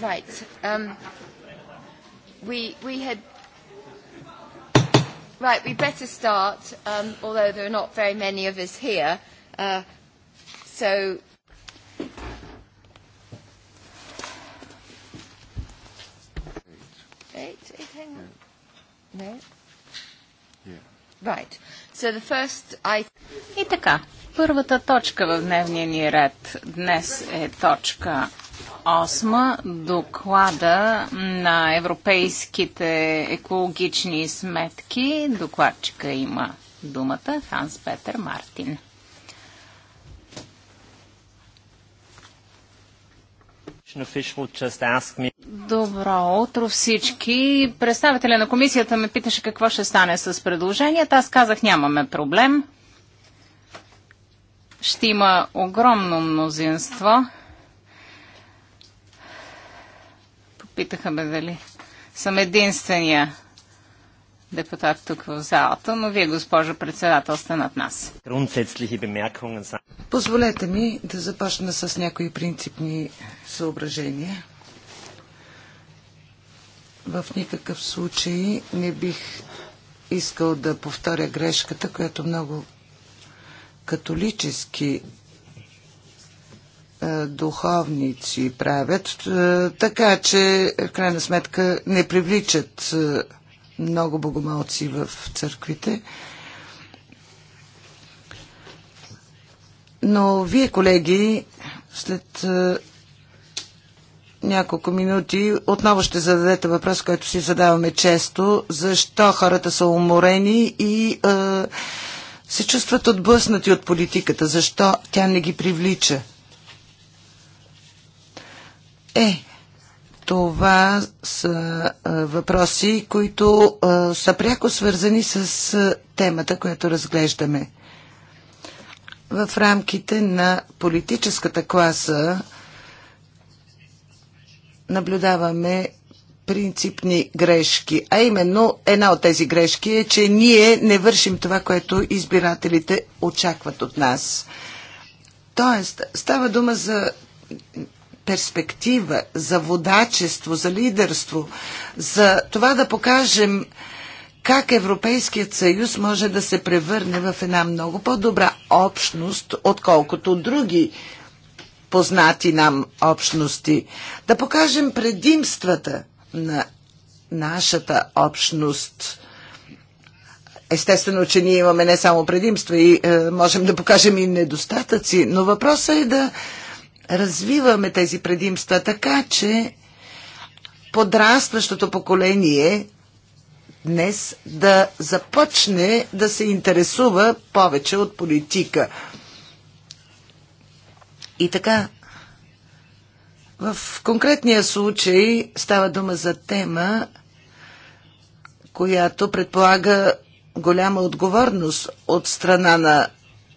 Right. Um, we, we had. Right, we better start, um, although there are not very many of us here. Uh, so. И така, първата точка в дневния ни ред днес е точка 8 доклада на европейските екологични сметки. Докладчика има думата Ханс Петър Мартин. Добро утро всички. Представителя на комисията ме питаше какво ще стане с предложенията. Аз казах нямаме проблем. Ще има огромно мнозинство Питаха ме дали съм единствения депутат тук в залата, но вие, госпожо председател, сте над нас. Позволете ми да започна с някои принципни съображения. В никакъв случай не бих искал да повторя грешката, която много католически духовници правят, така че в крайна сметка не привличат много богомолци в църквите. Но вие, колеги, след няколко минути отново ще зададете въпрос, който си задаваме често. Защо хората са уморени и е, се чувстват отблъснати от политиката? Защо тя не ги привлича? Е, това са въпроси, които са пряко свързани с темата, която разглеждаме. В рамките на политическата класа наблюдаваме принципни грешки. А именно една от тези грешки е, че ние не вършим това, което избирателите очакват от нас. Тоест, става дума за перспектива, за водачество, за лидерство, за това да покажем как Европейският съюз може да се превърне в една много по-добра общност, отколкото други познати нам общности. Да покажем предимствата на нашата общност. Естествено, че ние имаме не само предимства и е, можем да покажем и недостатъци, но въпросът е да развиваме тези предимства така, че подрастващото поколение днес да започне да се интересува повече от политика. И така, в конкретния случай става дума за тема, която предполага голяма отговорност от страна на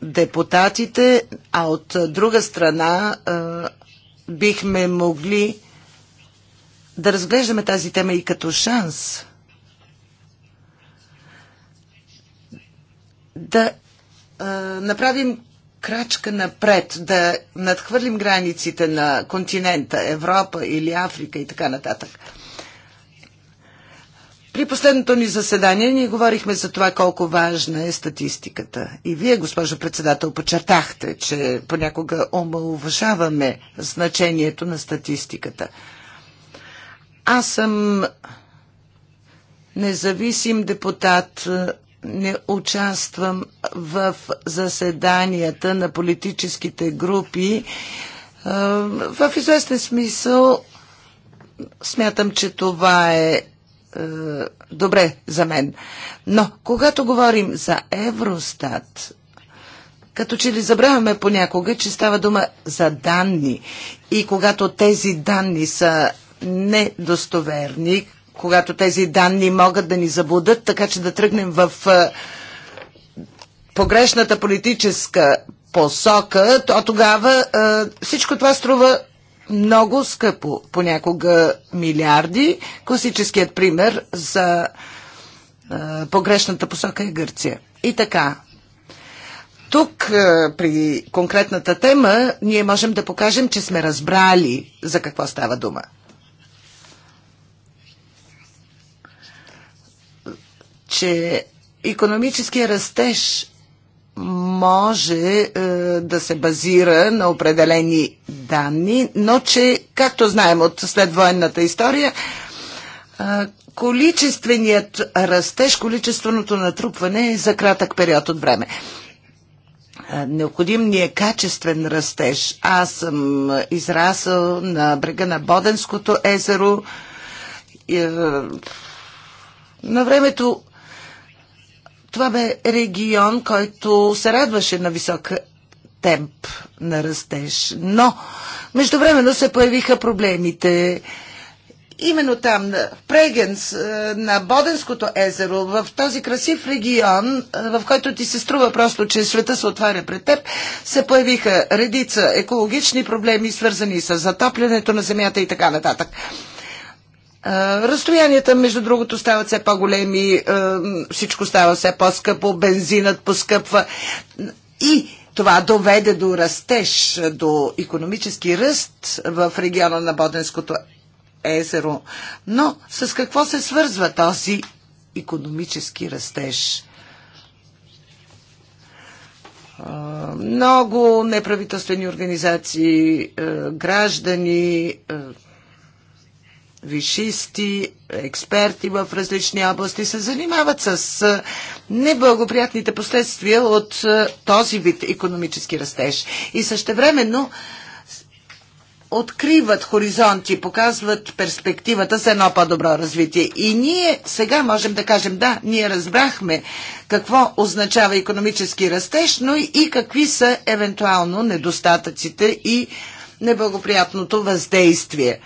депутатите, а от друга страна бихме могли да разглеждаме тази тема и като шанс да направим крачка напред, да надхвърлим границите на континента, Европа или Африка и така нататък. При последното ни заседание ние говорихме за това колко важна е статистиката. И вие, госпожо председател, подчертахте, че понякога омалуважаваме значението на статистиката. Аз съм независим депутат, не участвам в заседанията на политическите групи. Е, в известен смисъл смятам, че това е е, добре за мен. Но когато говорим за Евростат, като че ли забравяме понякога, че става дума за данни. И когато тези данни са недостоверни, когато тези данни могат да ни забудат, така че да тръгнем в е, погрешната политическа посока, то тогава е, всичко това струва много скъпо, понякога милиарди. Класическият пример за погрешната посока е Гърция. И така, тук при конкретната тема ние можем да покажем, че сме разбрали за какво става дума. Че економическия растеж може е, да се базира на определени данни, но че, както знаем от следвоенната история, е, количественият растеж, количественото натрупване е за кратък период от време. Е, необходим ни е качествен растеж. Аз съм израсъл на брега на Боденското езеро. Е, на времето това бе регион, който се радваше на висок темп на растеж. Но междувременно се появиха проблемите. Именно там, в Прегенс, на Боденското езеро, в този красив регион, е, в който ти се струва просто, че света се отваря пред теб, се появиха редица екологични проблеми, свързани с затоплянето на земята и така нататък. Разстоянията, между другото, стават все по-големи, всичко става все по-скъпо, бензинът поскъпва и това доведе до растеж, до економически ръст в региона на Боденското езеро. Но с какво се свързва този економически растеж? Много неправителствени организации, граждани, вишисти, експерти в различни области се занимават с неблагоприятните последствия от този вид економически растеж. И същевременно откриват хоризонти, показват перспективата за едно по-добро развитие. И ние сега можем да кажем, да, ние разбрахме какво означава економически растеж, но и какви са евентуално недостатъците и неблагоприятното въздействие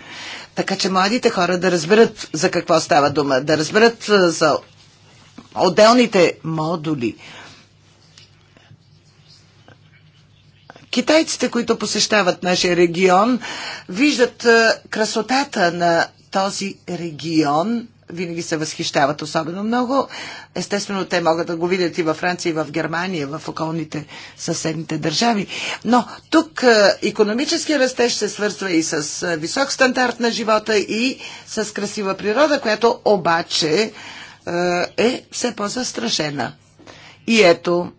така че младите хора да разберат за какво става дума, да разберат за отделните модули. Китайците, които посещават нашия регион, виждат красотата на този регион винаги се възхищават особено много. Естествено, те могат да го видят и във Франция, и в Германия, в околните съседните държави. Но тук економически растеж се свързва и с е, висок стандарт на живота и с красива природа, която обаче е, е все по-застрашена. И ето,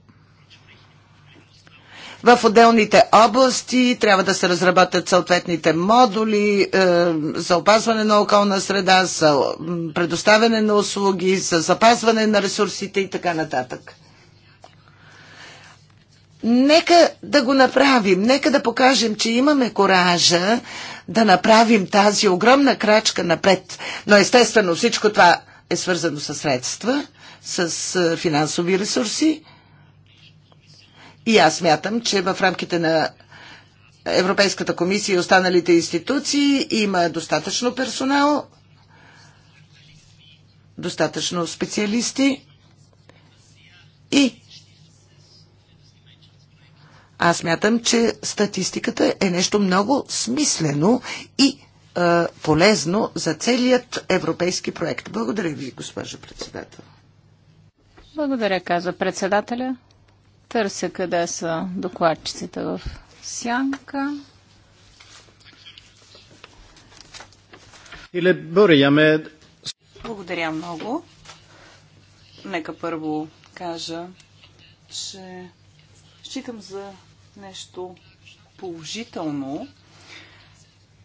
в отделните области трябва да се разработят съответните модули е, за опазване на околна среда, за предоставяне на услуги, за запазване на ресурсите и така нататък. Нека да го направим, нека да покажем, че имаме коража да направим тази огромна крачка напред. Но естествено всичко това е свързано с средства, с е, финансови ресурси и аз мятам, че в рамките на Европейската комисия и останалите институции има достатъчно персонал, достатъчно специалисти и аз мятам, че статистиката е нещо много смислено и е, полезно за целият европейски проект. Благодаря ви, госпожо председател. Благодаря, каза председателя. Търся къде са докладчиците в сянка. Или бъряме... Благодаря много. Нека първо кажа, че считам за нещо положително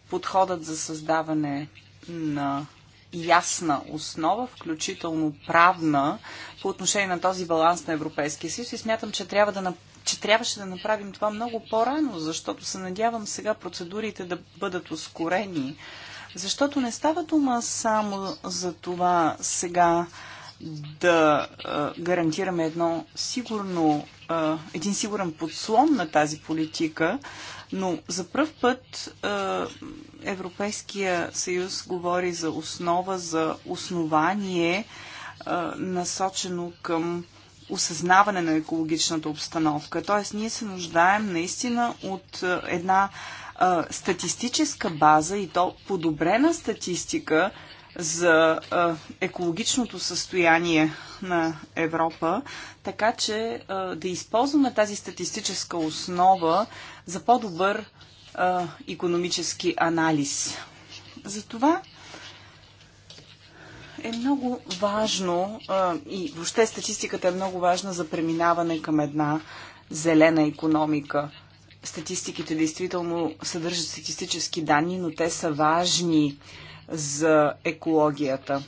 подходът за създаване на ясна основа, включително правна, по отношение на този баланс на Европейския съюз и смятам, че, трябва да, че трябваше да направим това много по-рано, защото се надявам сега процедурите да бъдат ускорени. Защото не става дума само за това сега да а, гарантираме едно сигурно, а, един сигурен подслон на тази политика, но за пръв път а, Европейския съюз говори за основа, за основание насочено към осъзнаване на екологичната обстановка. Тоест, ние се нуждаем наистина от една статистическа база и то подобрена статистика за екологичното състояние на Европа, така че да използваме тази статистическа основа за по-добър економически анализ. Затова е много важно и въобще статистиката е много важна за преминаване към една зелена економика. Статистиките действително съдържат статистически данни, но те са важни за екологията.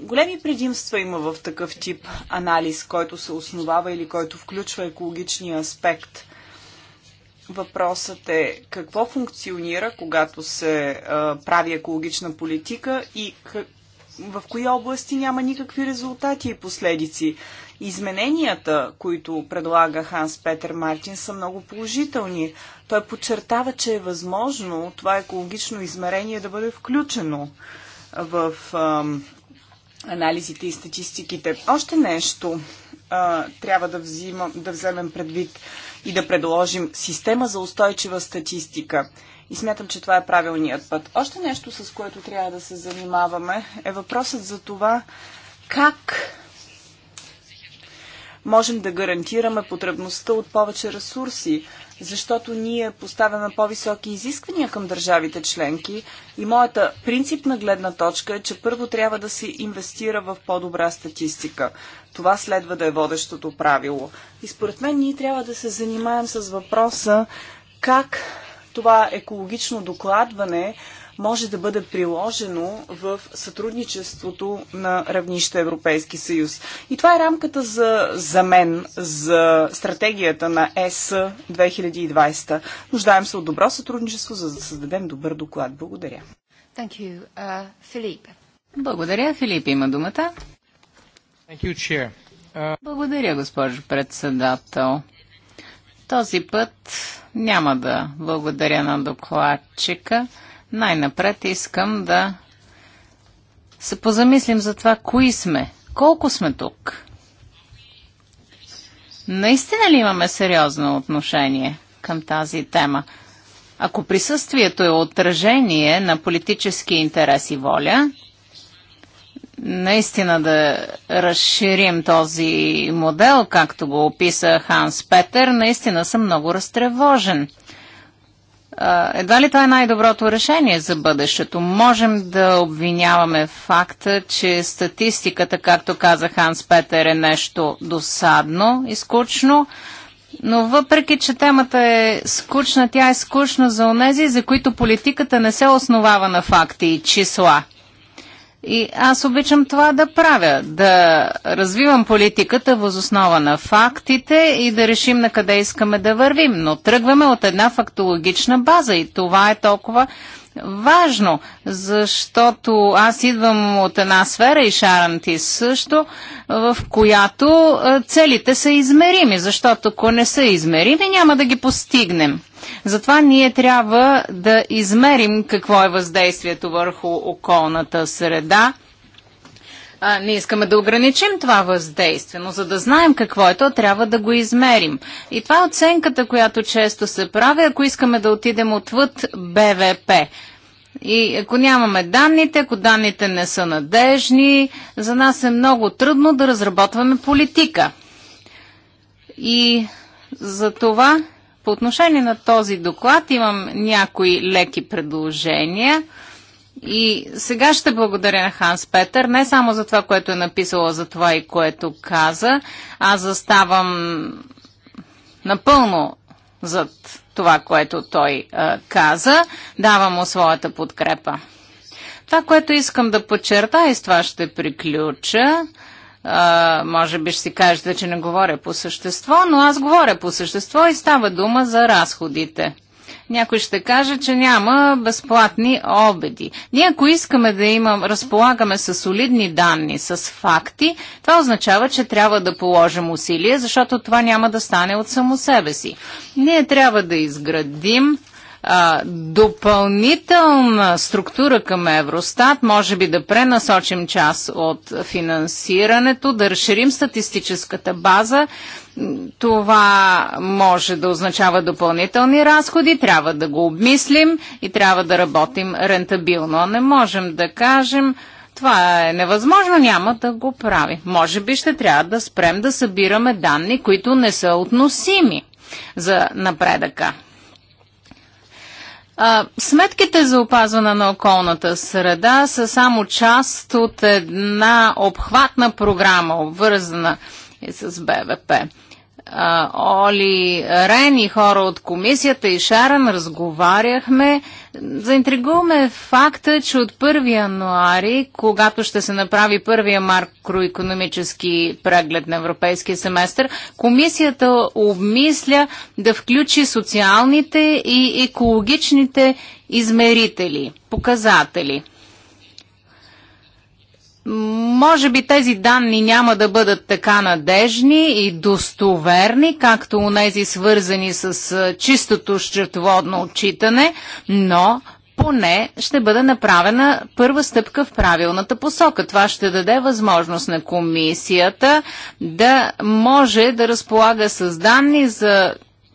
Големи предимства има в такъв тип анализ, който се основава или който включва екологичния аспект. Въпросът е какво функционира, когато се а, прави екологична политика и в кои области няма никакви резултати и последици. Измененията, които предлага Ханс Петър Мартин, са много положителни. Той подчертава, че е възможно това екологично измерение да бъде включено в а, анализите и статистиките. Още нещо а, трябва да, взима, да вземем предвид и да предложим система за устойчива статистика. И смятам, че това е правилният път. Още нещо, с което трябва да се занимаваме, е въпросът за това как можем да гарантираме потребността от повече ресурси, защото ние поставяме по-високи изисквания към държавите членки и моята принципна гледна точка е, че първо трябва да се инвестира в по-добра статистика. Това следва да е водещото правило. И според мен ние трябва да се занимаем с въпроса как това екологично докладване може да бъде приложено в сътрудничеството на равнище Европейски съюз. И това е рамката за, за мен, за стратегията на ЕС 2020. Нуждаем се от добро сътрудничество, за да създадем добър доклад. Благодаря. Thank you. Uh, Филип. Благодаря. Филип има думата. Thank you, Chair. Uh... Благодаря, госпожо председател. Този път няма да благодаря на докладчика. Най-напред искам да се позамислим за това, кои сме, колко сме тук. Наистина ли имаме сериозно отношение към тази тема? Ако присъствието е отражение на политически интерес и воля, наистина да разширим този модел, както го описа Ханс Петер, наистина съм много разтревожен – едва ли това е най-доброто решение за бъдещето? Можем да обвиняваме факта, че статистиката, както каза Ханс Петер, е нещо досадно и скучно, но въпреки, че темата е скучна, тя е скучна за онези, за които политиката не се основава на факти и числа – и аз обичам това да правя, да развивам политиката възоснова на фактите и да решим на къде искаме да вървим. Но тръгваме от една фактологична база и това е толкова важно, защото аз идвам от една сфера и Шаран ти също, в която целите са измерими, защото ако не са измерими, няма да ги постигнем. Затова ние трябва да измерим какво е въздействието върху околната среда а, ние искаме да ограничим това въздействие, но за да знаем какво е то, трябва да го измерим. И това е оценката, която често се прави, ако искаме да отидем отвъд БВП. И ако нямаме данните, ако данните не са надежни, за нас е много трудно да разработваме политика. И за това по отношение на този доклад имам някои леки предложения. И сега ще благодаря на Ханс Петър, не само за това, което е написала, за това и което каза. а заставам напълно зад това, което той е, каза. Давам му своята подкрепа. Това, което искам да подчерта и с това ще приключа, а, може би ще си кажете, че не говоря по същество, но аз говоря по същество и става дума за разходите. Някой ще каже, че няма безплатни обеди. Ние ако искаме да имам, разполагаме с солидни данни, с факти, това означава, че трябва да положим усилия, защото това няма да стане от само себе си. Ние трябва да изградим а, допълнителна структура към Евростат, може би да пренасочим част от финансирането, да разширим статистическата база. Това може да означава допълнителни разходи, трябва да го обмислим и трябва да работим рентабилно. не можем да кажем, това е невъзможно, няма да го прави. Може би ще трябва да спрем да събираме данни, които не са относими за напредъка. А, сметките за опазване на околната среда са само част от една обхватна програма, обвързана и с БВП. А, Оли Рен и хора от комисията и Шаран разговаряхме Заинтригуваме факта, че от 1 януари, когато ще се направи първия макроекономически преглед на европейския семестър, комисията обмисля да включи социалните и екологичните измерители, показатели – може би тези данни няма да бъдат така надежни и достоверни, както у нези свързани с чистото счетоводно отчитане, но поне ще бъде направена първа стъпка в правилната посока. Това ще даде възможност на комисията да може да разполага с данни за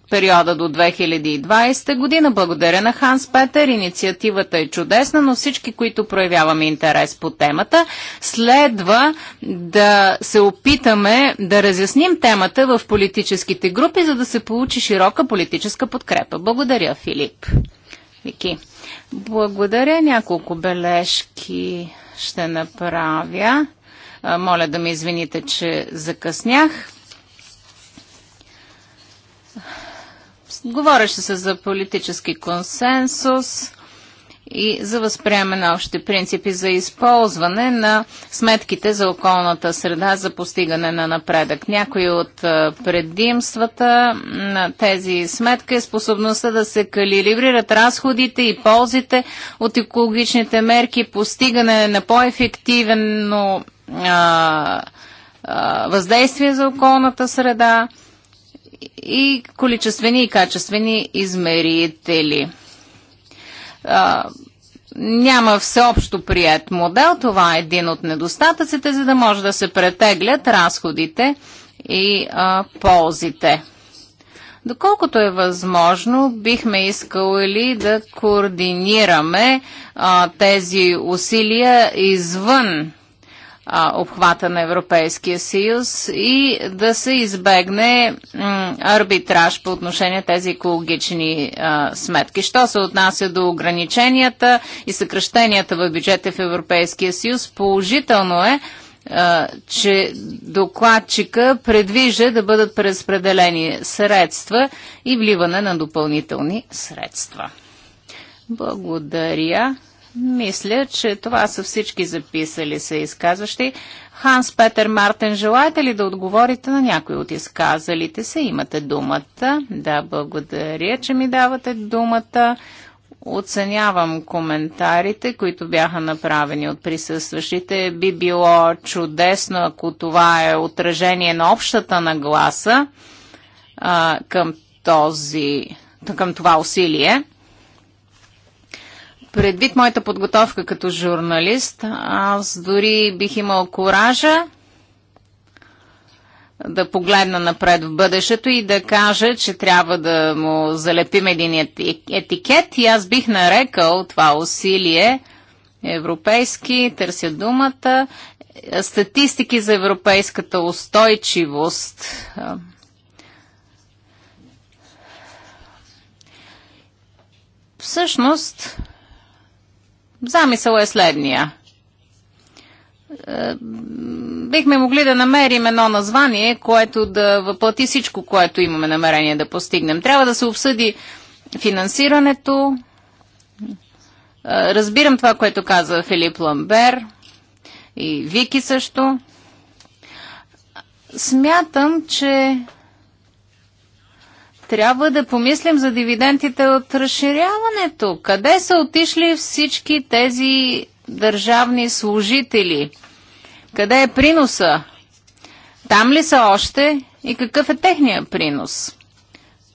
периода до 2020 година. Благодаря на Ханс Петър. Инициативата е чудесна, но всички, които проявяваме интерес по темата, следва да се опитаме да разясним темата в политическите групи, за да се получи широка политическа подкрепа. Благодаря, Филип. Вики. Благодаря. Няколко бележки ще направя. Моля да ме извините, че закъснях. Говореше се за политически консенсус и за възприеме на общи принципи за използване на сметките за околната среда за постигане на напредък. Някои от предимствата на тези сметки е способността да се калибрират разходите и ползите от екологичните мерки, постигане на по-ефективно въздействие за околната среда – и количествени и качествени измерители. А, няма всеобщо прият модел, това е един от недостатъците, за да може да се претеглят разходите и а, ползите. Доколкото е възможно, бихме искали да координираме а, тези усилия извън обхвата на Европейския съюз и да се избегне арбитраж по отношение на тези екологични сметки. Що се отнася до ограниченията и съкръщенията в бюджета в Европейския съюз, положително е, че докладчика предвижда да бъдат преразпределени средства и вливане на допълнителни средства. Благодаря. Мисля, че това са всички записали се изказващи. Ханс Петър Мартен, желаете ли да отговорите на някой от изказалите се? Имате думата. Да, благодаря, че ми давате думата. Оценявам коментарите, които бяха направени от присъстващите. Би било чудесно, ако това е отражение на общата нагласа а, към, този, към това усилие. Предвид моята подготовка като журналист, аз дори бих имал коража да погледна напред в бъдещето и да кажа, че трябва да му залепим един етикет и аз бих нарекал това усилие европейски, търся думата, статистики за европейската устойчивост. Всъщност, Замисъл е следния. Е, бихме могли да намерим едно название, което да въплати всичко, което имаме намерение да постигнем. Трябва да се обсъди финансирането. Е, разбирам това, което каза Филип Ламбер и Вики също. Смятам, че трябва да помислим за дивидендите от разширяването. Къде са отишли всички тези държавни служители? Къде е приноса? Там ли са още и какъв е техния принос?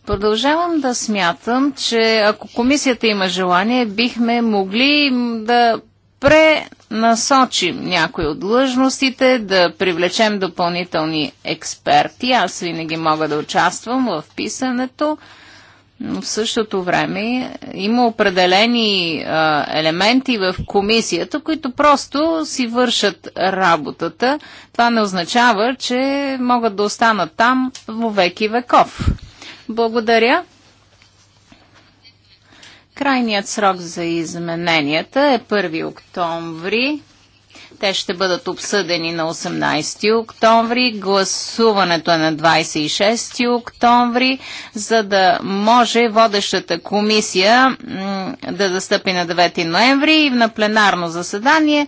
Продължавам да смятам, че ако комисията има желание, бихме могли да пренасочим някои от длъжностите, да привлечем допълнителни експерти. Аз винаги мога да участвам в писането, но в същото време има определени а, елементи в комисията, които просто си вършат работата. Това не означава, че могат да останат там веки веков. Благодаря. Крайният срок за измененията е 1 октомври. Те ще бъдат обсъдени на 18 октомври. Гласуването е на 26 октомври, за да може водещата комисия да застъпи на 9 ноември и на пленарно заседание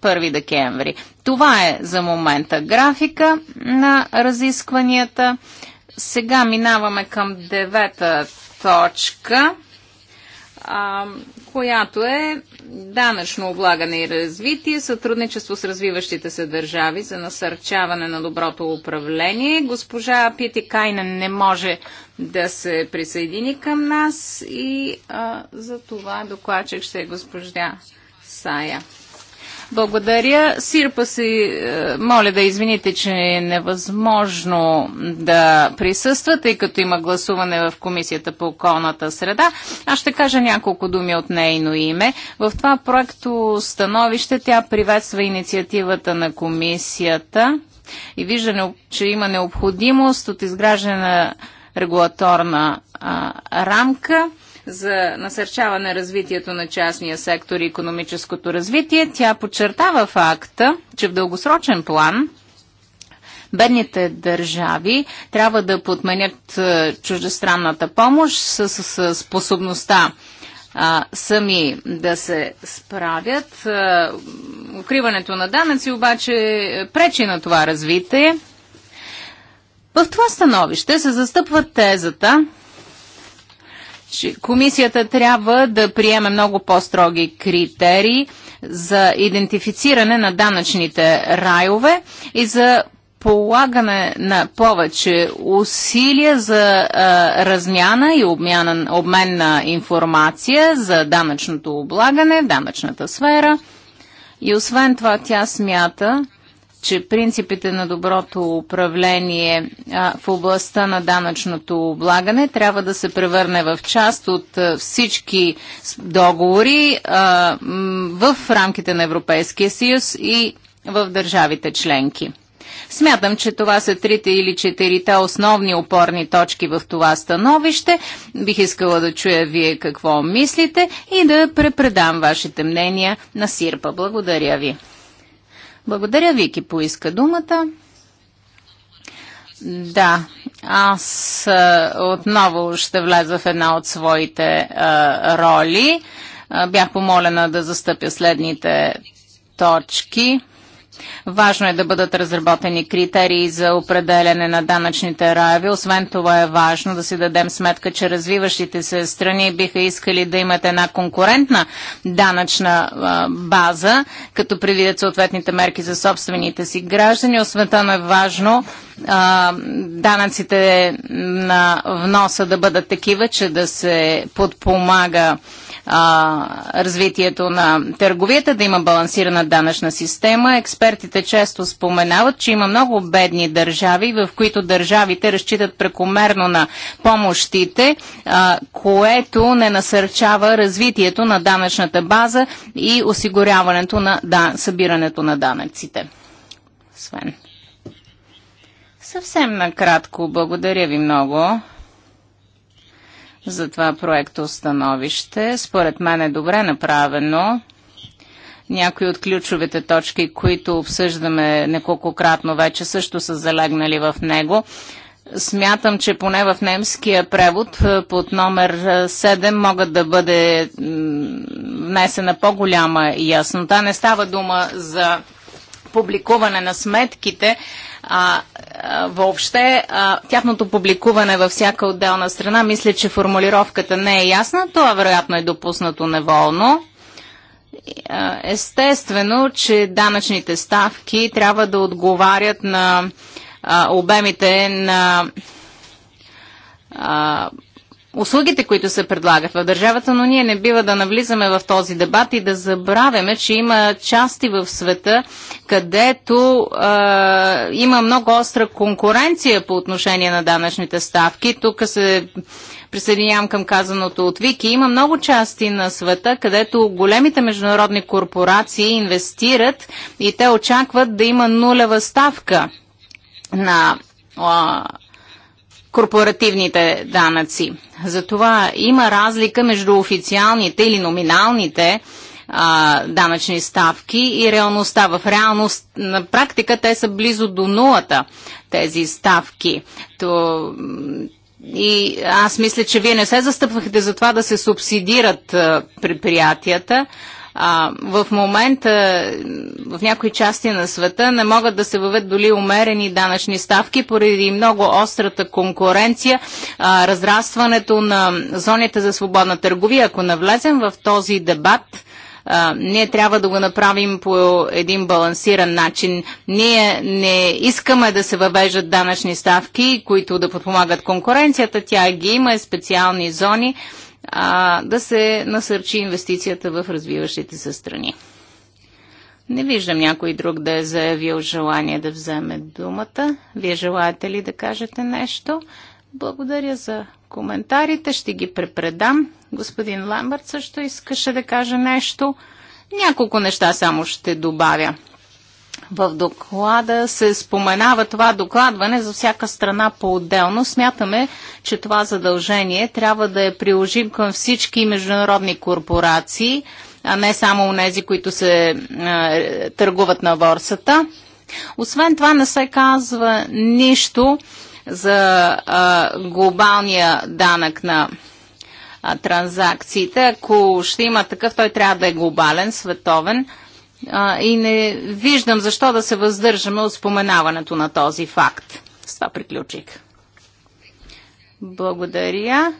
1 декември. Това е за момента графика на разискванията. Сега минаваме към девета точка а, която е данъчно облагане и развитие, сътрудничество с развиващите се държави за насърчаване на доброто управление. Госпожа Пити Кайнен не може да се присъедини към нас и а, за това докладчик ще е госпожа Сая. Благодаря. Сирпа си, е, моля да извините, че е невъзможно да присъства, тъй като има гласуване в Комисията по околната среда. Аз ще кажа няколко думи от нейно име. В това проекто становище тя приветства инициативата на Комисията и вижда, че има необходимост от изграждане на регулаторна а, рамка за насърчаване развитието на частния сектор и економическото развитие. Тя подчертава факта, че в дългосрочен план бедните държави трябва да подменят е, чуждестранната помощ с, с способността а, сами да се справят. Е, укриването на данъци обаче пречи на това развитие. В това становище се застъпва тезата, че комисията трябва да приеме много по-строги критерии за идентифициране на данъчните райове и за полагане на повече усилия за а, размяна и обмяна, обмен на информация за данъчното облагане, данъчната сфера. И освен това тя смята, че принципите на доброто управление в областта на данъчното облагане трябва да се превърне в част от всички договори в рамките на Европейския съюз и в държавите членки. Смятам, че това са трите или четирите основни опорни точки в това становище. Бих искала да чуя вие какво мислите и да препредам вашите мнения на Сирпа. Благодаря ви. Благодаря, Вики поиска думата. Да, аз отново ще влеза в една от своите а, роли. А, бях помолена да застъпя следните точки. Важно е да бъдат разработени критерии за определене на данъчните раеви. Освен това е важно да си дадем сметка, че развиващите се страни биха искали да имат една конкурентна данъчна база, като предвидят съответните мерки за собствените си граждани. Освен това е важно данъците на вноса да бъдат такива, че да се подпомага а, развитието на търговията, да има балансирана данъчна система. Експертите често споменават, че има много бедни държави, в които държавите разчитат прекомерно на помощите, а, което не насърчава развитието на данъчната база и осигуряването на да, събирането на данъците. Свен. Съвсем накратко, благодаря ви много за това проекто становище. Според мен е добре направено. Някои от ключовите точки, които обсъждаме неколкократно вече, също са залегнали в него. Смятам, че поне в немския превод е, под номер 7 е, могат да бъде внесена по-голяма яснота. Не става дума за публикуване на сметките, а, а, въобще а, тяхното публикуване във всяка отделна страна, мисля, че формулировката не е ясна. Това вероятно е допуснато неволно. Естествено, че данъчните ставки трябва да отговарят на а, обемите на а, услугите, които се предлагат в държавата, но ние не бива да навлизаме в този дебат и да забравяме, че има части в света, където е, има много остра конкуренция по отношение на данъчните ставки. Тук се присъединявам към казаното от Вики. Има много части на света, където големите международни корпорации инвестират и те очакват да има нулева ставка на корпоративните данъци. Затова има разлика между официалните или номиналните а, данъчни ставки и реалността. В реалност, на практика, те са близо до нулата, тези ставки. То, и аз мисля, че вие не се застъпвахте за това да се субсидират предприятията, а, в момента в някои части на света не могат да се въведат доли умерени данъчни ставки поради много острата конкуренция, а, разрастването на зоните за свободна търговия. Ако навлезем в този дебат, а, ние трябва да го направим по един балансиран начин. Ние не искаме да се въвеждат данъчни ставки, които да подпомагат конкуренцията. Тя ги има, е специални зони а, да се насърчи инвестицията в развиващите се страни. Не виждам някой друг да е заявил желание да вземе думата. Вие желаете ли да кажете нещо? Благодаря за коментарите, ще ги препредам. Господин Ламбърт също искаше да каже нещо. Няколко неща само ще добавя. В доклада се споменава това докладване за всяка страна по-отделно. Смятаме, че това задължение трябва да е приложим към всички международни корпорации, а не само у нези, които се е, търгуват на борсата. Освен това не се казва нищо за глобалния данък на а, транзакциите. Ако ще има такъв, той трябва да е глобален, световен а, и не виждам защо да се въздържаме от споменаването на този факт. С това приключих. Благодаря.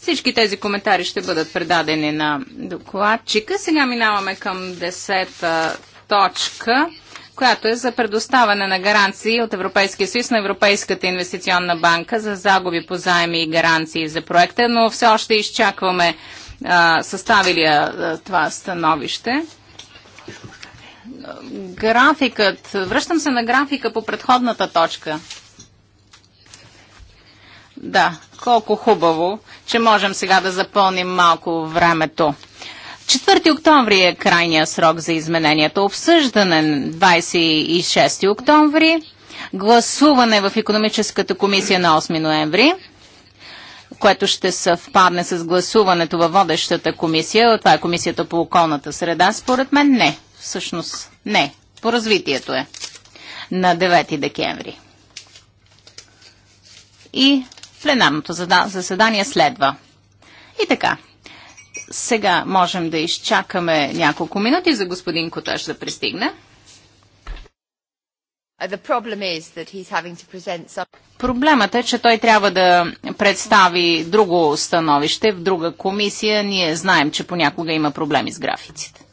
Всички тези коментари ще бъдат предадени на докладчика. Сега минаваме към десета точка, която е за предоставане на гаранции от Европейския съюз на Европейската инвестиционна банка за загуби по заеми и гаранции за проекта, но все още изчакваме а, съставили а, това становище. Графикът, връщам се на графика по предходната точка. Да, колко хубаво, че можем сега да запълним малко времето. 4 октомври е крайния срок за измененията. Обсъждане 26 октомври, гласуване в економическата комисия на 8 ноември което ще съвпадне с гласуването във водещата комисия. Това е комисията по околната среда. Според мен не. Всъщност не. По развитието е. На 9 декември. И пленарното заседание следва. И така. Сега можем да изчакаме няколко минути за господин Коташ да пристигне. Uh, Проблемът е, че той трябва да представи друго становище в друга комисия. Ние знаем, че понякога има проблеми с графиците.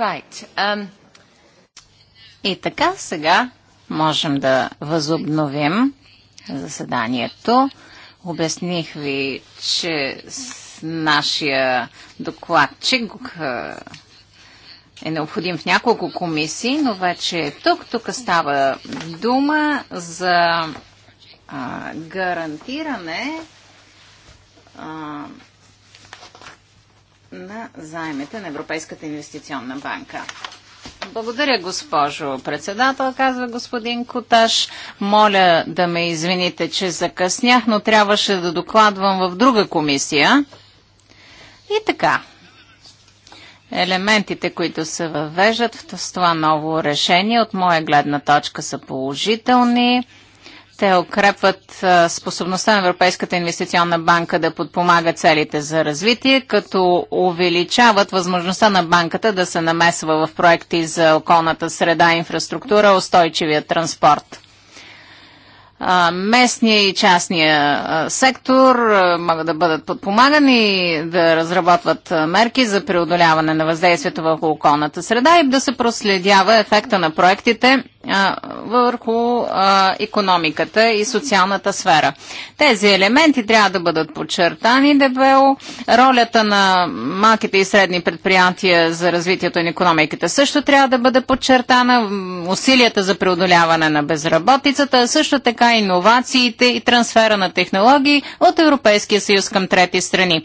Right. Um... И така, сега можем да възобновим заседанието. Обясних ви, че с нашия докладчик е необходим в няколко комисии, но вече е тук. Тук става дума за а, гарантиране а, на заемите на Европейската инвестиционна банка. Благодаря, госпожо председател, казва господин Коташ. Моля да ме извините, че закъснях, но трябваше да докладвам в друга комисия. И така, елементите, които се въвеждат в това ново решение, от моя гледна точка са положителни. Те укрепват способността на Европейската инвестиционна банка да подпомага целите за развитие, като увеличават възможността на банката да се намесва в проекти за околната среда, инфраструктура, устойчивия транспорт местния и частния сектор могат да бъдат подпомагани да разработват мерки за преодоляване на въздействието върху околната среда и да се проследява ефекта на проектите върху економиката и социалната сфера. Тези елементи трябва да бъдат подчертани дебело. Ролята на малките и средни предприятия за развитието на економиката също трябва да бъде подчертана. Усилията за преодоляване на безработицата, също така иновациите и трансфера на технологии от Европейския съюз към трети страни.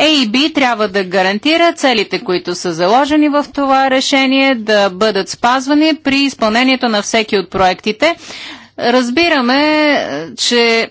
A и B трябва да гарантира целите, които са заложени в това решение, да бъдат спазвани при изпълнението на всеки от проектите. Разбираме, че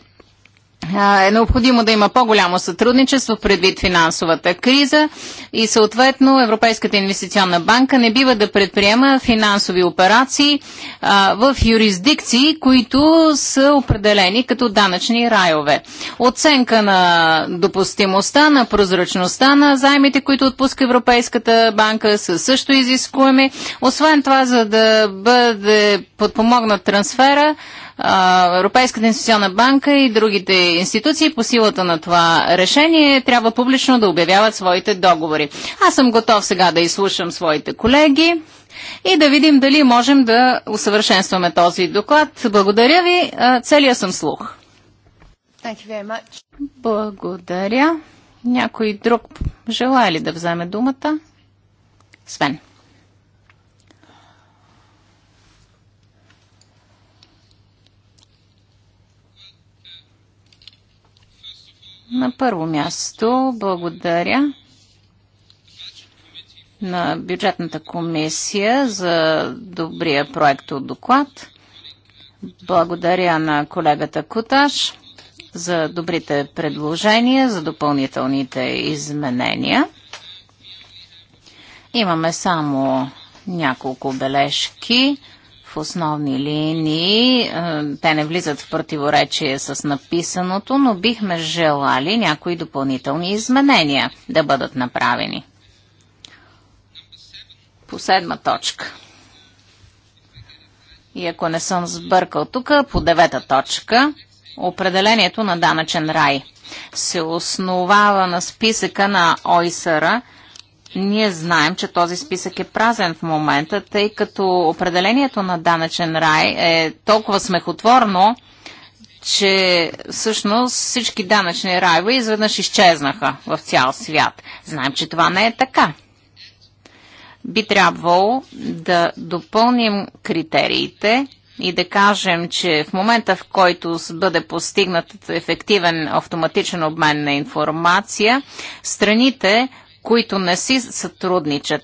е необходимо да има по-голямо сътрудничество предвид финансовата криза и съответно Европейската инвестиционна банка не бива да предприема финансови операции а, в юрисдикции, които са определени като данъчни райове. Оценка на допустимостта, на прозрачността на заемите, които отпуска Европейската банка, са също изискуеми. Освен това, за да бъде подпомогнат трансфера, Европейската инвестиционна банка и другите институции по силата на това решение трябва публично да обявяват своите договори. Аз съм готов сега да изслушам своите колеги и да видим дали можем да усъвършенстваме този доклад. Благодаря ви. Целия съм слух. Благодаря. Някой друг желая ли да вземе думата? Свен. На първо място благодаря на бюджетната комисия за добрия проект от доклад. Благодаря на колегата Куташ за добрите предложения, за допълнителните изменения. Имаме само няколко бележки в основни линии. Е, те не влизат в противоречие с написаното, но бихме желали някои допълнителни изменения да бъдат направени. По седма точка. И ако не съм сбъркал тук, по девета точка, определението на данъчен рай се основава на списъка на ОИСРа, ние знаем, че този списък е празен в момента, тъй като определението на данъчен рай е толкова смехотворно, че всъщност всички данъчни райове изведнъж изчезнаха в цял свят. Знаем, че това не е така. Би трябвало да допълним критериите и да кажем, че в момента, в който бъде постигнат ефективен автоматичен обмен на информация, страните които не си сътрудничат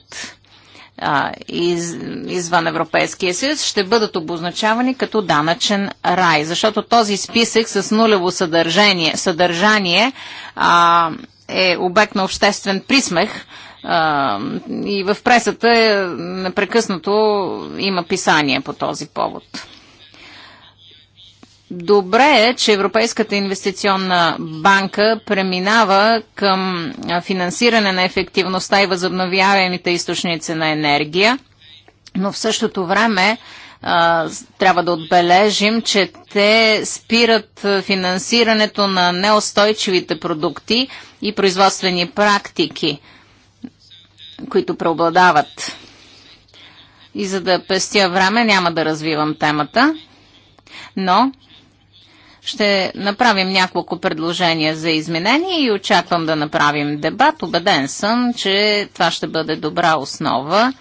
а, из, извън Европейския съюз, ще бъдат обозначавани като данъчен рай. Защото този списък с нулево съдържание, съдържание а, е обект на обществен присмех а, и в пресата е, непрекъснато има писания по този повод. Добре е, че Европейската инвестиционна банка преминава към финансиране на ефективността и възобновяемите източници на енергия, но в същото време трябва да отбележим, че те спират финансирането на неостойчивите продукти и производствени практики, които преобладават. И за да пестия време, няма да развивам темата, но ще направим няколко предложения за изменения и очаквам да направим дебат. Обеден съм, че това ще бъде добра основа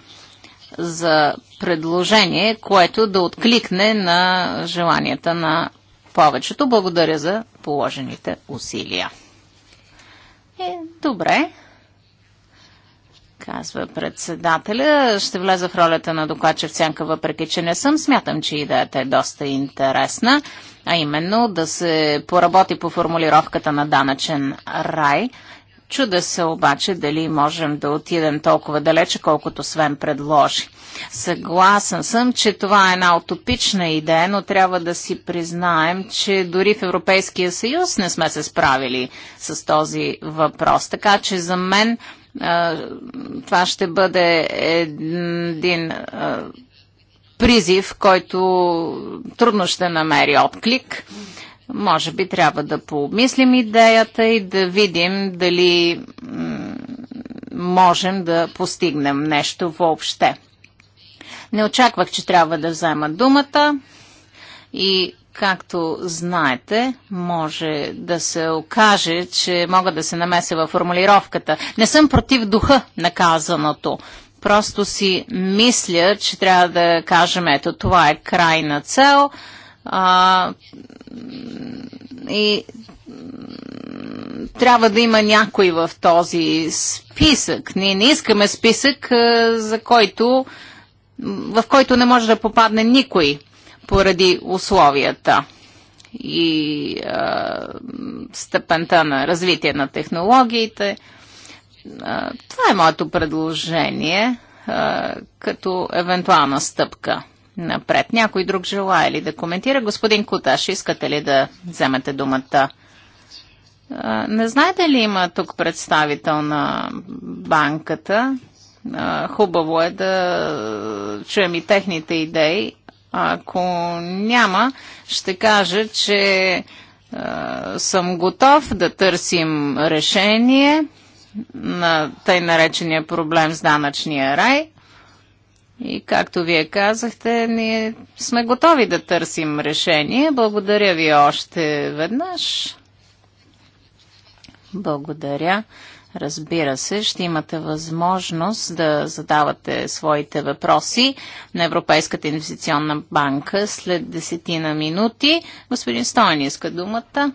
за предложение, което да откликне на желанията на повечето. Благодаря за положените усилия. Е, добре казва председателя. Ще влеза в ролята на докладчик Сянка, въпреки че не съм. Смятам, че идеята е доста интересна, а именно да се поработи по формулировката на данъчен рай. Чуда се обаче дали можем да отидем толкова далече, колкото Свен предложи. Съгласен съм, че това е една утопична идея, но трябва да си признаем, че дори в Европейския съюз не сме се справили с този въпрос. Така че за мен това ще бъде един призив, който трудно ще намери отклик. Може би трябва да пообмислим идеята и да видим дали можем да постигнем нещо въобще. Не очаквах, че трябва да взема думата и Както знаете, може да се окаже, че мога да се намеся във формулировката. Не съм против духа на казаното. Просто си мисля, че трябва да кажем, ето това е крайна цел. А, и трябва да има някой в този списък. Ние не искаме списък, за който, в който не може да попадне никой поради условията и а, степента на развитие на технологиите. А, това е моето предложение а, като евентуална стъпка напред. Някой друг желая ли да коментира? Господин Куташ, искате ли да вземете думата? А, не знаете ли има тук представител на банката? А, хубаво е да чуем и техните идеи ако няма, ще кажа, че а, е, съм готов да търсим решение на тъй наречения проблем с данъчния рай. И както вие казахте, ние сме готови да търсим решение. Благодаря ви още веднъж. Благодаря. Разбира се, ще имате възможност да задавате своите въпроси на Европейската инвестиционна банка след десетина минути. Господин Стойни иска думата.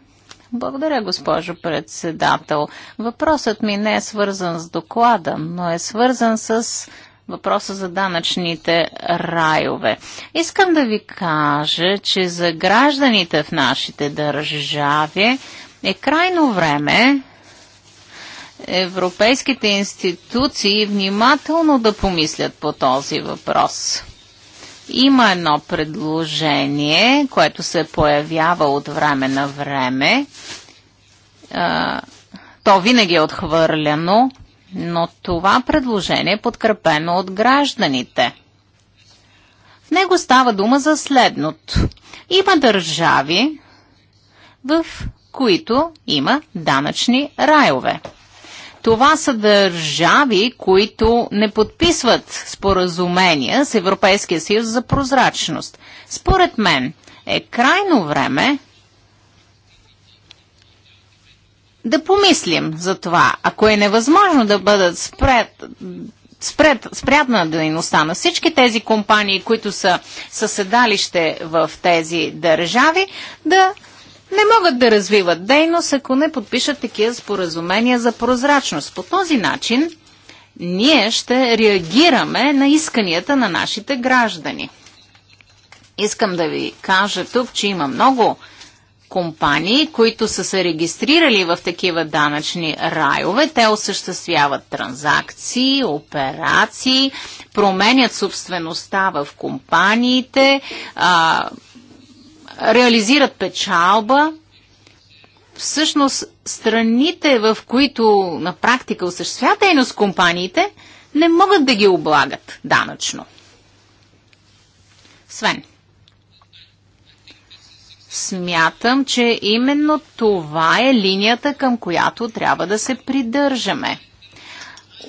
Благодаря, госпожо председател. Въпросът ми не е свързан с доклада, но е свързан с въпроса за данъчните райове. Искам да ви кажа, че за гражданите в нашите държави е крайно време европейските институции внимателно да помислят по този въпрос. Има едно предложение, което се появява от време на време. То винаги е отхвърляно, но това предложение е подкрепено от гражданите. В него става дума за следното. Има държави, в които има данъчни райове. Това са държави, които не подписват споразумения с Европейския съюз за прозрачност. Според мен е крайно време да помислим за това. Ако е невъзможно да бъдат спред, спред, спрятна дейността на всички тези компании, които са съседалище в тези държави, да не могат да развиват дейност, ако не подпишат такива споразумения за прозрачност. По този начин ние ще реагираме на исканията на нашите граждани. Искам да ви кажа тук, че има много компании, които са се регистрирали в такива данъчни райове. Те осъществяват транзакции, операции, променят собствеността в компаниите, а, реализират печалба. Всъщност, страните, в които на практика осъществяват дейност компаниите, не могат да ги облагат данъчно. Свен. Смятам, че именно това е линията, към която трябва да се придържаме.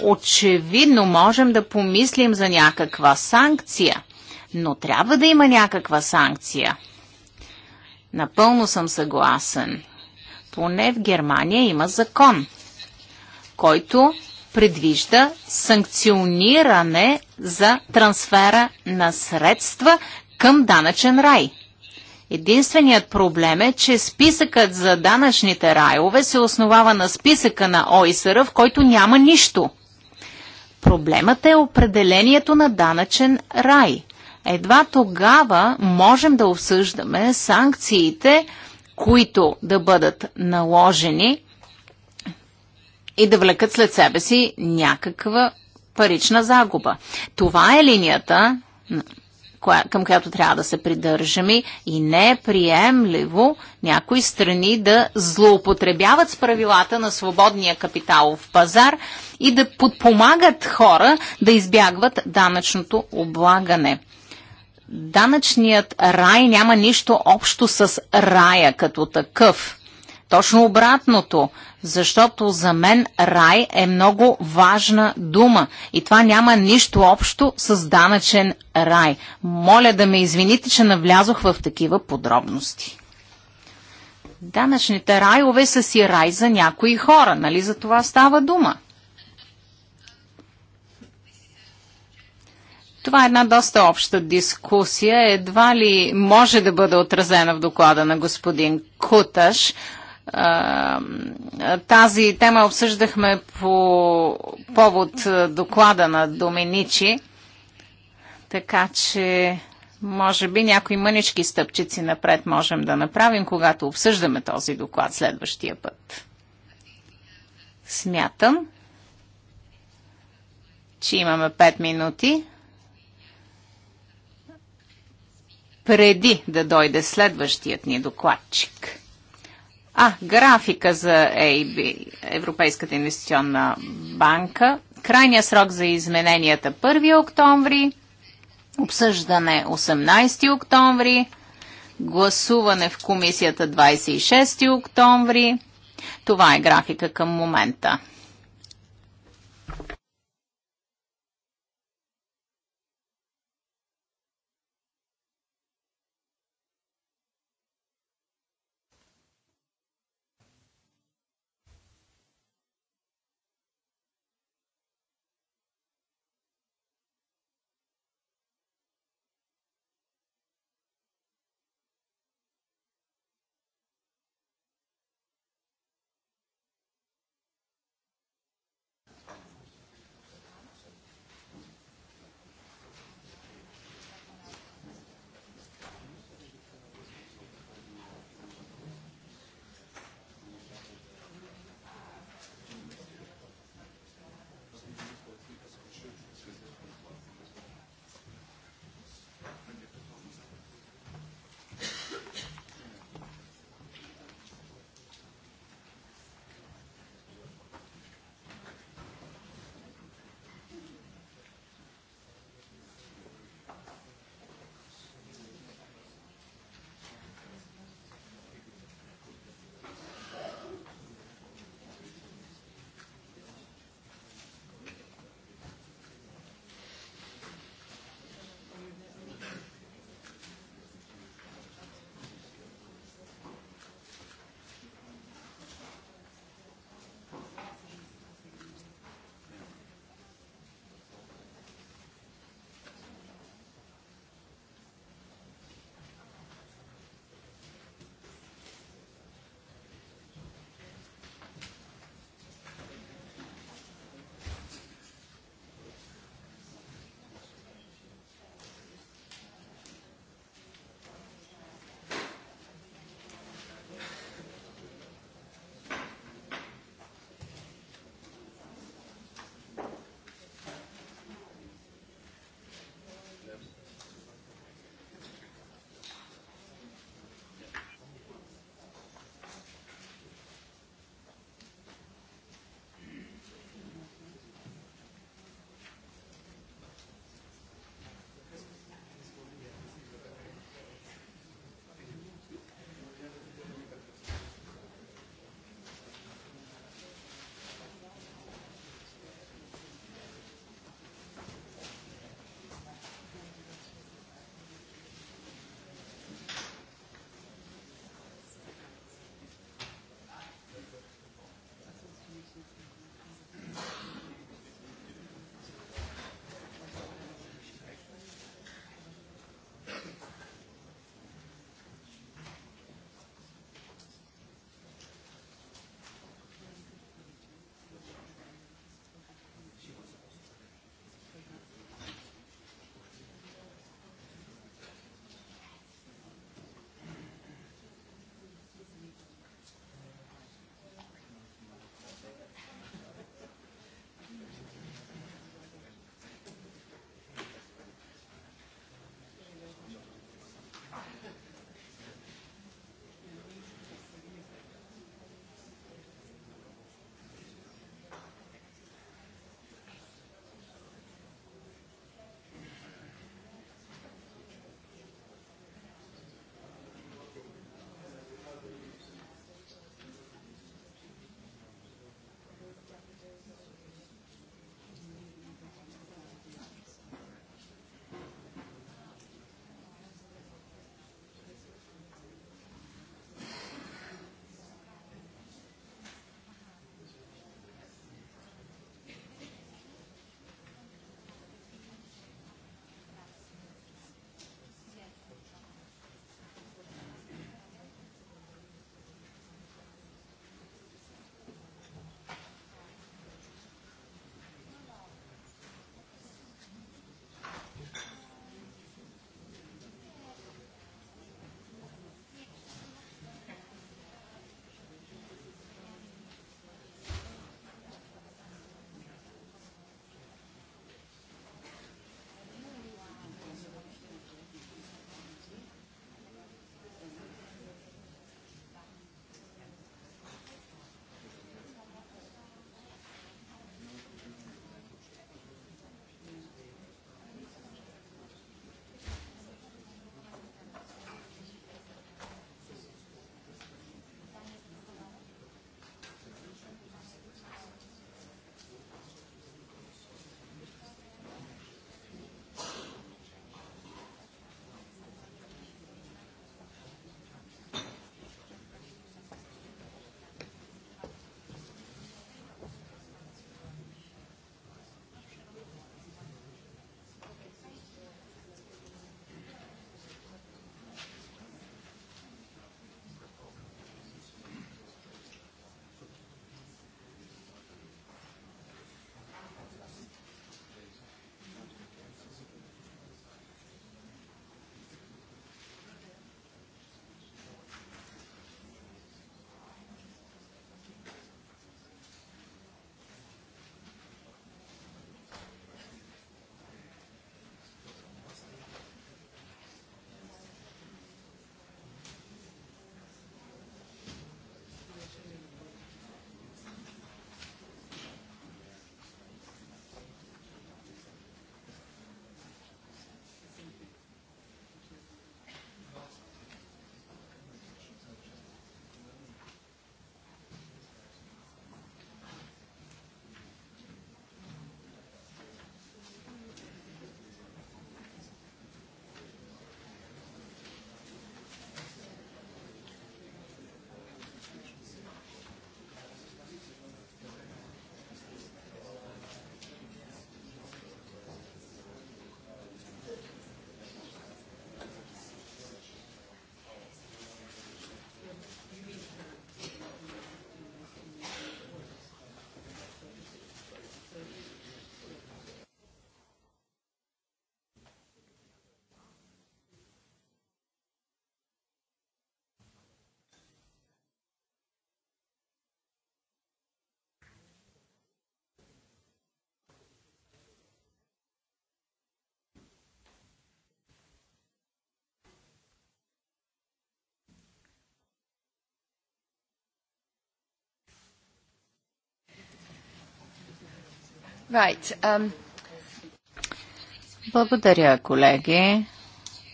Очевидно можем да помислим за някаква санкция, но трябва да има някаква санкция – Напълно съм съгласен. Поне в Германия има закон, който предвижда санкциониране за трансфера на средства към данъчен рай. Единственият проблем е, че списъкът за данъчните райове се основава на списъка на ОИСР, в който няма нищо. Проблемът е определението на данъчен рай едва тогава можем да обсъждаме санкциите, които да бъдат наложени и да влекат след себе си някаква парична загуба. Това е линията, към която трябва да се придържаме и не е приемливо някои страни да злоупотребяват с правилата на свободния капиталов пазар и да подпомагат хора да избягват данъчното облагане данъчният рай няма нищо общо с рая като такъв. Точно обратното, защото за мен рай е много важна дума и това няма нищо общо с данъчен рай. Моля да ме извините, че навлязох в такива подробности. Данъчните райове са си рай за някои хора, нали за това става дума? Това е една доста обща дискусия. Едва ли може да бъде отразена в доклада на господин Куташ. Тази тема обсъждахме по повод доклада на Доминичи, така че може би някои мънички стъпчици напред можем да направим, когато обсъждаме този доклад следващия път. Смятам, че имаме 5 минути преди да дойде следващият ни докладчик. А, графика за EIB, Европейската инвестиционна банка. Крайният срок за измененията 1 октомври, обсъждане 18 октомври, гласуване в комисията 26 октомври. Това е графика към момента. Right. Um... Благодаря, колеги.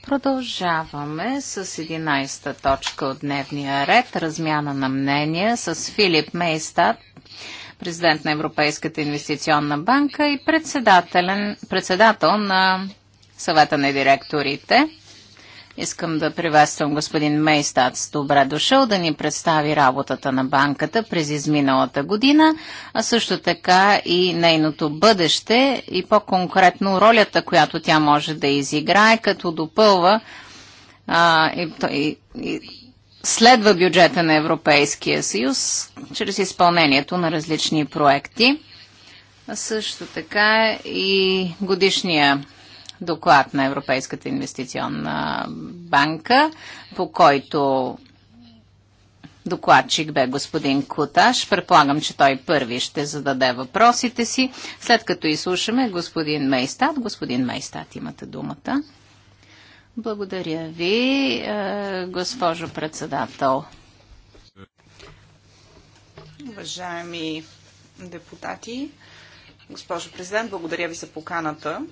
Продължаваме с 11-та точка от дневния ред. Размяна на мнения с Филип Мейстат, президент на Европейската инвестиционна банка и председател на съвета на директорите. Искам да приветствам господин Мейстац. Добре дошъл да ни представи работата на банката през изминалата година, а също така и нейното бъдеще и по-конкретно ролята, която тя може да изиграе, като допълва а, и, и, и следва бюджета на Европейския съюз чрез изпълнението на различни проекти. А също така и годишния доклад на Европейската инвестиционна банка, по който докладчик бе господин Куташ. Предполагам, че той първи ще зададе въпросите си. След като изслушаме господин Мейстат, господин Мейстат имате думата. Благодаря ви, е, госпожо председател. Уважаеми депутати, госпожо президент, благодаря ви за поканата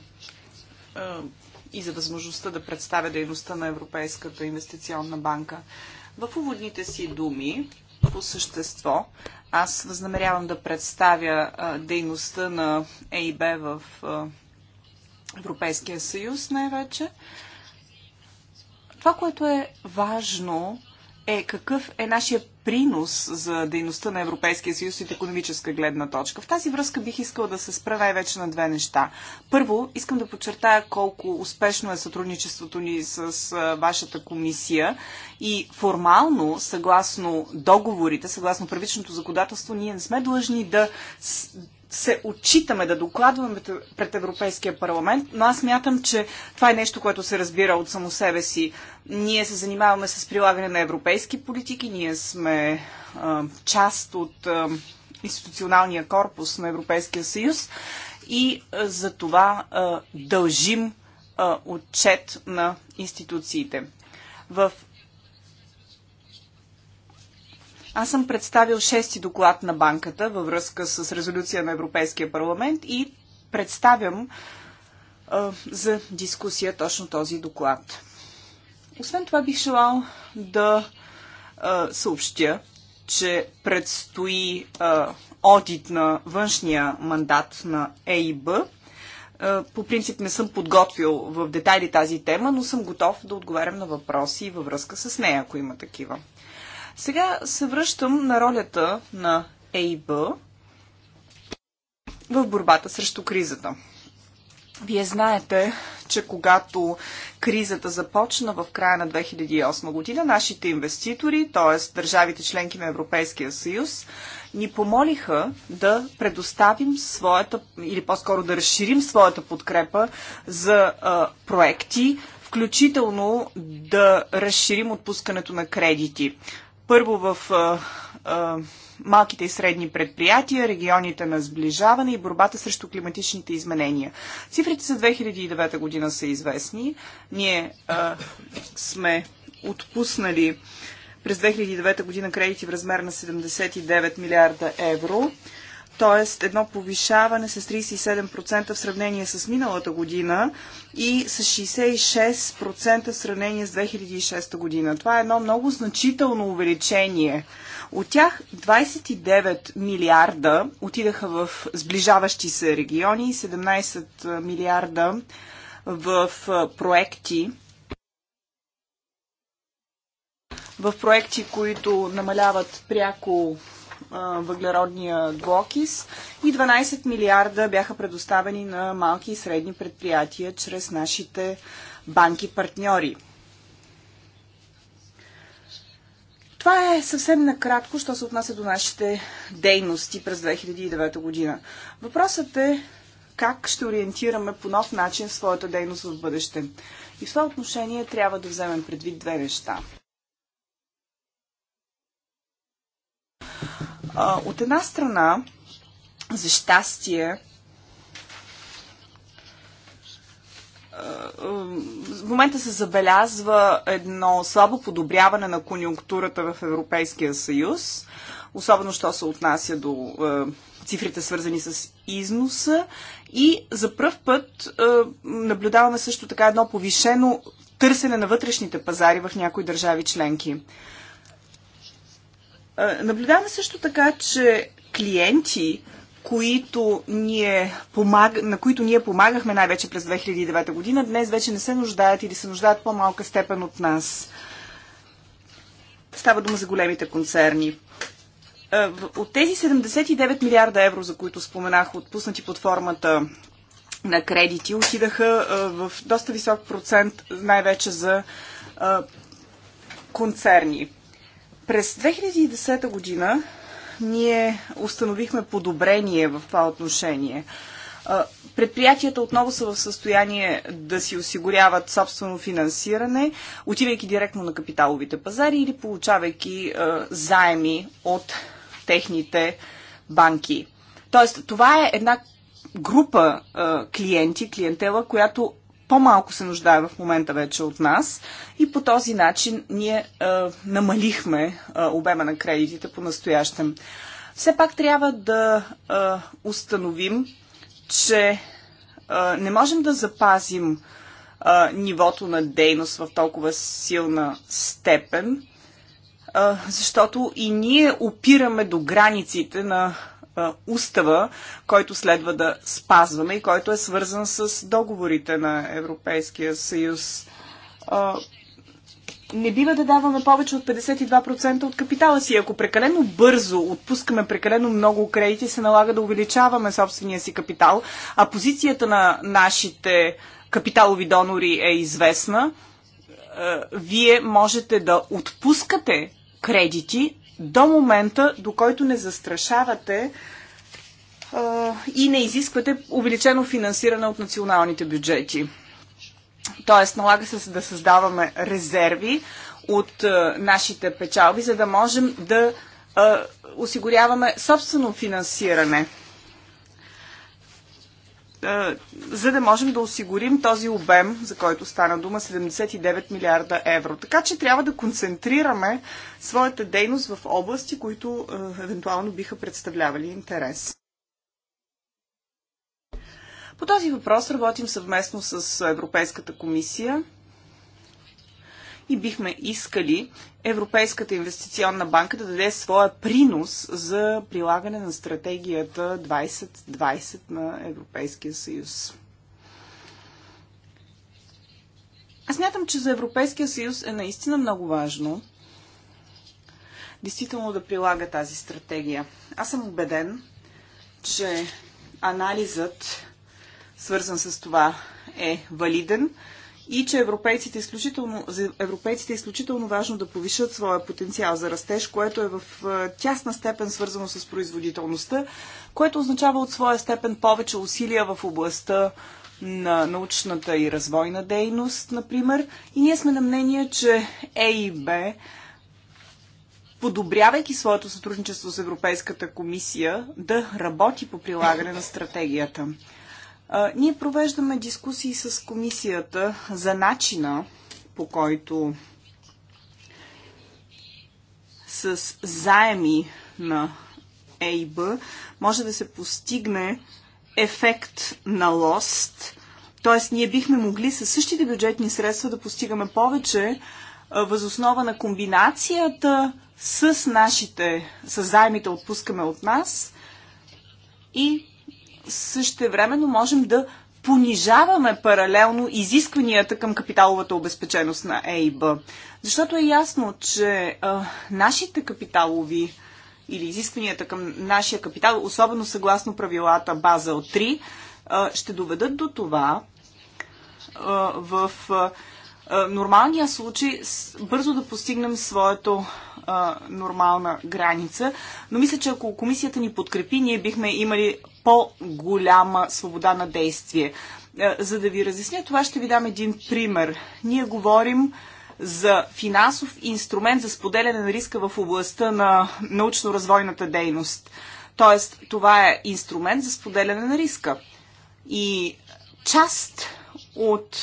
и за възможността да представя дейността на Европейската инвестиционна банка. В уводните си думи, по същество, аз възнамерявам да представя дейността на ЕИБ в Европейския съюз най-вече. Това, което е важно, е какъв е нашия принос за дейността на Европейския съюз от економическа гледна точка. В тази връзка бих искала да се спра най-вече на две неща. Първо, искам да подчертая колко успешно е сътрудничеството ни с вашата комисия и формално, съгласно договорите, съгласно правичното законодателство, ние не сме длъжни да се отчитаме, да докладваме пред Европейския парламент, но аз мятам, че това е нещо, което се разбира от само себе си. Ние се занимаваме с прилагане на европейски политики, ние сме а, част от а, институционалния корпус на Европейския съюз и а, за това а, дължим а, отчет на институциите. В Аз съм представил шести доклад на банката във връзка с резолюция на Европейския парламент и представям а, за дискусия точно този доклад. Освен това бих желал да а, съобщя, че предстои а, одит на външния мандат на ЕИБ. А, по принцип не съм подготвил в детайли тази тема, но съм готов да отговарям на въпроси във връзка с нея, ако има такива. Сега се връщам на ролята на ЕИБ в борбата срещу кризата. Вие знаете, че когато кризата започна в края на 2008 година, нашите инвеститори, т.е. държавите членки на Европейския съюз, ни помолиха да предоставим своята, или по-скоро да разширим своята подкрепа за а, проекти, включително да разширим отпускането на кредити първо в а, а, малките и средни предприятия, регионите на сближаване и борбата срещу климатичните изменения. Цифрите за 2009 година са известни. Ние а, сме отпуснали през 2009 година кредити в размер на 79 милиарда евро т.е. едно повишаване с 37% в сравнение с миналата година и с 66% в сравнение с 2006 година. Това е едно много значително увеличение. От тях 29 милиарда отидаха в сближаващи се региони и 17 милиарда в проекти, в проекти, които намаляват пряко въглеродния двокис и 12 милиарда бяха предоставени на малки и средни предприятия чрез нашите банки-партньори. Това е съвсем накратко, що се отнася до нашите дейности през 2009 година. Въпросът е как ще ориентираме по нов начин своята дейност в бъдеще. И в това отношение трябва да вземем предвид две неща. От една страна, за щастие, в момента се забелязва едно слабо подобряване на конюнктурата в Европейския съюз, особено що се отнася до цифрите свързани с износа и за пръв път наблюдаваме също така едно повишено търсене на вътрешните пазари в някои държави членки. Наблюдаваме също така, че клиенти, които ние помаг... на които ние помагахме най-вече през 2009 година, днес вече не се нуждаят или се нуждаят по-малка степен от нас. Става дума за големите концерни. От тези 79 милиарда евро, за които споменах, отпуснати под формата на кредити, отидаха в доста висок процент най-вече за концерни. През 2010 година ние установихме подобрение в това отношение. Предприятията отново са в състояние да си осигуряват собствено финансиране, отивайки директно на капиталовите пазари или получавайки заеми от техните банки. Тоест, това е една група клиенти, клиентела, която по-малко се нуждае в момента вече от нас и по този начин ние а, е, намалихме а, е, обема на кредитите по настоящем. Все пак трябва да а, е, установим, че а, не можем да запазим а, нивото на дейност в толкова силна степен, а, защото и ние опираме до границите на устава, който следва да спазваме и който е свързан с договорите на Европейския съюз. Не бива да даваме повече от 52% от капитала си. Ако прекалено бързо отпускаме прекалено много кредити, се налага да увеличаваме собствения си капитал, а позицията на нашите капиталови донори е известна. Вие можете да отпускате кредити, до момента, до който не застрашавате а, и не изисквате увеличено финансиране от националните бюджети. Тоест, налага се да създаваме резерви от а, нашите печалби, за да можем да а, осигуряваме собствено финансиране за да можем да осигурим този обем, за който стана дума 79 милиарда евро. Така че трябва да концентрираме своята дейност в области, които е, евентуално биха представлявали интерес. По този въпрос работим съвместно с Европейската комисия и бихме искали Европейската инвестиционна банка да даде своя принос за прилагане на стратегията 2020 на Европейския съюз. Аз мятам, че за Европейския съюз е наистина много важно действително да прилага тази стратегия. Аз съм убеден, че анализът, свързан с това, е валиден и че европейците изключително, за европейците е изключително важно да повишат своя потенциал за растеж, което е в тясна степен свързано с производителността, което означава от своя степен повече усилия в областта на научната и развойна дейност, например. И ние сме на мнение, че Е и Б, подобрявайки своето сътрудничество с Европейската комисия, да работи по прилагане на стратегията. Ние провеждаме дискусии с комисията за начина по който с заеми на ЕИБ може да се постигне ефект на лост. Т.е. ние бихме могли със същите бюджетни средства да постигаме повече възоснова на комбинацията с нашите, с заемите отпускаме от нас и същевременно можем да понижаваме паралелно изискванията към капиталовата обезпеченост на ЕИБ. Защото е ясно, че а, нашите капиталови или изискванията към нашия капитал, особено съгласно правилата Базел 3, а, ще доведат до това а, в а, нормалния случай бързо да постигнем своето а, нормална граница. Но мисля, че ако комисията ни подкрепи, ние бихме имали по-голяма свобода на действие. А, за да ви разясня това, ще ви дам един пример. Ние говорим за финансов инструмент за споделяне на риска в областта на научно-развойната дейност. Тоест, това е инструмент за споделяне на риска. И част от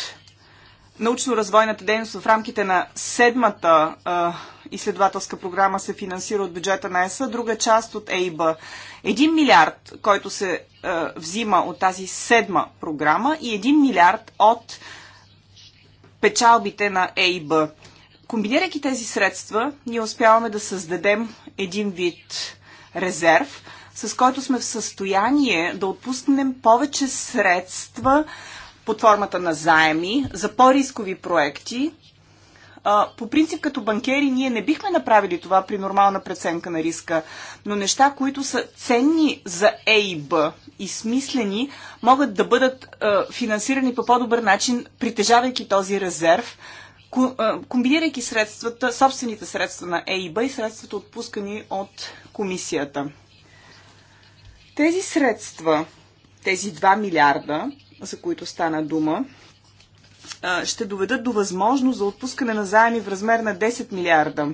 научно-развойната дейност в рамките на седмата а, изследователска програма се финансира от бюджета на ЕСА, друга част от ЕИБ. Един милиард, който се е, взима от тази седма програма и един милиард от печалбите на ЕИБ. Комбинирайки тези средства, ние успяваме да създадем един вид резерв, с който сме в състояние да отпуснем повече средства под формата на заеми за по-рискови проекти, а, по принцип като банкери ние не бихме направили това при нормална преценка на риска, но неща, които са ценни за ЕИБ и смислени, могат да бъдат а, финансирани по по-добър начин, притежавайки този резерв, комбинирайки средствата, собствените средства на ЕИБ и средствата отпускани от комисията. Тези средства, тези 2 милиарда, за които стана дума, ще доведат до възможност за отпускане на заеми в размер на 10 милиарда.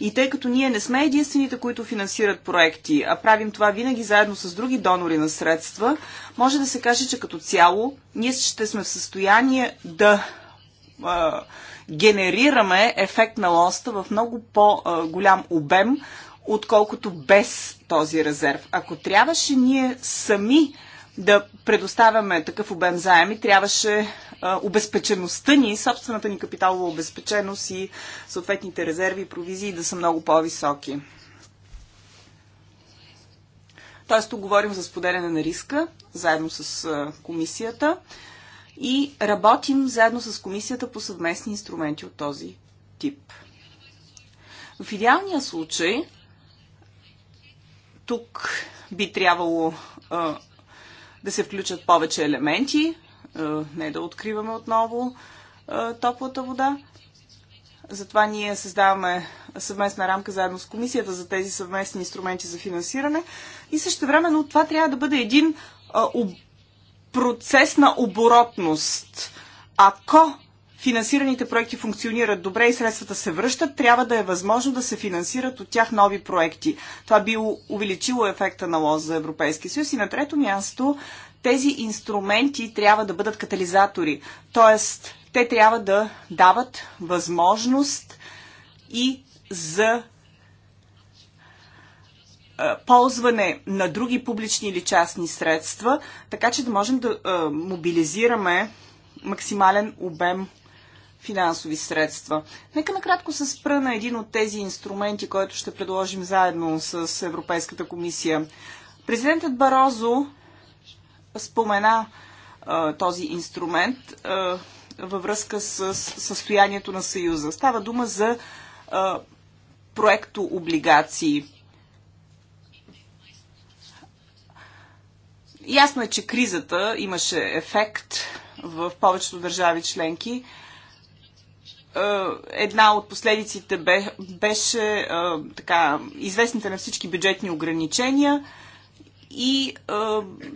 И тъй като ние не сме единствените, които финансират проекти, а правим това винаги заедно с други донори на средства, може да се каже, че като цяло ние ще сме в състояние да а, генерираме ефект на лоста в много по-голям обем, отколкото без този резерв. Ако трябваше ние сами да предоставяме такъв обем заеми, трябваше а, обезпечеността ни, собствената ни капиталова обезпеченост и съответните резерви и провизии да са много по-високи. Тоест, тук говорим за споделяне на риска, заедно с а, комисията и работим заедно с комисията по съвместни инструменти от този тип. В идеалния случай, тук би трябвало а, да се включат повече елементи, е, не да откриваме отново е, топлата вода. Затова ние създаваме съвместна рамка заедно с комисията за тези съвместни инструменти за финансиране. И също времено това трябва да бъде един е, процес на оборотност. Ако финансираните проекти функционират добре и средствата се връщат, трябва да е възможно да се финансират от тях нови проекти. Това би увеличило ефекта на лоз за Европейския съюз. И на трето място, тези инструменти трябва да бъдат катализатори. Тоест, те трябва да дават възможност и за ползване на други публични или частни средства, така че да можем да мобилизираме максимален обем финансови средства. Нека накратко се спра на един от тези инструменти, който ще предложим заедно с Европейската комисия. Президентът Барозо спомена а, този инструмент а, във връзка с състоянието на Съюза. Става дума за а, проекто облигации. Ясно е, че кризата имаше ефект в повечето държави членки. Е, една от последиците бе, беше е, така, известните на всички бюджетни ограничения и е,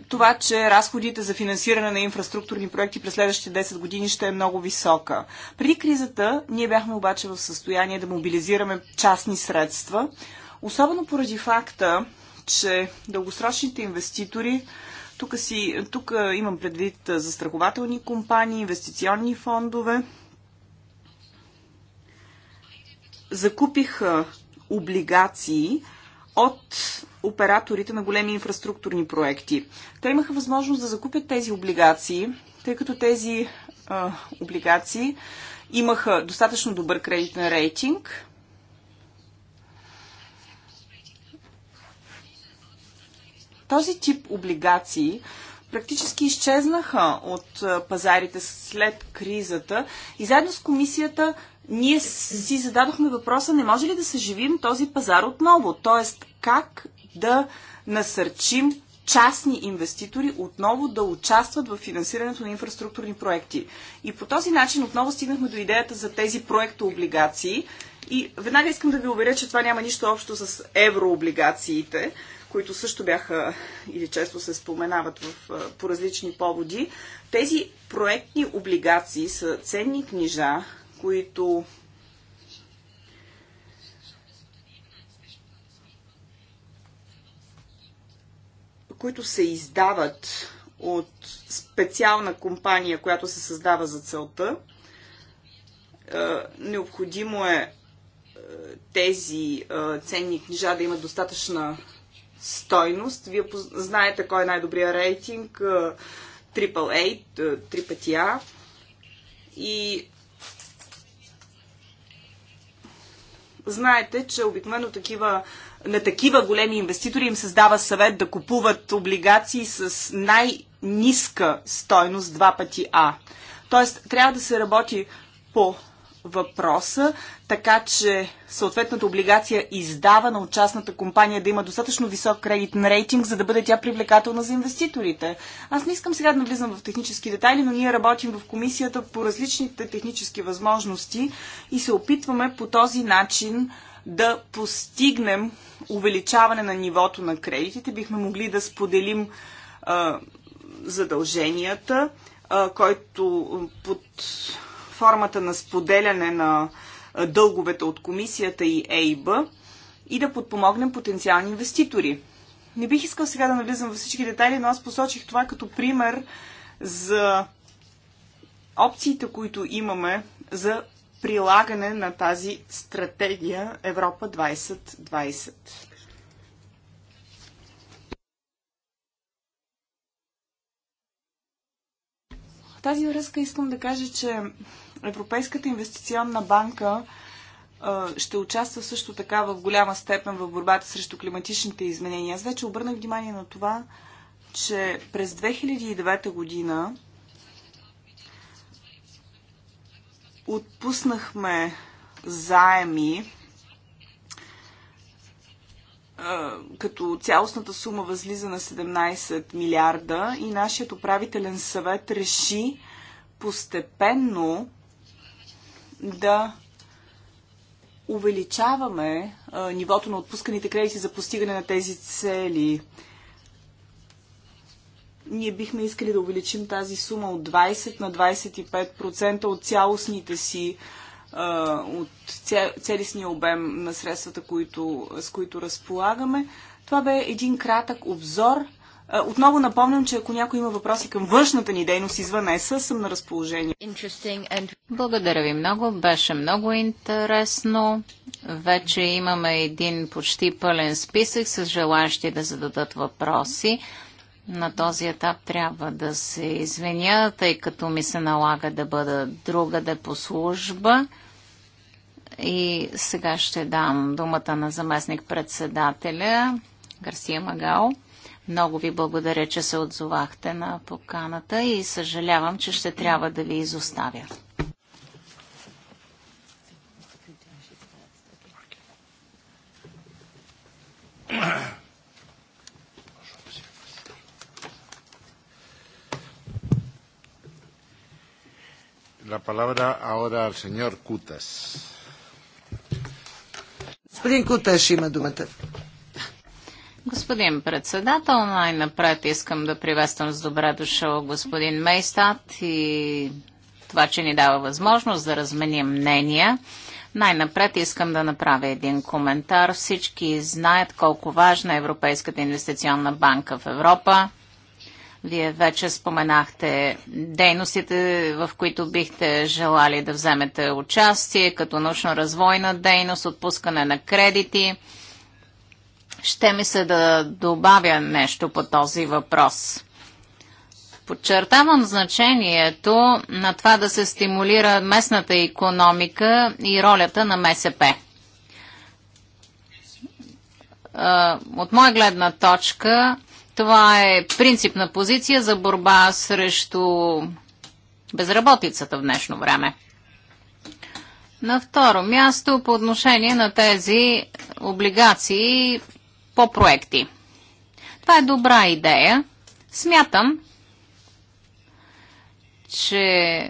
това, че разходите за финансиране на инфраструктурни проекти през следващите 10 години ще е много висока. Преди кризата ние бяхме обаче в състояние да мобилизираме частни средства, особено поради факта, че дългосрочните инвеститори тук, си, тук имам предвид застрахователни компании, инвестиционни фондове – закупиха облигации от операторите на големи инфраструктурни проекти. Те имаха възможност да закупят тези облигации, тъй като тези а, облигации имаха достатъчно добър кредитен рейтинг. Този тип облигации практически изчезнаха от пазарите след кризата и заедно с комисията ние си зададохме въпроса, не може ли да съживим този пазар отново? Тоест, как да насърчим частни инвеститори отново да участват в финансирането на инфраструктурни проекти. И по този начин отново стигнахме до идеята за тези проектооблигации. И веднага искам да ви уверя, че това няма нищо общо с еврооблигациите, които също бяха или често се споменават в, по различни поводи. Тези проектни облигации са ценни книжа, които които се издават от специална компания, която се създава за целта. Е, необходимо е, е тези е, ценни книжа да имат достатъчна стойност. Вие знаете кой е най-добрия рейтинг AAA, пъти А. И Знаете, че обикновено такива, на такива големи инвеститори им създава съвет да купуват облигации с най-ниска стойност два пъти А. Тоест, трябва да се работи по въпроса, така че съответната облигация издава на участната компания да има достатъчно висок кредитен рейтинг, за да бъде тя привлекателна за инвеститорите. Аз не искам сега да навлизам в технически детайли, но ние работим в комисията по различните технически възможности и се опитваме по този начин да постигнем увеличаване на нивото на кредитите. Бихме могли да споделим а, задълженията, а, който под формата на споделяне на дълговете от комисията и ЕИБ и да подпомогнем потенциални инвеститори. Не бих искал сега да навлизам във всички детайли, но аз посочих това като пример за опциите, които имаме за прилагане на тази стратегия Европа 2020. тази връзка искам да кажа, че Европейската инвестиционна банка ще участва също така в голяма степен в борбата срещу климатичните изменения. Аз вече обърнах внимание на това, че през 2009 година отпуснахме заеми, като цялостната сума възлиза на 17 милиарда и нашият управителен съвет реши постепенно да увеличаваме а, нивото на отпусканите кредити за постигане на тези цели. Ние бихме искали да увеличим тази сума от 20 на 25% от цялостните си а, от целисния обем на средствата, които, с които разполагаме. Това бе един кратък обзор – отново напомням, че ако някой има въпроси към външната ни дейност извън ЕСА, съм на разположение. And... Благодаря ви много. Беше много интересно. Вече имаме един почти пълен списък с желащи да зададат въпроси. На този етап трябва да се извиня, тъй като ми се налага да бъда другаде да по служба. И сега ще дам думата на заместник председателя Гарсия Магал. Много ви благодаря, че се отзовахте на поканата и съжалявам, че ще трябва да ви изоставя. La palabra ahora al señor Cutas. Господин Куташ има думата. Господин председател, най-напред искам да приветствам с добре дошъл господин Мейстат и това, че ни дава възможност да разменим мнения. Най-напред искам да направя един коментар. Всички знаят колко важна е Европейската инвестиционна банка в Европа. Вие вече споменахте дейностите, в които бихте желали да вземете участие, като научно-развойна дейност, отпускане на кредити ще ми се да добавя нещо по този въпрос. Подчертавам значението на това да се стимулира местната економика и ролята на МСП. От моя гледна точка, това е принципна позиция за борба срещу безработицата в днешно време. На второ място по отношение на тези облигации по проекти. Това е добра идея. Смятам, че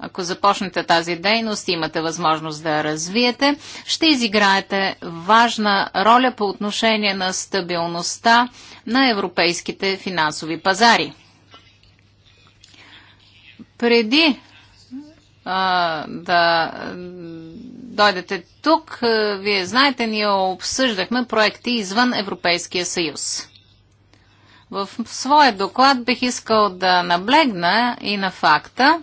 ако започнете тази дейност, имате възможност да я развиете, ще изиграете важна роля по отношение на стабилността на европейските финансови пазари. Преди а, да дойдете тук. Е, вие знаете, ние обсъждахме проекти извън Европейския съюз. В своя доклад бих искал да наблегна и на факта,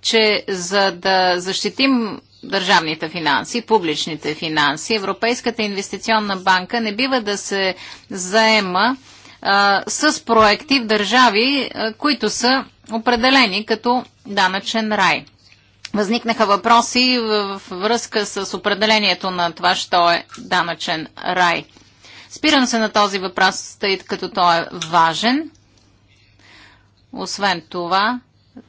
че за да защитим държавните финанси, публичните финанси, Европейската инвестиционна банка не бива да се заема а, с проекти в държави, а, които са определени като данъчен рай. Възникнаха въпроси във връзка с определението на това, що е данъчен рай. Спирам се на този въпрос, тъй като той е важен. Освен това,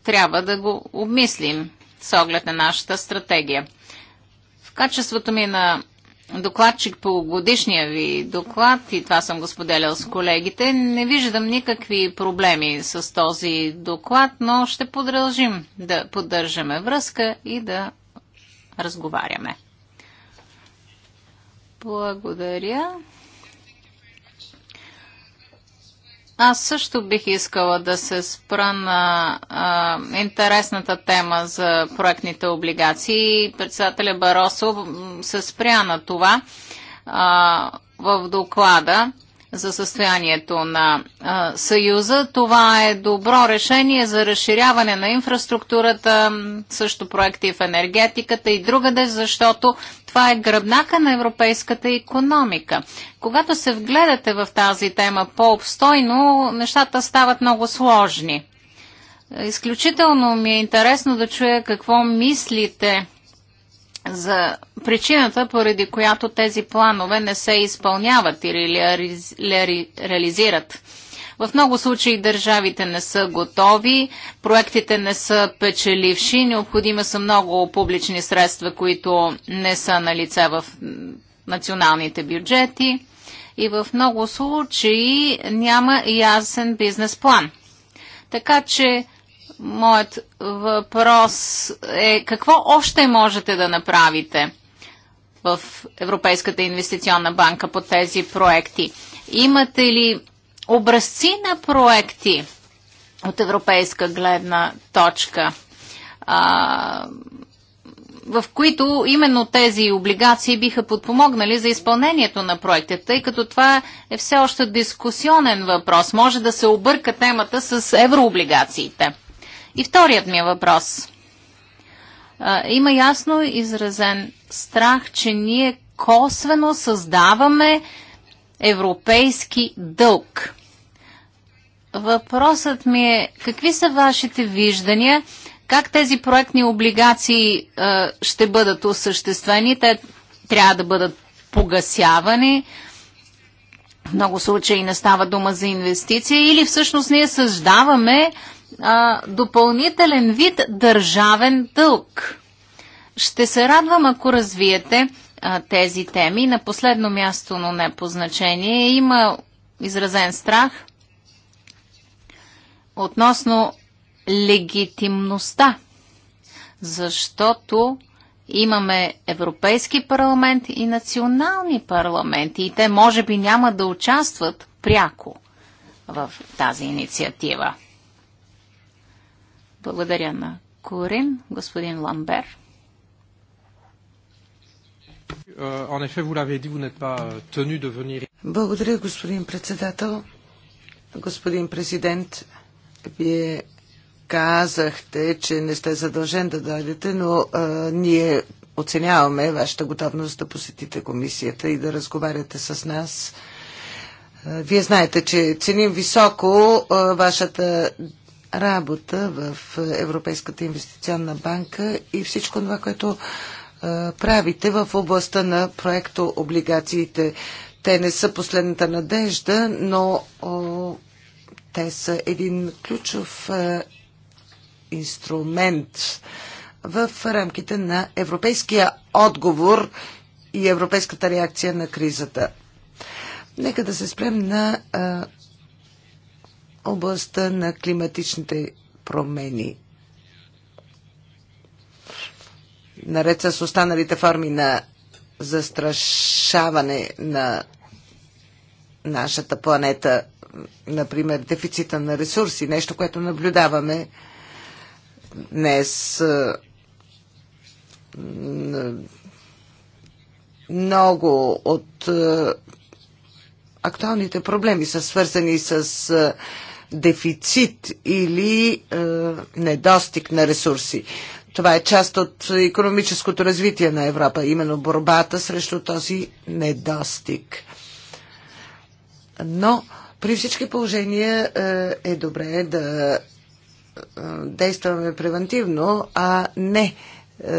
трябва да го обмислим с оглед на нашата стратегия. В качеството ми на докладчик по годишния ви доклад, и това съм го споделял с колегите, не виждам никакви проблеми с този доклад, но ще продължим да поддържаме връзка и да разговаряме. Благодаря. Аз също бих искала да се спра на а, интересната тема за проектните облигации. Председателя Баросо се спря на това а, в доклада за състоянието на а, Съюза. Това е добро решение за разширяване на инфраструктурата, също проекти в енергетиката и другаде, защото това е гръбнака на европейската економика. Когато се вгледате в тази тема по-обстойно, нещата стават много сложни. Изключително ми е интересно да чуя какво мислите за причината, поради която тези планове не се изпълняват или реализират. В много случаи държавите не са готови, проектите не са печеливши, необходими са много публични средства, които не са на лице в националните бюджети и в много случаи няма ясен бизнес план. Така че Моят въпрос е какво още можете да направите в Европейската инвестиционна банка по тези проекти? Имате ли образци на проекти от европейска гледна точка, а, в които именно тези облигации биха подпомогнали за изпълнението на проекта, тъй като това е все още дискусионен въпрос. Може да се обърка темата с еврооблигациите. И вторият ми е въпрос. Има ясно изразен страх, че ние косвено създаваме европейски дълг. Въпросът ми е, какви са вашите виждания, как тези проектни облигации ще бъдат осъществени, те трябва да бъдат погасявани, в много случаи не става дума за инвестиция, или всъщност ние създаваме а, допълнителен вид държавен дълг. Ще се радвам, ако развиете а, тези теми. На последно място, но не по значение, има изразен страх относно легитимността, защото имаме Европейски парламент и национални парламенти и те може би няма да участват пряко в тази инициатива. Благодаря на Корин, господин Ламбер. Euh, euh, Благодаря, господин председател. Господин президент, вие казахте, че не сте задължен да дойдете, но а, ние оценяваме вашата готовност да посетите комисията и да разговаряте с нас. Вие знаете, че ценим високо вашата работа в Европейската инвестиционна банка и всичко това, което правите в областта на проекто облигациите. Те не са последната надежда, но о, те са един ключов е, инструмент в рамките на европейския отговор и европейската реакция на кризата. Нека да се спрем на областта на климатичните промени. Наред с останалите форми на застрашаване на нашата планета, например дефицита на ресурси, нещо, което наблюдаваме днес е, много от е, актуалните проблеми са свързани с е, дефицит или е, недостиг на ресурси. Това е част от економическото развитие на Европа, именно борбата срещу този недостиг. Но при всички положения е, е добре да е, действаме превентивно, а не е,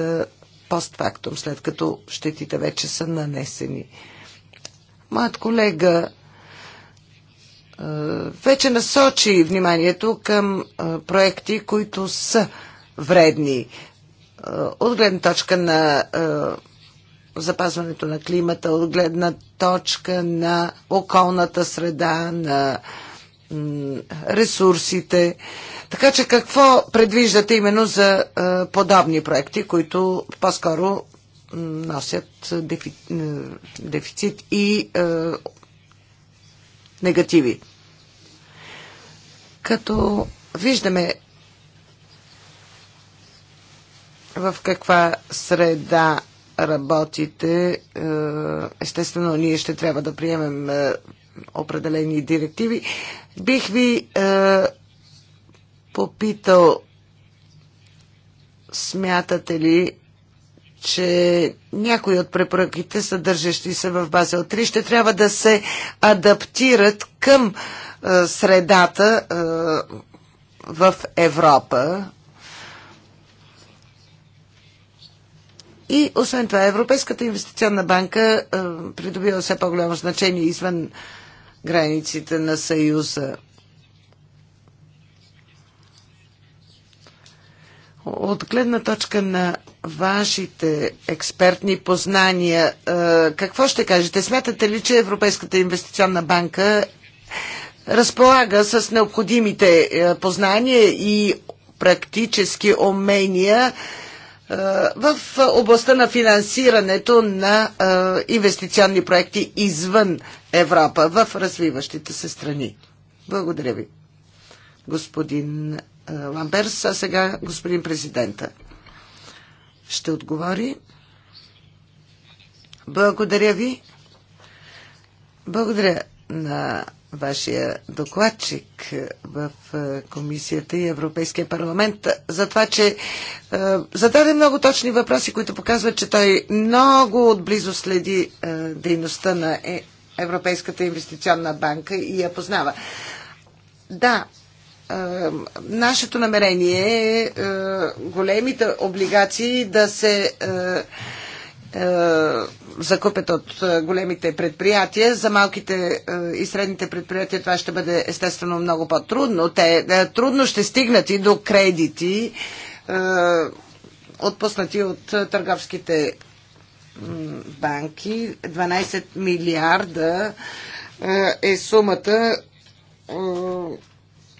постфактум, след като щетите вече са нанесени. Моят колега е, вече насочи вниманието към е, проекти, които са вредни е, от гледна точка на запазването на климата, от гледна точка на околната среда, на ресурсите. Така че какво предвиждате именно за подобни проекти, които по-скоро носят дефицит и негативи. Като виждаме в каква среда работите, е, естествено ние ще трябва да приемем е, определени директиви. Бих ви е, попитал, смятате ли, че някои от препоръките, съдържащи се в Базел 3, ще трябва да се адаптират към е, средата е, в Европа. И освен това, Европейската инвестиционна банка е, придобива все по-голямо значение извън границите на Съюза. От гледна точка на вашите експертни познания, какво ще кажете? Смятате ли, че Европейската инвестиционна банка разполага с необходимите познания и практически умения в областта на финансирането на инвестиционни проекти извън Европа, в развиващите се страни? Благодаря ви, господин Ламберс, а сега господин президента ще отговори. Благодаря ви. Благодаря на вашия докладчик в е, Комисията и Европейския парламент за това, че е, зададе много точни въпроси, които показват, че той много отблизо следи е, дейността на Европейската инвестиционна банка и я познава. Да, е, нашето намерение е, е големите облигации да се е, закупят от големите предприятия. За малките и средните предприятия това ще бъде естествено много по-трудно. Те трудно ще стигнат и до кредити, отпуснати от търговските банки. 12 милиарда е сумата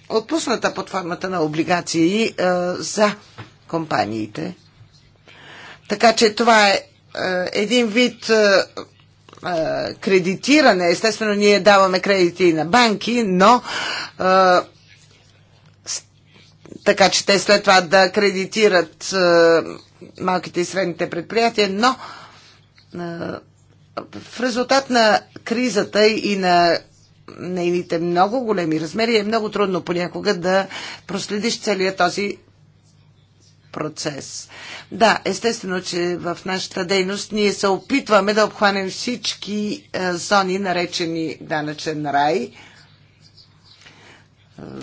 отпусната под формата на облигации е, за компаниите. Така че това е, е един вид е, кредитиране. Естествено, ние даваме кредити и на банки, но така че те след това да кредитират малките и средните предприятия, но в резултат на кризата и на нейните много големи размери е много трудно понякога да проследиш целия този процес. Да, естествено, че в нашата дейност ние се опитваме да обхванем всички е, зони, наречени данъчен рай. Е,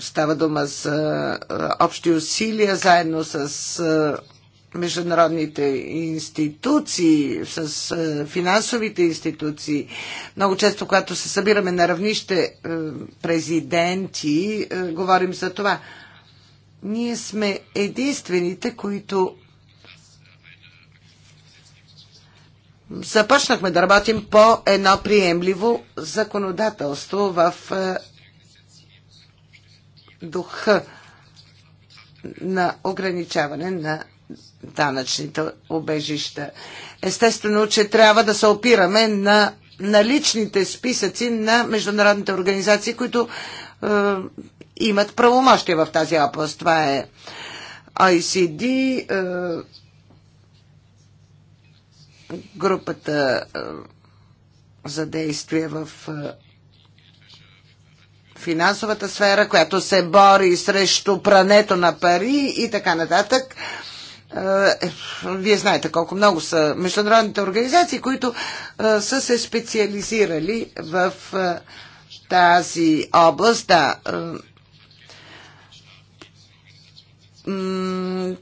става дума за е, общи усилия, заедно с международните институции, с е, финансовите институции. Много често, когато се събираме на равнище е, президенти, е, говорим за това. Ние сме единствените, които започнахме да работим по едно приемливо законодателство в духа на ограничаване на данъчните обежища. Естествено, че трябва да се опираме на наличните списъци на международните организации, които е, имат правомощие в тази област. Това е ICD, е, групата е, за действие в е, финансовата сфера, която се бори срещу прането на пари и така нататък. Е, е, вие знаете колко много са международните организации, които е, са се специализирали в е, тази област. Да,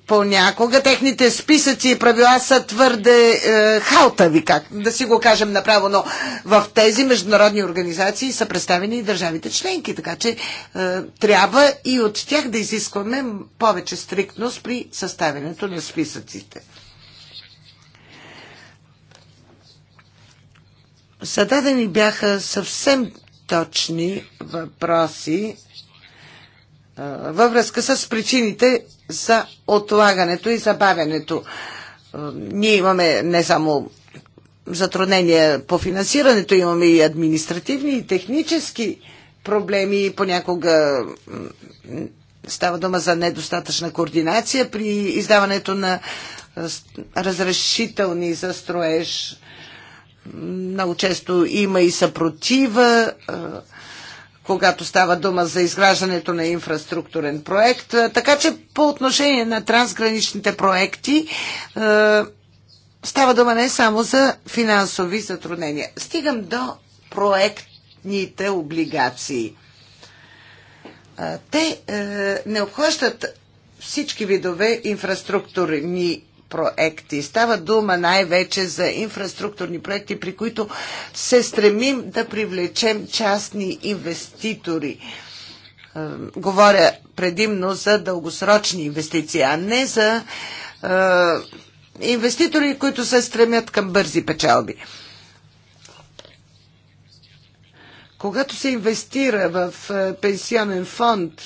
понякога техните списъци и правила са твърде е, халтави, как да си го кажем направо, но в тези международни организации са представени и държавите членки, така че е, трябва и от тях да изискваме повече стриктност при съставянето на списъците. Зададени бяха съвсем точни въпроси във връзка с причините за отлагането и забавянето. Ние имаме не само затруднения по финансирането, имаме и административни и технически проблеми, понякога става дума за недостатъчна координация при издаването на разрешителни за строеж. Много често има и съпротива когато става дума за изграждането на инфраструктурен проект. Е, така че по отношение на трансграничните проекти е, става дума не само за финансови затруднения. Стигам до проектните облигации. Е, те не обхващат всички видове инфраструктурни проекти. Става дума най-вече за инфраструктурни проекти, при които се стремим да привлечем частни инвеститори. Говоря предимно за дългосрочни инвестиции, а не за инвеститори, които се стремят към бързи печалби. Когато се инвестира в пенсионен фонд,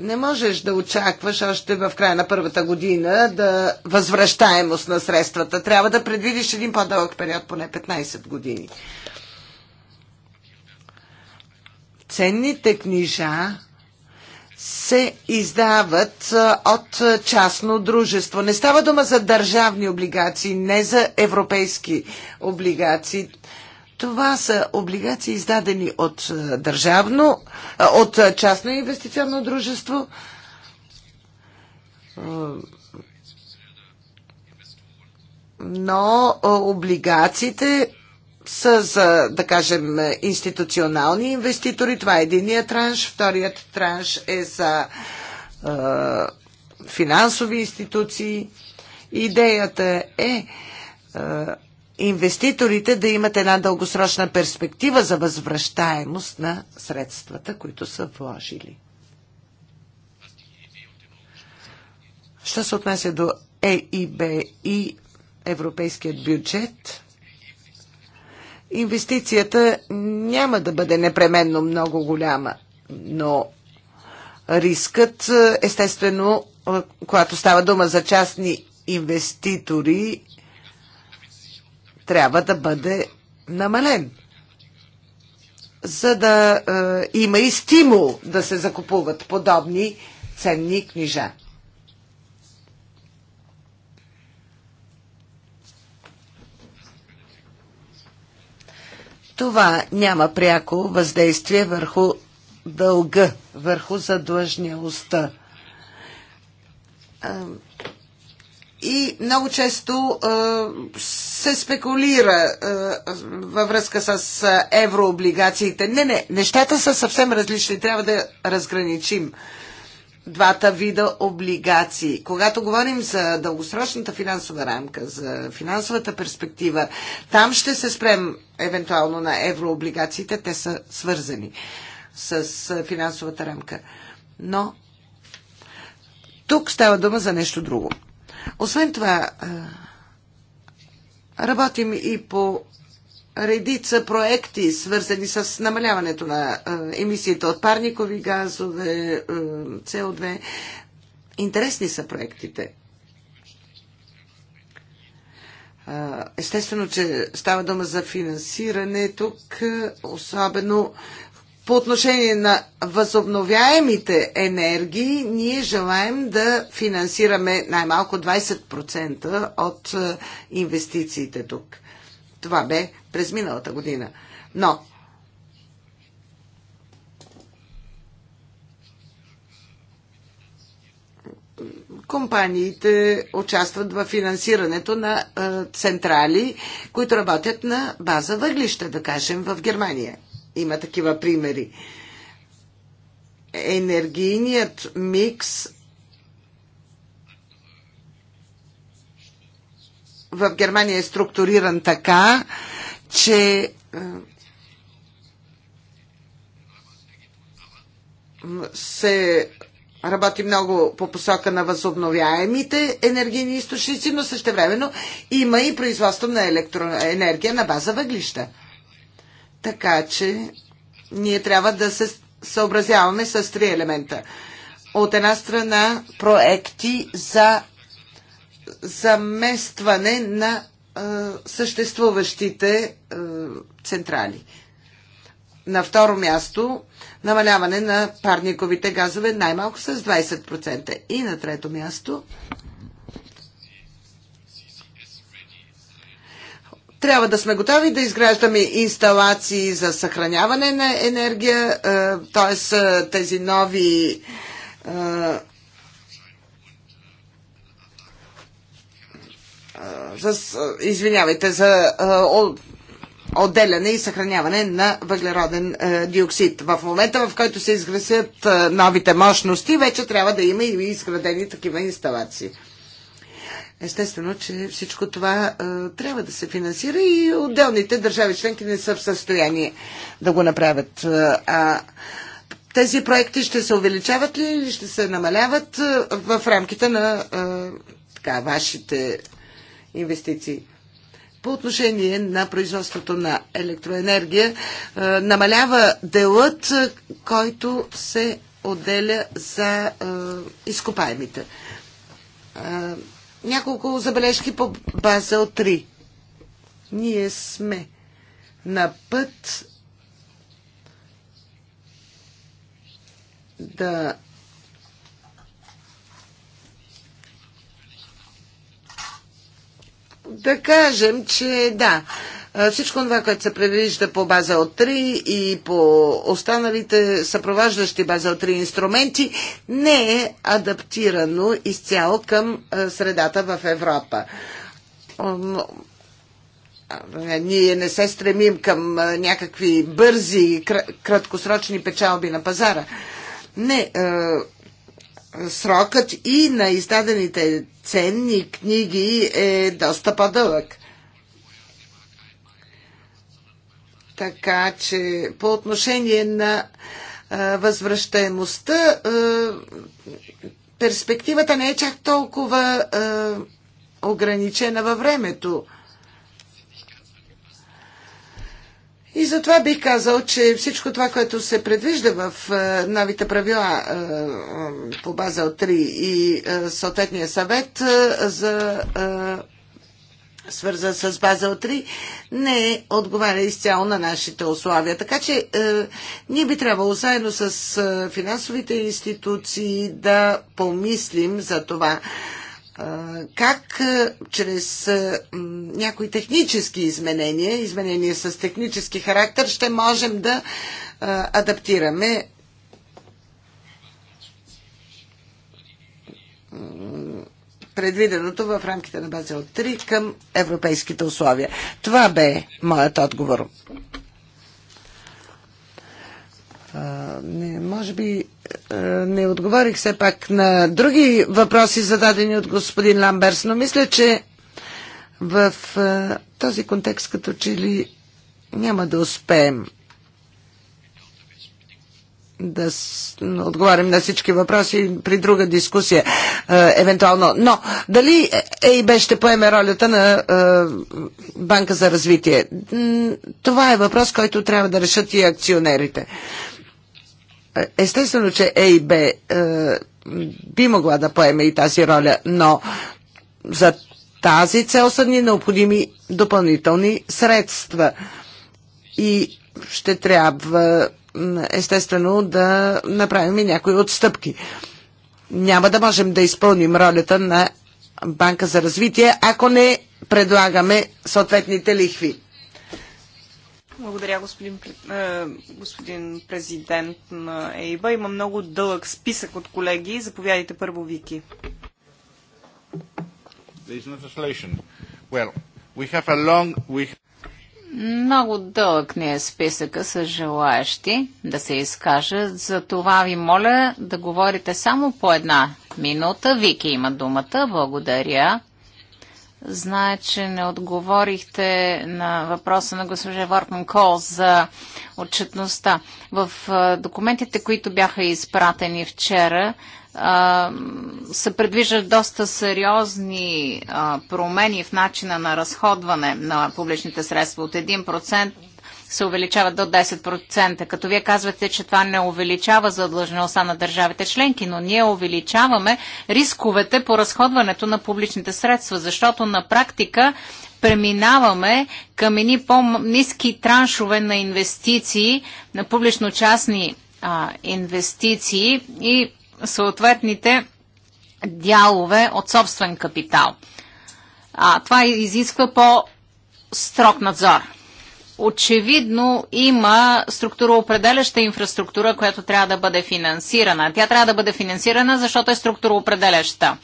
не можеш да очакваш още в края на първата година да възвръщаемост на средствата. Трябва да предвидиш един по-дълъг период, поне 15 години. Ценните книжа се издават от частно дружество. Не става дума за държавни облигации, не за европейски облигации. Това са облигации издадени от е, държавно, е, от е, частно инвестиционно дружество. Но облигациите са за, да кажем, институционални инвеститори. Това е единия транш. Вторият транш е за е, финансови институции. Идеята е, е инвеститорите да имат една дългосрочна перспектива за възвръщаемост на средствата, които са вложили. Що се отнася до ЕИБ и европейският бюджет, инвестицията няма да бъде непременно много голяма, но рискът, естествено, когато става дума за частни инвеститори, трябва да бъде намален, за да е, има и стимул да се закупуват подобни ценни книжа. Това няма пряко въздействие върху дълга, върху задлъжнялостта и много често се спекулира във връзка с еврооблигациите. Не, не, нещата са съвсем различни. Трябва да разграничим двата вида облигации. Когато говорим за дългосрочната финансова рамка, за финансовата перспектива, там ще се спрем евентуално на еврооблигациите. Те са свързани с финансовата рамка. Но тук става дума за нещо друго. Освен това, работим и по редица проекти, свързани с намаляването на емисиите от парникови газове, CO2. Интересни са проектите. Естествено, че става дума за финансиране тук, особено по отношение на възобновяемите енергии, ние желаем да финансираме най-малко 20% от е, инвестициите тук. Това бе през миналата година. Но компаниите участват в финансирането на е, централи, които работят на база въглища, да кажем, в Германия. Има такива примери. Енергийният микс в Германия е структуриран така, че е, се работи много по посока на възобновяемите енергийни източници, но същевременно има и производство на електроенергия на база въглища. Така че ние трябва да се съобразяваме с три елемента. От една страна проекти за заместване на е, съществуващите е, централи. На второ място намаляване на парниковите газове най-малко с 20%. И на трето място Трябва да сме готови да изграждаме инсталации за съхраняване на енергия, т.е. Е, тези нови е, извинявайте, за е, отделяне и съхраняване на въглероден диоксид. В момента, в който се изгресят новите мощности, вече трябва да има и изградени такива инсталации. Естествено, че всичко това а, е, трябва да се финансира и отделните държави членки не са в състояние да го направят. Е, а, тези проекти ще се увеличават ли или ще се намаляват е, в рамките на а, така, вашите инвестиции? По отношение на производството на електроенергия, а, намалява делът, който се отделя за а, изкопаемите няколко забележки по Базел 3. Ние сме на път да да кажем, че да, всичко това, което се предвижда по база от 3 и по останалите съпровождащи база от 3 инструменти, не е адаптирано изцяло към средата в Европа ние не се стремим към някакви бързи, краткосрочни печалби на пазара. Не, срокът и на издадените ценни книги е доста по-дълъг. Така че по отношение на възвръщаемостта перспективата не е чак толкова ограничена във времето. И затова бих казал, че всичко това, което се предвижда в новите правила по база от 3 и съответния съвет за свързан с Базел 3, не отговаря изцяло на нашите условия. Така че е, ние би трябвало заедно с е, финансовите институции да помислим за това е, как е, чрез е, някои технически изменения, изменения с технически характер, ще можем да адаптираме предвиденото в рамките на Базел 3 към европейските условия. Това бе моят отговор. Не, може би не отговорих все пак на други въпроси, зададени от господин Ламберс, но мисля, че в този контекст като че ли няма да успеем да отговарям на всички въпроси при друга дискусия, е, евентуално. Но дали ЕИБ ще поеме ролята на е, Банка за развитие? Това е въпрос, който трябва да решат и акционерите. Е, естествено, че ЕИБ е, би могла да поеме и тази роля, но за тази цел са ни необходими допълнителни средства. И ще трябва естествено да направим и някои отстъпки. Няма да можем да изпълним ролята на банка за развитие, ако не предлагаме съответните лихви. Благодаря, господин, е, господин президент на ЕИБА. Има много дълъг списък от колеги. Заповядайте първо, Вики. Well, we long... we... Много дълъг не е списъка с желаящи да се изкажат. За това ви моля да говорите само по една минута. Вики има думата. Благодаря. Знае, че не отговорихте на въпроса на госпожа Вортман Кол за отчетността. В документите, които бяха изпратени вчера, се предвиждат доста сериозни промени в начина на разходване на публичните средства от 1% се увеличават до 10%. Като вие казвате, че това не увеличава задлъжността на държавите членки, но ние увеличаваме рисковете по разходването на публичните средства, защото на практика преминаваме към едни по-низки траншове на инвестиции, на публично-частни инвестиции и съответните дялове от собствен капитал. А, това изисква по-строг надзор. Очевидно има структуроопределяща инфраструктура, която трябва да бъде финансирана. Тя трябва да бъде финансирана, защото е структуроопределяща.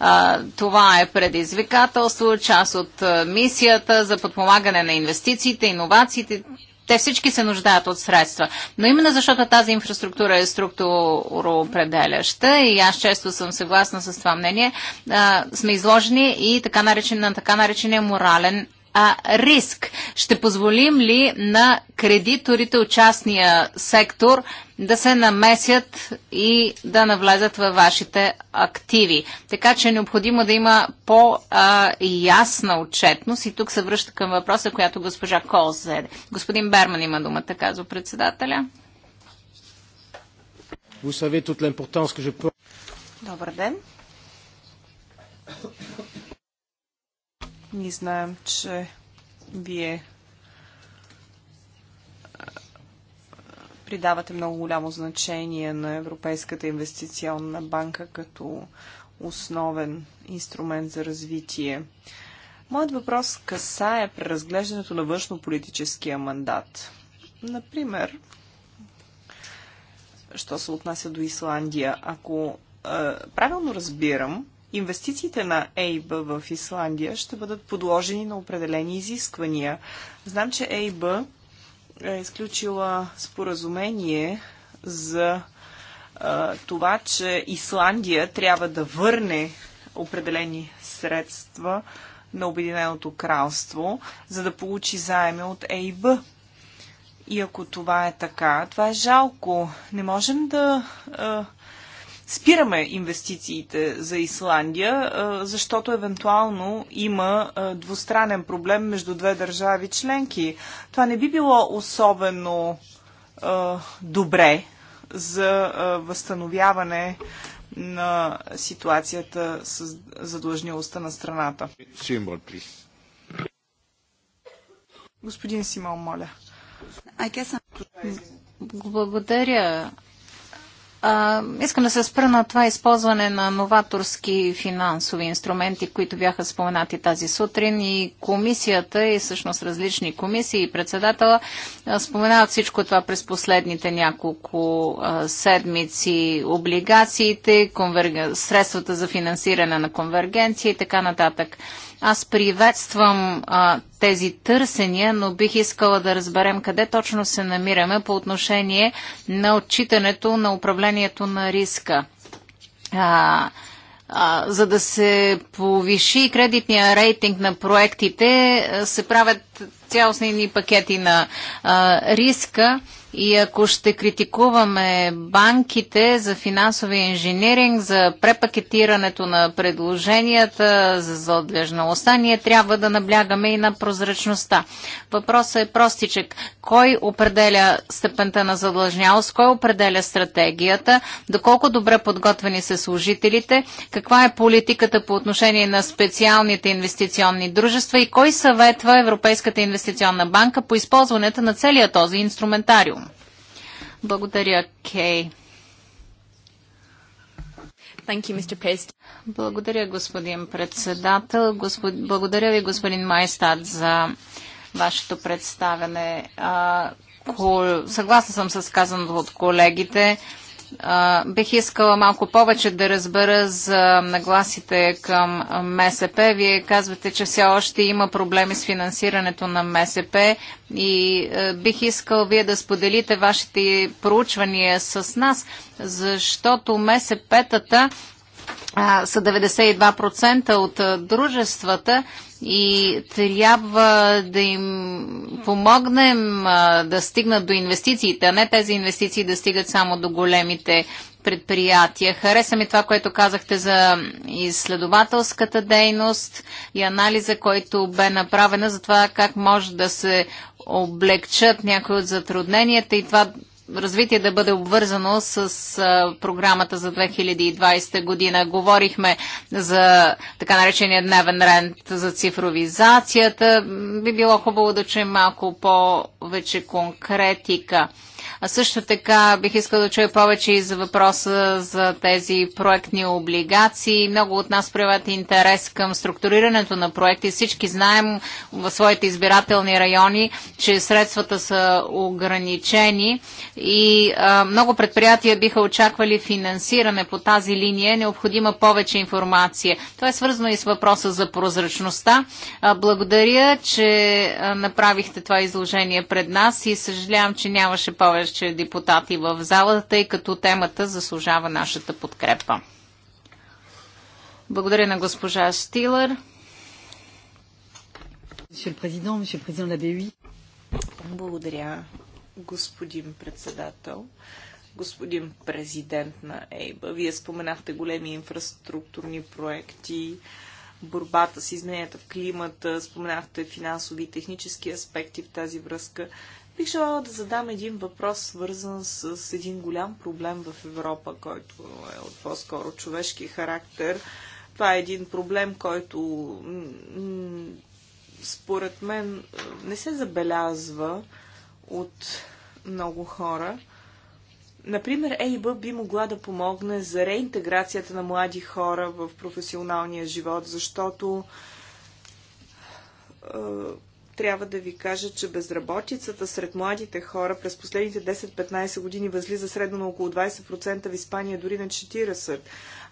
определяща. това е предизвикателство, част от мисията за подпомагане на инвестициите, иновациите, те всички се нуждаят от средства. Но именно защото тази инфраструктура е структуроопределяща и аз често съм съгласна с това мнение, а, сме изложени и така, наречен, на така наречения морален а, риск. Ще позволим ли на кредиторите от частния сектор да се намесят и да навлезат във вашите активи? Така че е необходимо да има по-ясна отчетност и тук се връща към въпроса, която госпожа Кол заеде. Господин Берман има думата, казва председателя. Добър ден. Ние знаем, че вие придавате много голямо значение на Европейската инвестиционна банка като основен инструмент за развитие. Моят въпрос касае преразглеждането на външно политическия мандат. Например, що се отнася до Исландия, ако е, правилно разбирам, инвестициите на ЕИБ в Исландия ще бъдат подложени на определени изисквания. Знам, че ЕИБ е изключила споразумение за а, това, че Исландия трябва да върне определени средства на Обединеното кралство, за да получи заеме от ЕИБ. И ако това е така, това е жалко. Не можем да а, спираме инвестициите за Исландия, защото евентуално има двустранен проблем между две държави членки. Това не би било особено добре за възстановяване на ситуацията с задлъжнилостта на страната. Господин Симон, моля. Благодаря. А, искам да се спра на това използване на новаторски финансови инструменти, които бяха споменати тази сутрин и комисията и всъщност различни комисии и председател споменават всичко това през последните няколко а, седмици. Облигациите, конвер... средствата за финансиране на конвергенция и така нататък. Аз приветствам а, тези търсения, но бих искала да разберем къде точно се намираме по отношение на отчитането на управлението на риска. А, а, за да се повиши кредитния рейтинг на проектите, се правят цялостни пакети на а, риска и ако ще критикуваме банките за финансови инженеринг, за препакетирането на предложенията, за задлежналостта, ние трябва да наблягаме и на прозрачността. Въпросът е простичък. Кой определя степента на задлъжнялост? Кой определя стратегията? Доколко добре подготвени са служителите? Каква е политиката по отношение на специалните инвестиционни дружества? И кой съветва Европейската инвестиционна банка по използването на целия този инструментариум? Благодаря, Кей. You, Благодаря, господин председател. Господ... Благодаря ви, господин Майстат, за вашето представяне. Кол... Съгласна съм с казаното от колегите бих искала малко повече да разбера за нагласите към МСП. Вие казвате, че все още има проблеми с финансирането на МСП и бих искал вие да споделите вашите проучвания с нас, защото МСП-тата са 92% от дружествата и трябва да им помогнем да стигнат до инвестициите, а не тези инвестиции да стигат само до големите предприятия. Хареса ми това, което казахте за изследователската дейност и анализа, който бе направена за това как може да се облегчат някои от затрудненията и това развитие да бъде обвързано с а, програмата за 2020 година. Говорихме за така наречения дневен рент за цифровизацията. Би било хубаво да чуем малко повече конкретика. А също така бих искал да чуя повече и за въпроса за тези проектни облигации. Много от нас проявят интерес към структурирането на проекти. Всички знаем в своите избирателни райони, че средствата са ограничени и а, много предприятия биха очаквали финансиране по тази линия. Необходима повече информация. Това е свързано и с въпроса за прозрачността. А, благодаря, че направихте това изложение пред нас и съжалявам, че нямаше повече повече депутати в залата, тъй като темата заслужава нашата подкрепа. Благодаря на госпожа Стилър. Благодаря, господин председател, господин президент на ЕЙБА. Вие споменахте големи инфраструктурни проекти, борбата с измененията в климата, споменахте финансови и технически аспекти в тази връзка. Бих желала да задам един въпрос, свързан с един голям проблем в Европа, който е от по-скоро човешки характер. Това е един проблем, който според мен не се забелязва от много хора. Например, ЕИБ би могла да помогне за реинтеграцията на млади хора в професионалния живот, защото трябва да ви кажа, че безработицата сред младите хора през последните 10-15 години възлиза средно на около 20%, в Испания дори на 40%.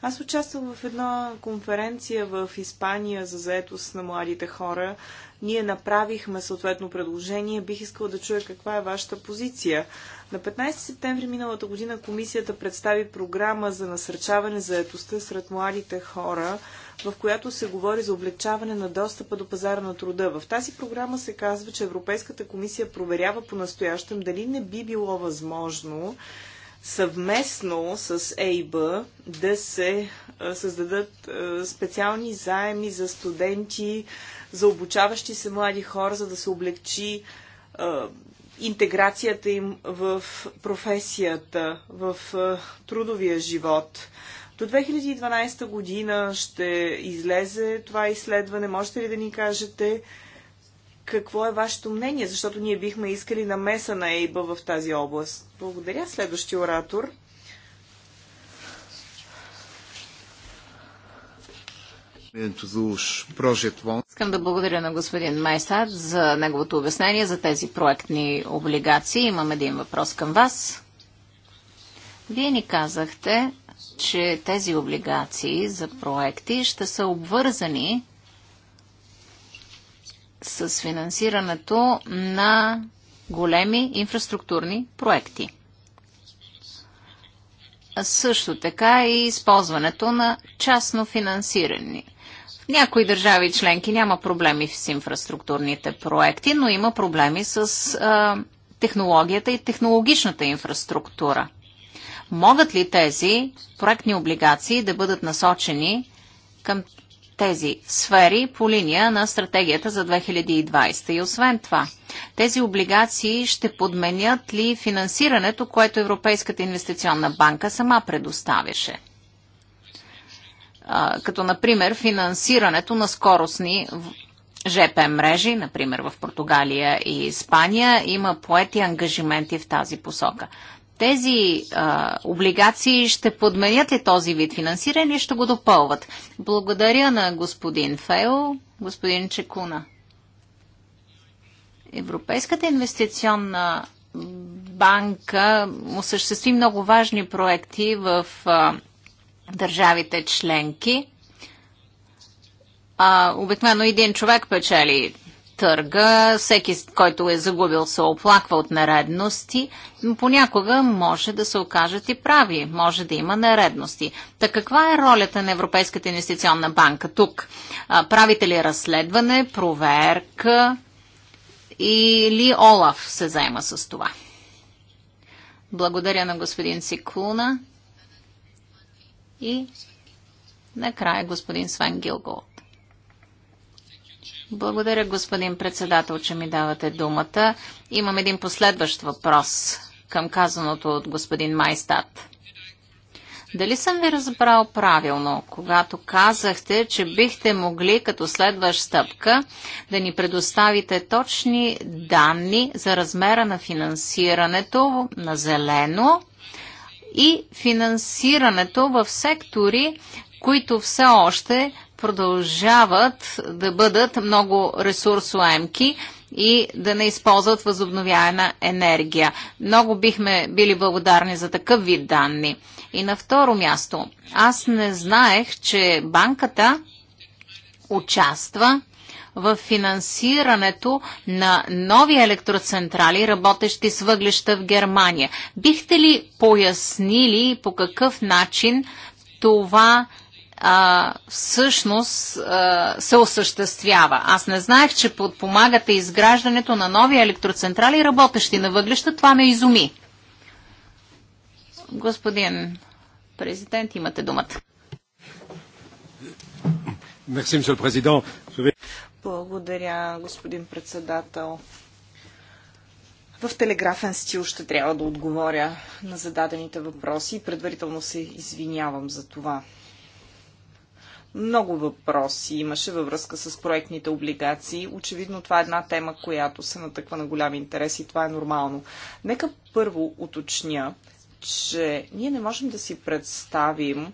Аз участвам в една конференция в Испания за заетост на младите хора. Ние направихме съответно предложение. Бих искала да чуя каква е вашата позиция. На 15 септември миналата година комисията представи програма за насърчаване заетостта сред младите хора – в която се говори за облегчаване на достъпа до пазара на труда. В тази програма се казва, че Европейската комисия проверява по-настоящем дали не би било възможно съвместно с ЕИБ да се създадат специални заеми за студенти, за обучаващи се млади хора, за да се облегчи интеграцията им в професията, в трудовия живот. До 2012 година ще излезе това изследване. Можете ли да ни кажете какво е вашето мнение? Защото ние бихме искали намеса на Ейба в тази област. Благодаря. Следващия оратор. Искам да благодаря на господин Майсар за неговото обяснение за тези проектни облигации. Имам един въпрос към вас. Вие ни казахте, че тези облигации за проекти ще са обвързани с финансирането на големи инфраструктурни проекти. също така и използването на частно финансирани. В някои държави членки няма проблеми с инфраструктурните проекти, но има проблеми с а, технологията и технологичната инфраструктура. Могат ли тези проектни облигации да бъдат насочени към тези сфери по линия на стратегията за 2020. И освен това, тези облигации ще подменят ли финансирането, което Европейската инвестиционна банка сама предоставяше? като, например, финансирането на скоростни ЖП мрежи, например в Португалия и Испания, има поети ангажименти в тази посока. Тези а, облигации ще подменят ли този вид финансиране или ще го допълват? Благодаря на господин Фейл, господин Чекуна. Европейската инвестиционна банка осъществи много важни проекти в а, държавите членки. А, обикновено един човек печели търга. Всеки, който е загубил, се оплаква от нередности. Понякога може да се окажат и прави. Може да има нередности. Та каква е ролята на Европейската инвестиционна банка тук? Правите ли разследване, проверка или Олаф се заема с това? Благодаря на господин Сиклуна и накрая господин Свен Гилгол. Благодаря, господин председател, че ми давате думата. Имам един последващ въпрос към казаното от господин Майстат. Дали съм ви разбрал правилно, когато казахте, че бихте могли като следващ стъпка да ни предоставите точни данни за размера на финансирането на зелено и финансирането в сектори, които все още продължават да бъдат много ресурсоемки и да не използват възобновяема енергия. Много бихме били благодарни за такъв вид данни. И на второ място, аз не знаех, че банката участва в финансирането на нови електроцентрали, работещи с въглеща в Германия. Бихте ли пояснили по какъв начин това а, всъщност а, се осъществява. Аз не знаех, че подпомагате изграждането на нови електроцентрали, работещи на въглища. Това ме изуми. Господин президент, имате думата. Благодаря, господин председател. В телеграфен стил ще трябва да отговоря на зададените въпроси и предварително се извинявам за това. Много въпроси имаше във връзка с проектните облигации. Очевидно това е една тема, която се натъква на голям интерес и това е нормално. Нека първо уточня, че ние не можем да си представим,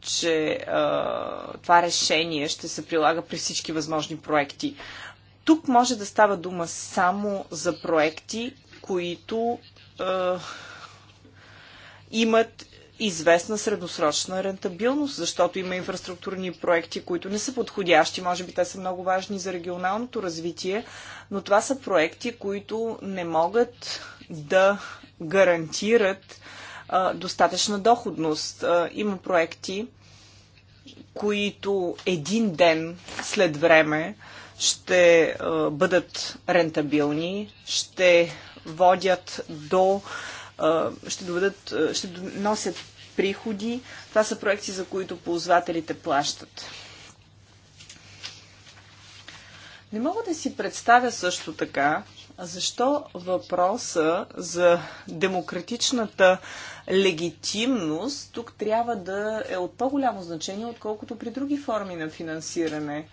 че а, това решение ще се прилага при всички възможни проекти. Тук може да става дума само за проекти, които а, имат известна средносрочна рентабилност, защото има инфраструктурни проекти, които не са подходящи. Може би те са много важни за регионалното развитие, но това са проекти, които не могат да гарантират а, достатъчна доходност. А, има проекти, които един ден след време ще а, бъдат рентабилни, ще водят до ще, доведат, ще носят приходи. Това са проекти, за които ползвателите плащат. Не мога да си представя също така, защо въпроса за демократичната легитимност тук трябва да е от по-голямо значение, отколкото при други форми на финансиране.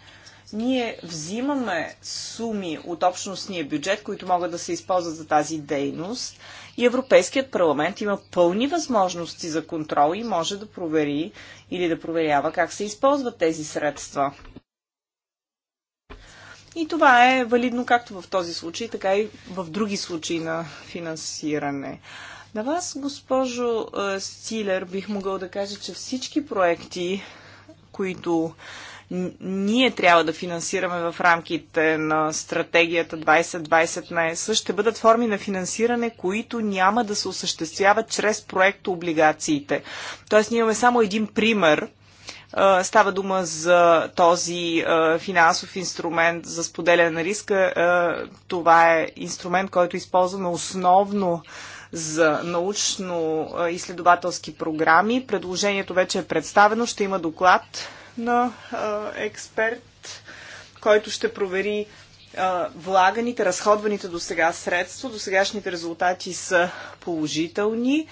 Ние взимаме суми от общностния бюджет, които могат да се използват за тази дейност и Европейският парламент има пълни възможности за контрол и може да провери или да проверява как се използват тези средства. И това е валидно както в този случай, така и в други случаи на финансиране. На вас, госпожо е, Стилер, бих могъл да кажа, че всички проекти, които ние трябва да финансираме в рамките на стратегията 2020 на ЕС, ще бъдат форми на финансиране, които няма да се осъществяват чрез проекто облигациите. Тоест, ние имаме само един пример Става дума за този финансов инструмент за споделяне на риска. Това е инструмент, който използваме основно за научно-изследователски програми. Предложението вече е представено. Ще има доклад на а, експерт, който ще провери а, влаганите, разходваните до сега средства. До сегашните резултати са положителни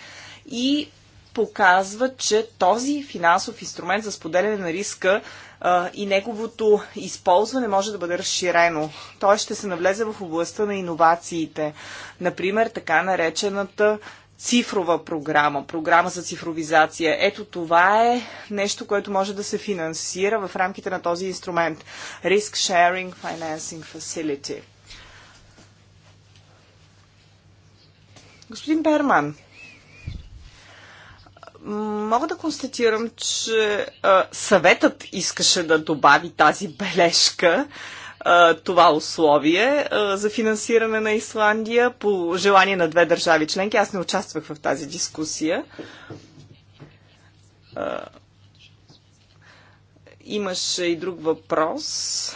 и показва, че този финансов инструмент за споделяне на риска а, и неговото използване може да бъде разширено. Той ще се навлезе в областта на иновациите. Например, така наречената цифрова програма, програма за цифровизация. Ето това е нещо, което може да се финансира в рамките на този инструмент. Risk Sharing Financing Facility. Господин Перман, мога да констатирам, че а, съветът искаше да добави тази бележка това условие за финансиране на Исландия по желание на две държави членки. Аз не участвах в тази дискусия. Имаше и друг въпрос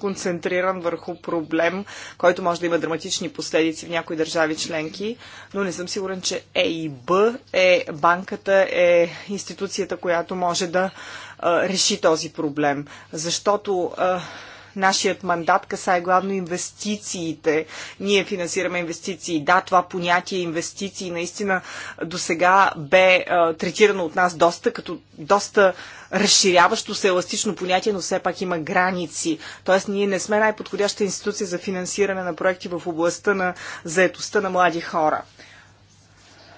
концентриран върху проблем, който може да има драматични последици в някои държави членки, но не съм сигурен, че ЕИБ е банката, е институцията, която може да а, реши този проблем. Защото а, нашият мандат касае главно инвестициите. Ние финансираме инвестиции. Да, това понятие инвестиции наистина до сега бе а, е, третирано от нас доста като доста разширяващо се еластично понятие, но все пак има граници. Тоест ние не сме най-подходяща институция за финансиране на проекти в областта на заетостта на млади хора.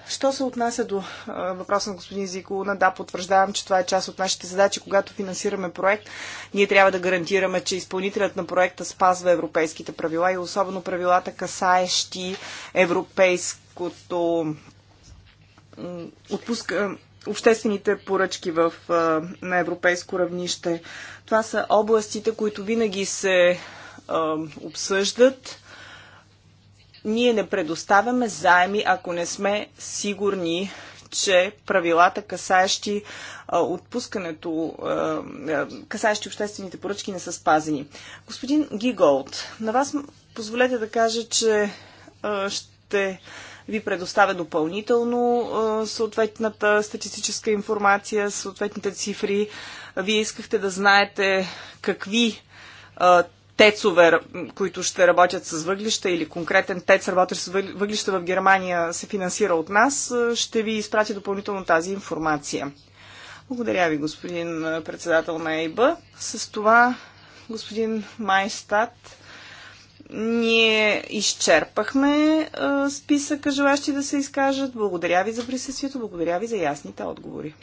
Що се отнася до въпроса на господин Зиколуна, да, потвърждавам, че това е част от нашите задачи. Когато финансираме проект, ние трябва да гарантираме, че изпълнителят на проекта спазва европейските правила и особено правилата касаещи европейското отпуска обществените поръчки в, на европейско равнище. Това са областите, които винаги се а, обсъждат ние не предоставяме заеми, ако не сме сигурни, че правилата, касаещи а, отпускането, а, касаещи обществените поръчки, не са спазени. Господин Гиголд, на вас позволете да кажа, че а, ще ви предоставя допълнително съответната статистическа информация, съответните цифри. Вие искахте да знаете какви тецове, които ще работят с въглища или конкретен тец, работещ с въглища в Германия, се финансира от нас, ще ви изпратя допълнително тази информация. Благодаря ви, господин председател на ЕИБА. С това, господин Майстат, ние изчерпахме списъка желащи да се изкажат. Благодаря ви за присъствието, благодаря ви за ясните отговори.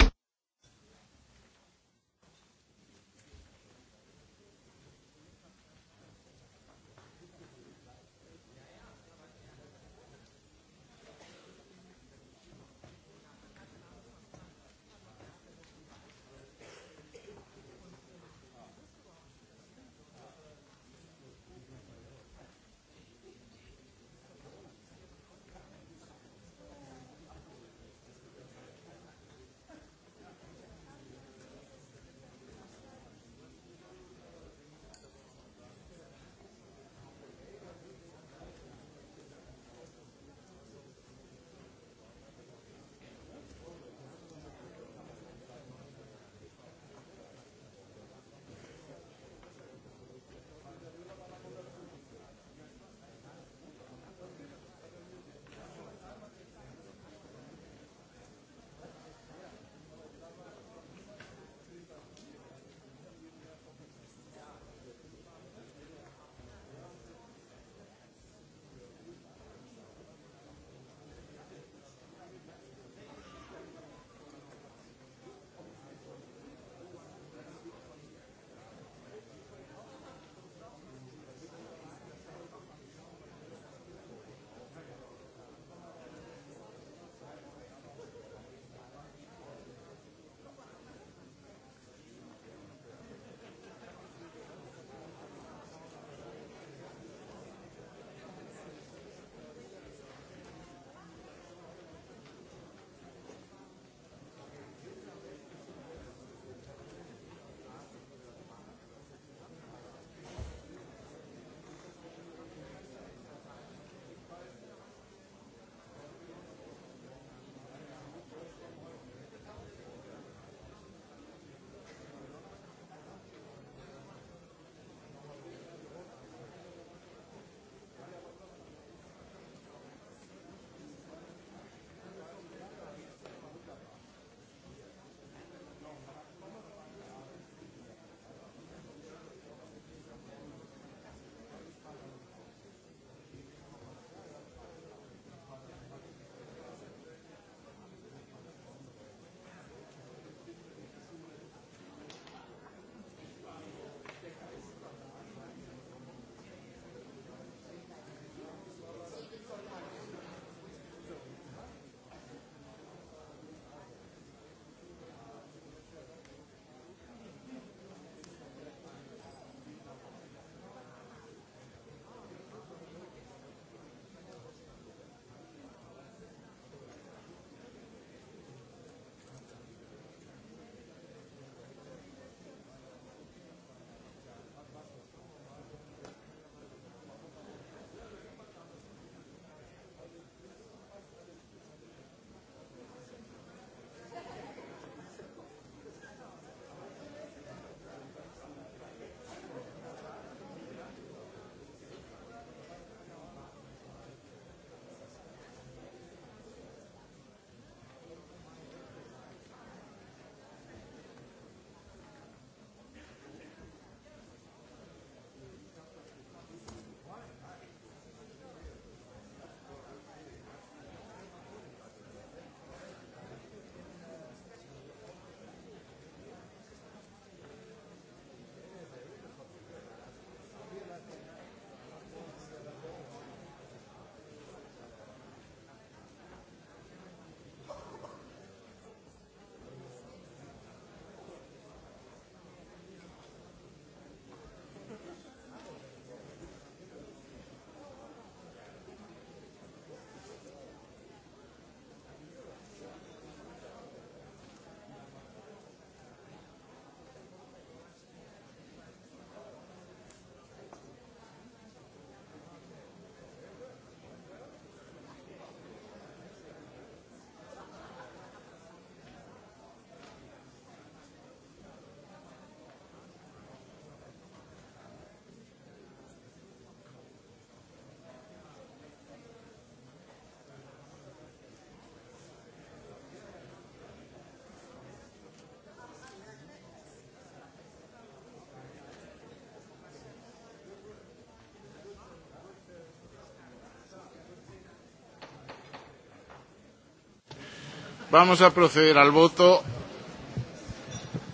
Vamos a proceder al voto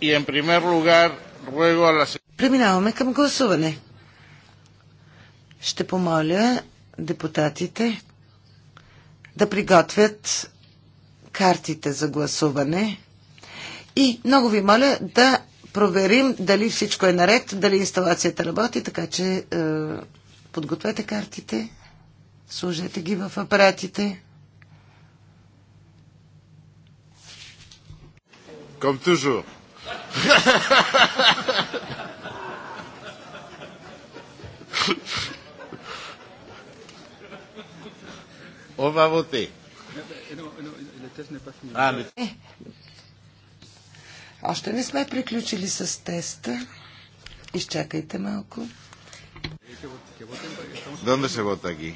y en primer lugar ruego a la Преминаваме към гласуване. Ще помоля депутатите да приготвят картите за гласуване и много ви моля да проверим дали всичко е наред, дали инсталацията работи, така че е, подгответе картите, сложете ги в апаратите. Comme toujours. On va voter. Е, още не сме приключили с теста. Изчакайте малко. ¿Dónde se vota aquí?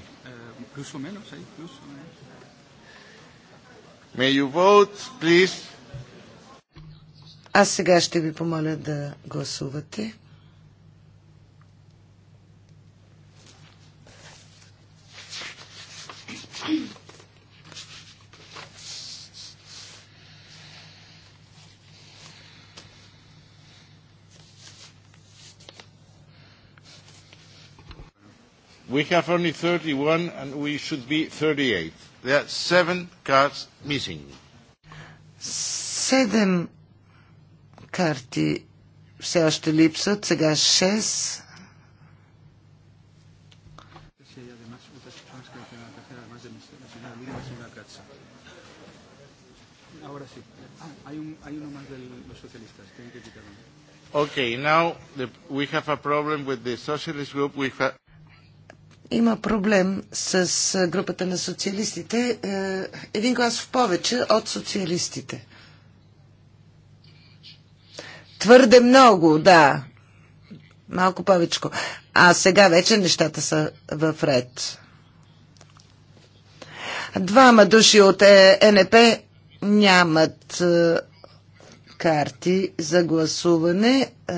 May you vote, please. Аз сега ще ви помоля да гласувате. We have only 31 and we should be 38. There are seven cards missing. Седем карти все още липсват. Сега 6. има проблем с групата на социалистите. Е, един глас в повече от социалистите. Твърде много, да. Малко повечко. А сега вече нещата са в ред. Двама души от е, ЕНП нямат е, карти за гласуване. Е,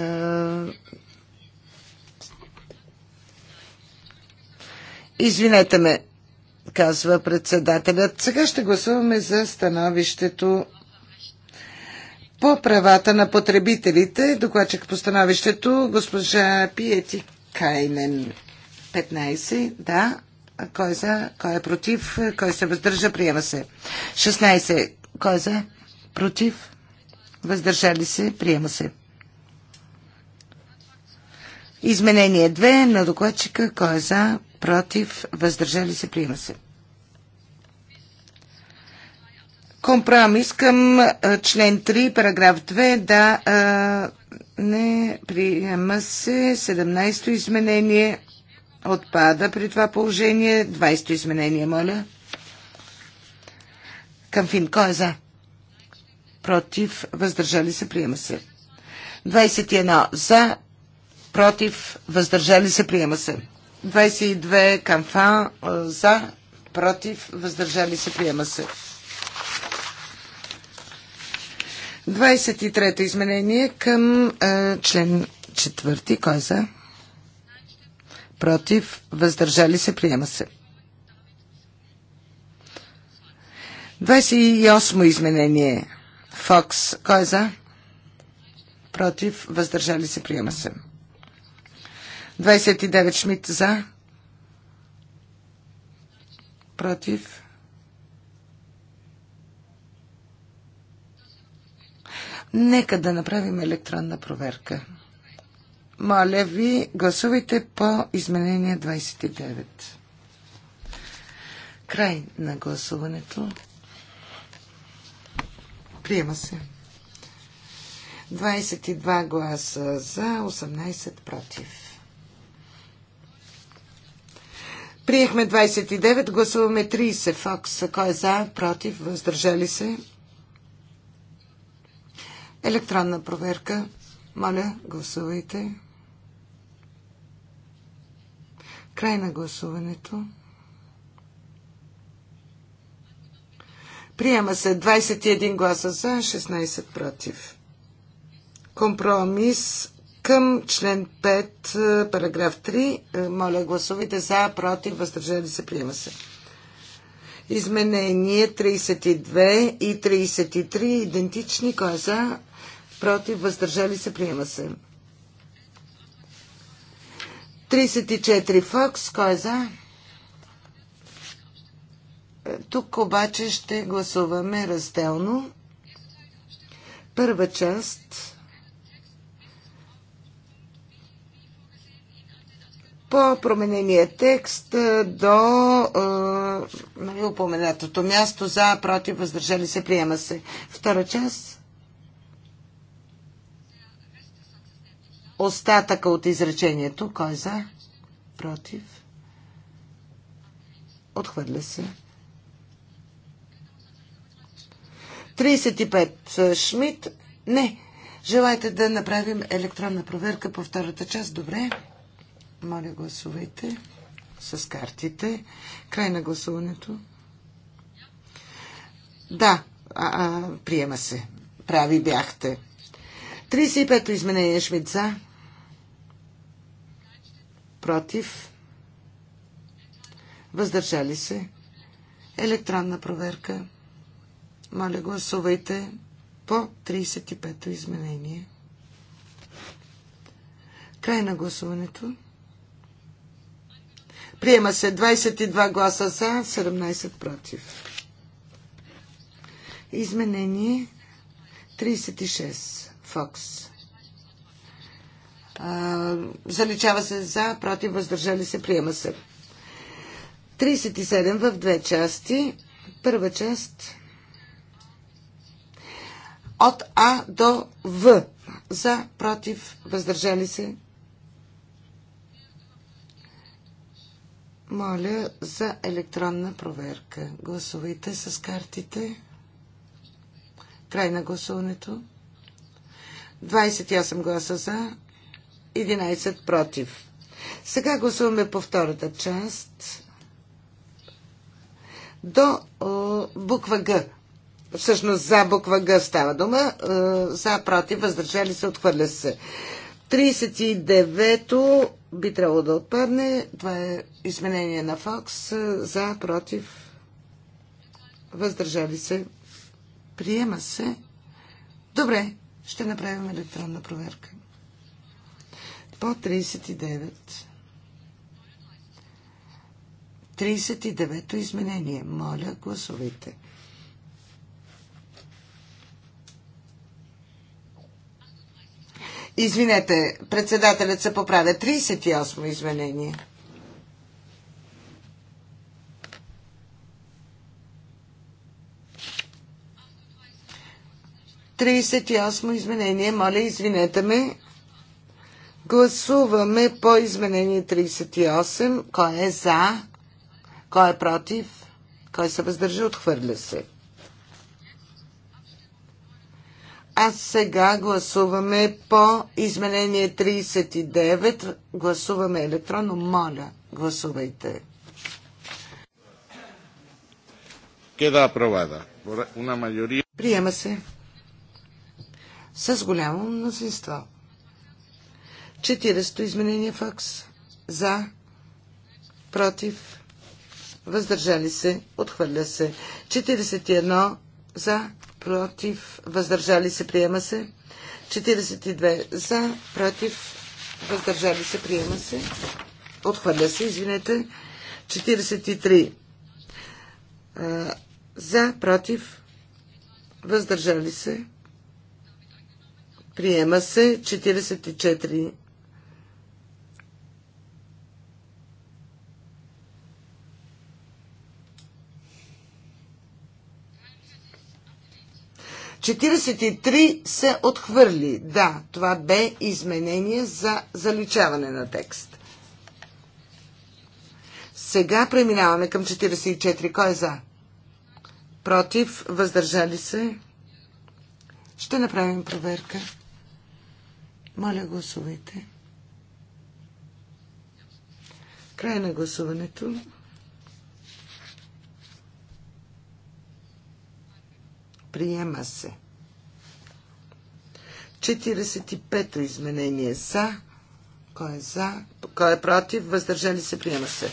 извинете ме, казва председателят. Сега ще гласуваме за становището по правата на потребителите. Докладчик по становището госпожа Пиети Кайнен. 15, да. Кой е за? Кой е против? Кой се въздържа? Приема се. 16. Кой е за? Против? Въздържали се? Приема се. Изменение 2 на докладчика. Кой е за? Против? Въздържали се? Приема се. компромис към член 3, параграф 2, да не приема се 17-то изменение, отпада при това положение, 20-то изменение, моля. Към фин, кой е за? Против, въздържали се, приема се. 21 за, против, въздържали се, приема се. 22 камфан за, против, въздържали се, приема се. 23-то изменение към е, член 4. Кой е за? Против. Въздържали се. Приема се. 28-о изменение. Фокс. Кой е за? Против. Въздържали се. Приема се. 29 Шмидт за. Против. Нека да направим електронна проверка. Моля ви, гласувайте по изменение 29. Край на гласуването. Приема се. 22 гласа за, 18 против. Приехме 29, гласуваме 30. Фокс, кой е за, против, въздържали се? Електронна проверка. Моля, гласувайте. Край на гласуването. Приема се 21 гласа за, 16 против. Компромис към член 5, е, параграф 3. Е, моля, гласувайте за, против, въздържали се, приема се. Изменение 32 и 33 идентични. Кой е за? Против. Въздържали се. Приема се. 34 Фокс. Кой е за? Е, тук обаче ще гласуваме разделно. Първа част по променения текст до е, упоменатото място за, против, въздържали се, приема се. Втора част. Остатъка от изречението. Кой е за? Против. Отхвърля се. 35 Шмидт. Не. Желаете да направим електронна проверка по втората част? Добре. Моля, гласувайте с картите. Край на гласуването. Да, а, а, приема се. Прави бяхте. 35-то изменение Швейца. Против. Въздържали се. Електронна проверка. Моля, гласувайте по 35-то изменение. Край на гласуването. Приема се 22 гласа за, 17 против. Изменение 36. Фокс. А, заличава се за, против, въздържали се, приема се. 37 в две части. Първа част от А до В. За, против, въздържали се, Моля за електронна проверка. Гласувайте с картите. Край на гласуването. 28 гласа за, 11 против. Сега гласуваме по втората част. До о, буква Г. Всъщност за буква Г става дума. Е, за, против, въздържали се, отхвърля се. 39-то би трябвало да отпадне. Това е изменение на Фокс. Е, за, против, въздържали се. Приема се. Добре, ще направим електронна проверка. По 39. 39-то изменение. Моля, гласувайте. Извинете, председателят се поправя. 38 изменение. Тридесет и осмо изменение. Моля, извинете ме. Гласуваме по изменение 38. Кой е за? Кой е против? Кой се въздържа? Отхвърля се. А сега гласуваме по изменение 39. Гласуваме електронно. Моля, гласувайте. Кеда aprobada una mayoría. Приема се. С голямо мнозинство. 40-то изменение факс. За. Против. Въздържали се. Отхвърля се. 41 за против, въздържали се, приема се. 42 за, против, въздържали се, приема се. Отхвърля се, извинете. 43 за, против, въздържали се, приема се. 44 43 се отхвърли. Да, това бе изменение за заличаване на текст. Сега преминаваме към 44. Кой е за? Против? Въздържали се? Ще направим проверка. Моля, гласувайте. Край на гласуването. Приема се. 45-то изменение за. Кой е за? Кой е против? Въздържали се. Приема се.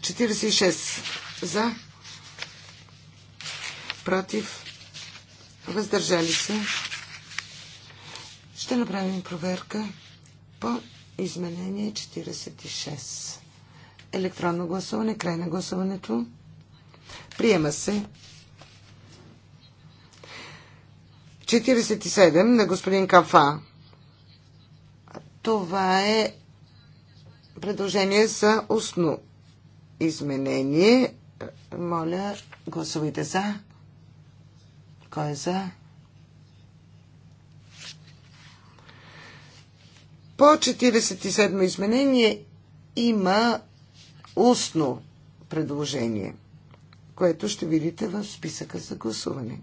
46 за. Против. Въздържали се. Ще направим проверка по изменение 46. Електронно гласуване, край на гласуването. Приема се 47 на господин Кафа. Това е предложение за устно изменение. Моля, гласувайте за. Кой е за? По 47 изменение има устно предложение, което ще видите в списъка за гласуване.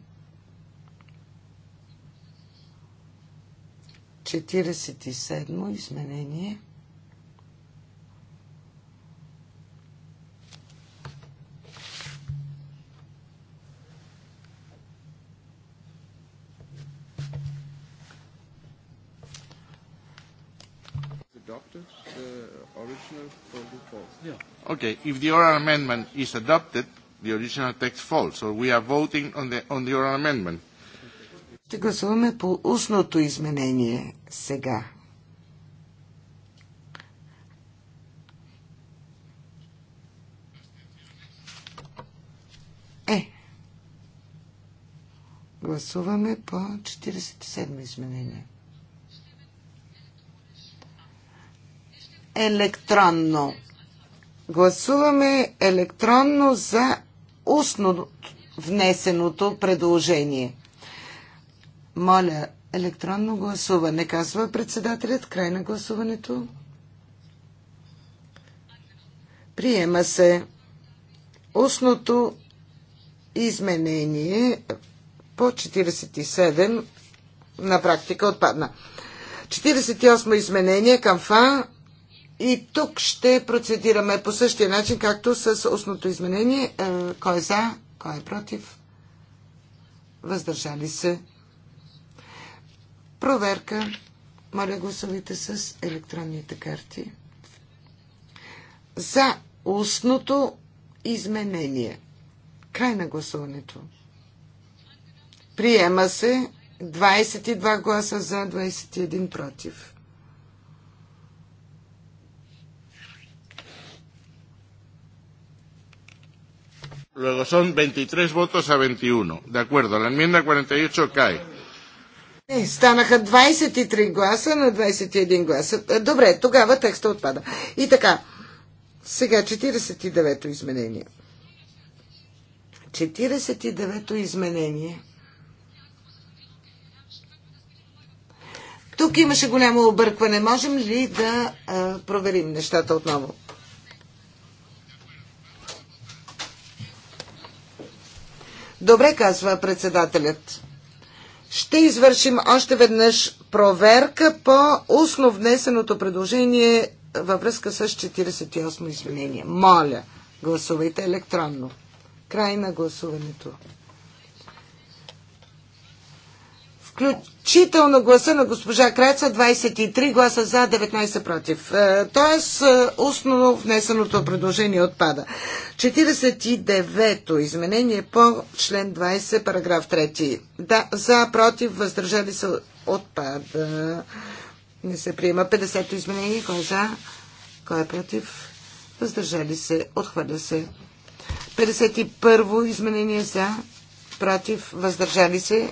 47-мо изменение. Okay, if the oral amendment is adopted, the original text falls. So we are voting on the, on the oral amendment. Ще гласуваме по устното изменение сега. Е. Гласуваме по 47 изменение. Електронно. Гласуваме електронно за устно внесеното предложение. Моля, Електронно гласуване, казва председателят. Край на гласуването. Приема се устното изменение по 47 на практика отпадна. 48 изменение към ФА и тук ще процедираме по същия начин, както с устното изменение. Е, кой е за, кой е против? Въздържали се. Проверка. Моля, гласовите с електронните карти. За устното изменение. Край на гласуването. Приема се 22 гласа за, 21 против. Luego son 23 votos a 21. De acuerdo, la enmienda 48 cae. Е, станаха 23 гласа на 21 гласа. Е, добре, тогава текста отпада. И така, сега 49-то изменение. 49-то изменение. Тук имаше голямо объркване. Можем ли да а, проверим нещата отново? Добре, казва председателят ще извършим още веднъж проверка по устно внесеното предложение във връзка с 48 изменение. Моля, гласувайте електронно. Край на гласуването. включително гласа на госпожа Краца, 23 гласа за, 19 против. Е, тоест, е, устно внесеното предложение отпада. 49-то изменение по член 20, параграф 3. Да, за, против, въздържали се отпада. Не се приема 50-то изменение. Кой е за? Кой е против? Въздържали се. Отхвърля се. 51-во изменение за. Против. Въздържали се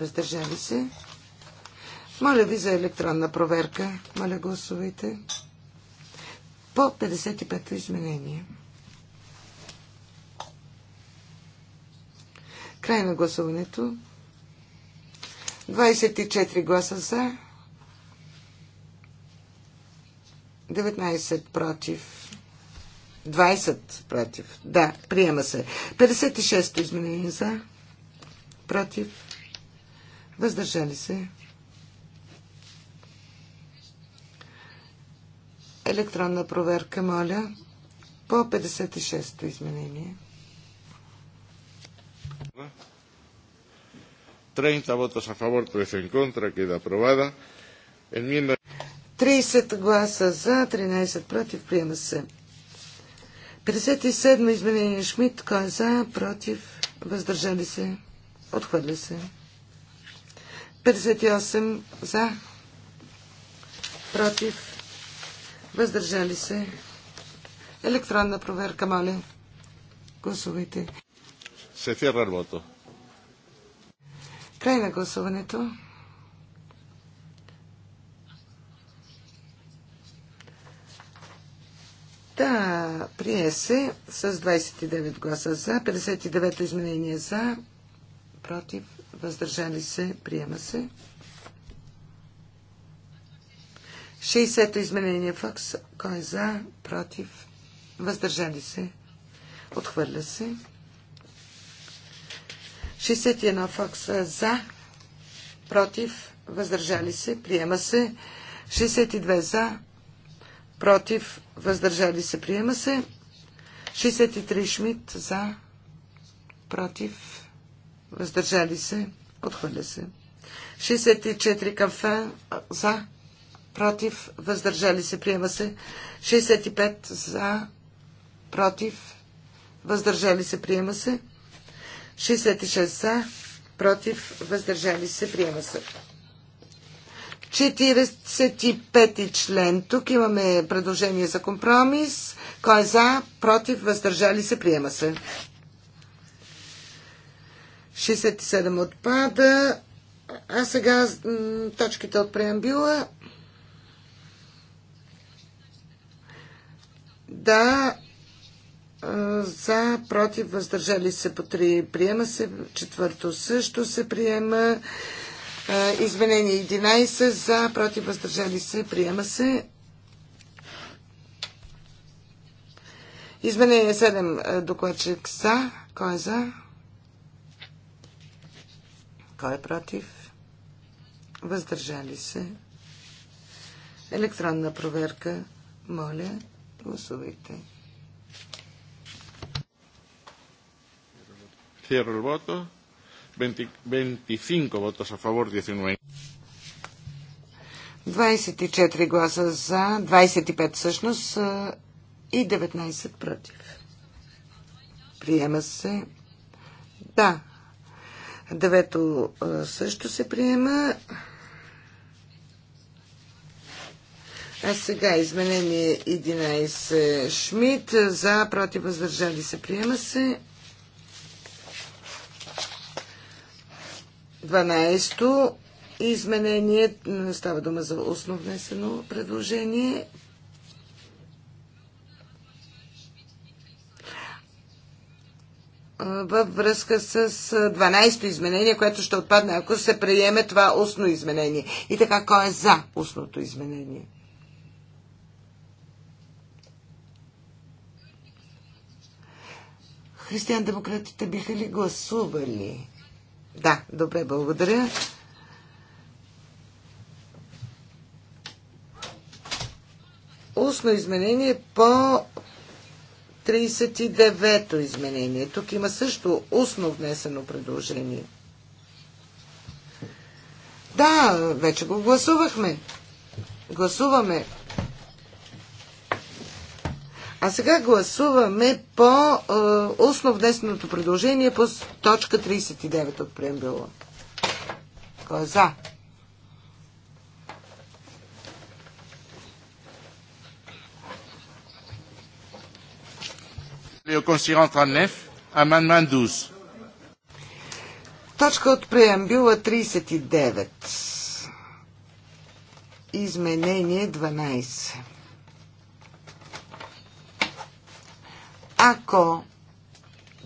Въздържали се. Моля ви за електронна проверка. Моля гласувайте. По 55-то изменение. Край на гласуването. 24 гласа за. 19 против. 20 против. Да, приема се. 56-то изменение за. Против въздържали се. Електронна проверка, моля, по 56-то изменение. 30 votos са favor, 3 en contra, queda провада. 30 гласа за, 13 против, приема се. 57 изменение Шмидт, кой е за, против, въздържали се, отхвърля се. 58 за, против, въздържали се. Електронна проверка, моля. Гласувайте. Се фирра работа. Край на гласуването. Да, прие се с 29 гласа за, 59 изменение за, против, въздържали се, приема се. 60-то изменение Фокс. Кой е за? Против? Въздържали се? Отхвърля се. 61 Фокс за? Против? Въздържали се? Приема се. 62 за? Против? Въздържали се? Приема се. 63 Шмидт за? Против? въздържали се, отхвърля се. 64 кафе за, против, въздържали се, приема се. 65 за, против, въздържали се, приема се. 66 за, против, въздържали се, приема се. 45 член. Тук имаме предложение за компромис. Кой е за, против, въздържали се, приема се. 67 отпада. А сега точките от преамбюла. Да, за, против, въздържали се по 3, приема се, четвърто също се приема, изменение 11, за, против, въздържали се, приема се, изменение 7, докладчик за, кой е за? Кой е против? Въздържали се. Електронна проверка. Моля, гласувайте. Cierro el voto. 25 votos a favor, 19. 24 гласа за, 25 всъщност и 19 против. Приема се. Да, Девето също се приема. А сега изменение 11 Шмидт за против въздържали се приема се. 12-то изменение става дума за основнесено предложение във връзка с 12-то изменение, което ще отпадне, ако се приеме това устно изменение. И така, кой е за устното изменение? Християн-демократите биха ли гласували? Да, добре, благодаря. Устно изменение по 39-то изменение. Тук има също устно внесено предложение. Да, вече го гласувахме. Гласуваме. А сега гласуваме по е, устно внесеното предложение по точка 39 от преамбюла. Кой е за? et au 39, 12. Точка от преамбюла 39. Изменение 12. Ако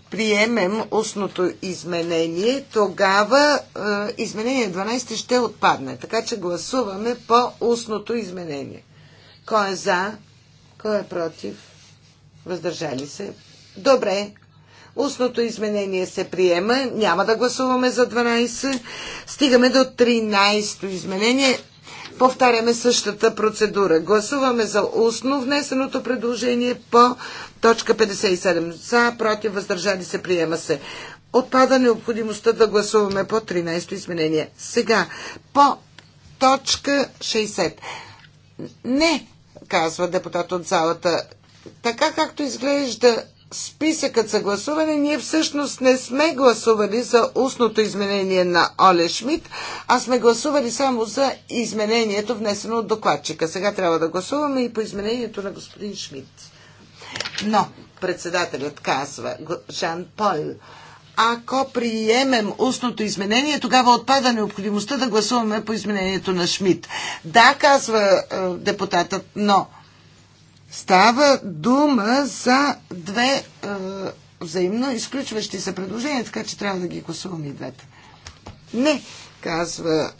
приемем устното изменение, тогава е, изменение 12 ще отпадне. Така че гласуваме по устното изменение. Кой е за? Кой е против? Въздържали се? Добре. Устното изменение се приема. Няма да гласуваме за 12. Стигаме до 13-то изменение. Повтаряме същата процедура. Гласуваме за устно внесеното предложение по точка 57. За, против, въздържали се, приема се. Отпада необходимостта да гласуваме по 13-то изменение. Сега, по точка 60. Не, казва депутат от залата. Така както изглежда списъкът за гласуване, ние всъщност не сме гласували за устното изменение на Оле Шмидт, а сме гласували само за изменението, внесено от докладчика. Сега трябва да гласуваме и по изменението на господин Шмидт. Но председателят казва, Жан Пол, ако приемем устното изменение, тогава отпада необходимостта да гласуваме по изменението на Шмидт. Да, казва е, депутатът, но Става дума за две е, взаимно изключващи се предложения, така че трябва да ги гласуваме и двете. Не, казва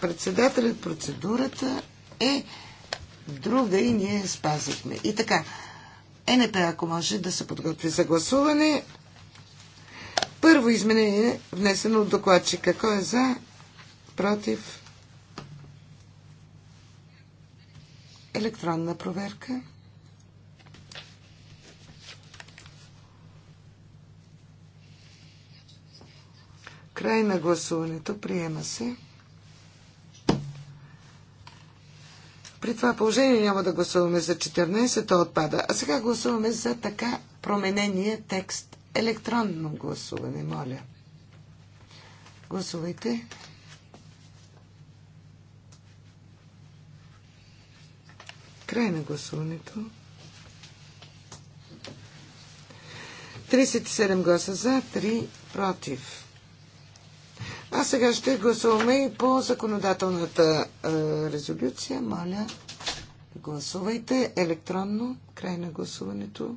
председателят, процедурата е друга и ние спазихме. И така, НП, ако може да се подготви за гласуване. Първо изменение, внесено от докладчика. Кой е за? Против? Електронна проверка. Край на гласуването. Приема се. При това положение няма да гласуваме за 14, то отпада. А сега гласуваме за така променения текст. Електронно гласуване, моля. Гласувайте. Край на гласуването. 37 гласа за, 3 против. А сега ще гласуваме и по законодателната резолюция. Моля, гласувайте електронно. Край на гласуването.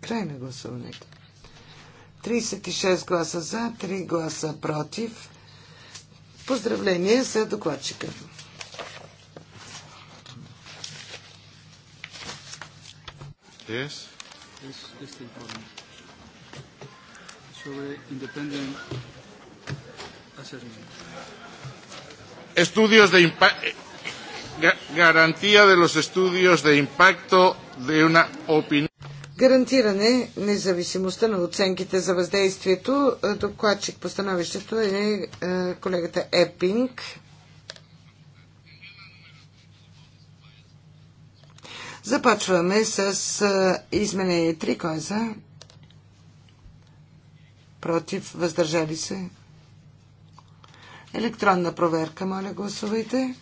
край на гласуването. 36 гласа за, 3 гласа против. Поздравление за докладчика. Estudios de impacto. Garantía de los estudios de impacto de una opinión гарантиране независимостта на оценките за въздействието. Докладчик по становището е, е колегата Епинг. Започваме с е, изменение 3. Кой е за? Против? Въздържали се? Електронна проверка, моля, гласувайте.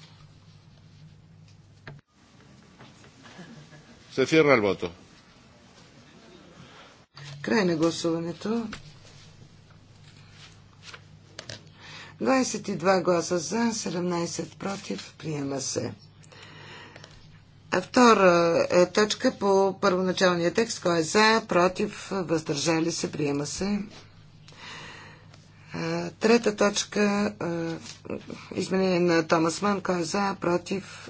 Се фирна работа. Край на гласуването. 22 гласа за, 17 против. Приема се. А втора е, точка по първоначалния текст. Кой е за, против, въздържали се, приема се. Трета точка. Изменение на Томас Ман. Кой е за, против,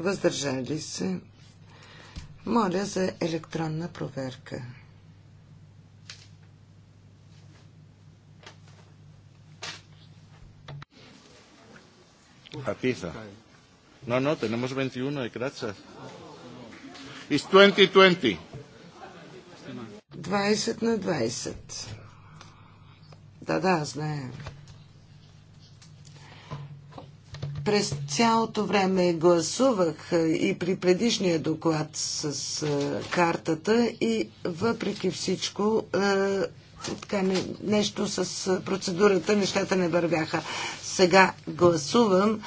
въздържали се. Моля за електронна проверка. Pizza. No, no, tenemos 21 de crachas. It's 20-20. 20 на 20. Да, да, знаем. През цялото време гласувах е, и при предишния доклад с е, картата и въпреки всичко е, така, не, нещо с процедурата, нещата не вървяха. Сега гласувам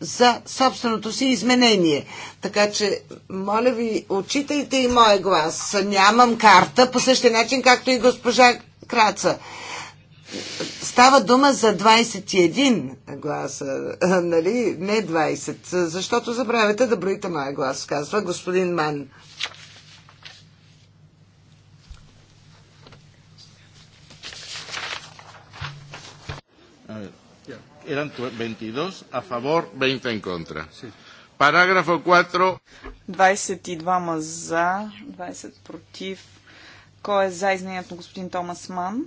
за собственото си изменение. Така че, моля ви, отчитайте и моя глас. Нямам карта по същия начин, както и госпожа Краца. Става дума за 21 гласа, нали? Не 20, защото забравяте да броите моя глас, казва господин Ман. Eran 22 a favor, 20 en contra. Sí. Параграфо 4. 22 за, 20 против. Кой е за изменението на господин Томас Ман?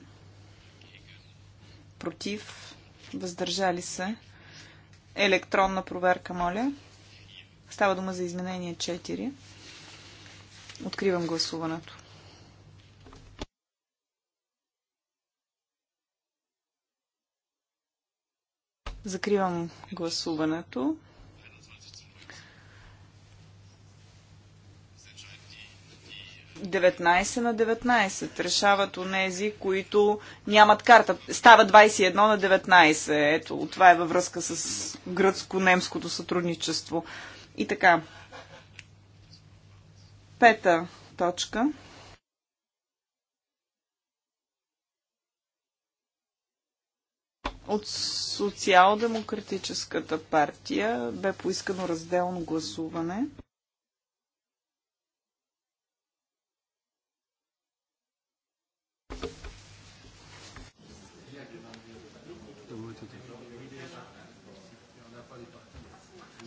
против, въздържали се. Електронна проверка, моля. Става дума за изменение 4. Откривам гласуването. Закривам гласуването. 19 на 19. Решават онези, които нямат карта. Става 21 на 19. Ето, това е във връзка с гръцко-немското сътрудничество. И така. Пета точка. От Социал-демократическата партия бе поискано разделно гласуване.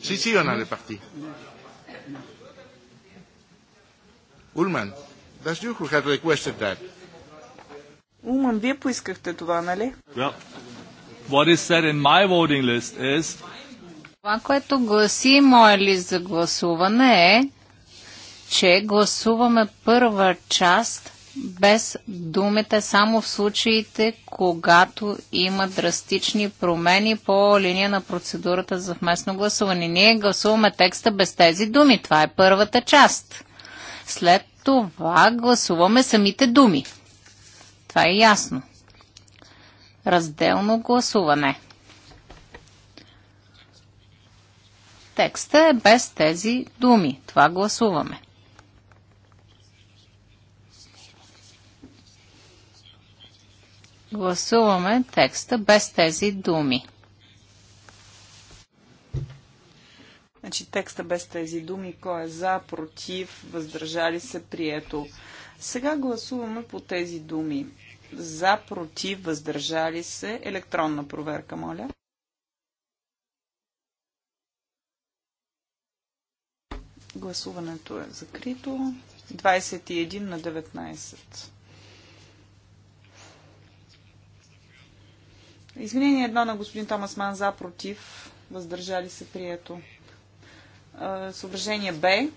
Sí, sí, on a les Улман, you who had requested that. Улман, вие поискахте това, нали? Yeah. What is said in my voting list is... Това, което гласи моя лист за гласуване е, че гласуваме първа част без думите само в случаите, когато има драстични промени по линия на процедурата за вместно гласуване. Ние гласуваме текста без тези думи. Това е първата част. След това гласуваме самите думи. Това е ясно. Разделно гласуване. Текста е без тези думи. Това гласуваме. Гласуваме текста без тези думи. Значи текста без тези думи, кой е за, против, въздържали се, прието. Сега гласуваме по тези думи. За, против, въздържали се, електронна проверка, моля. Гласуването е закрито. 21 на 19. Изменение едно на господин Томас Ман за, против, въздържали се, прието. Съображение Б.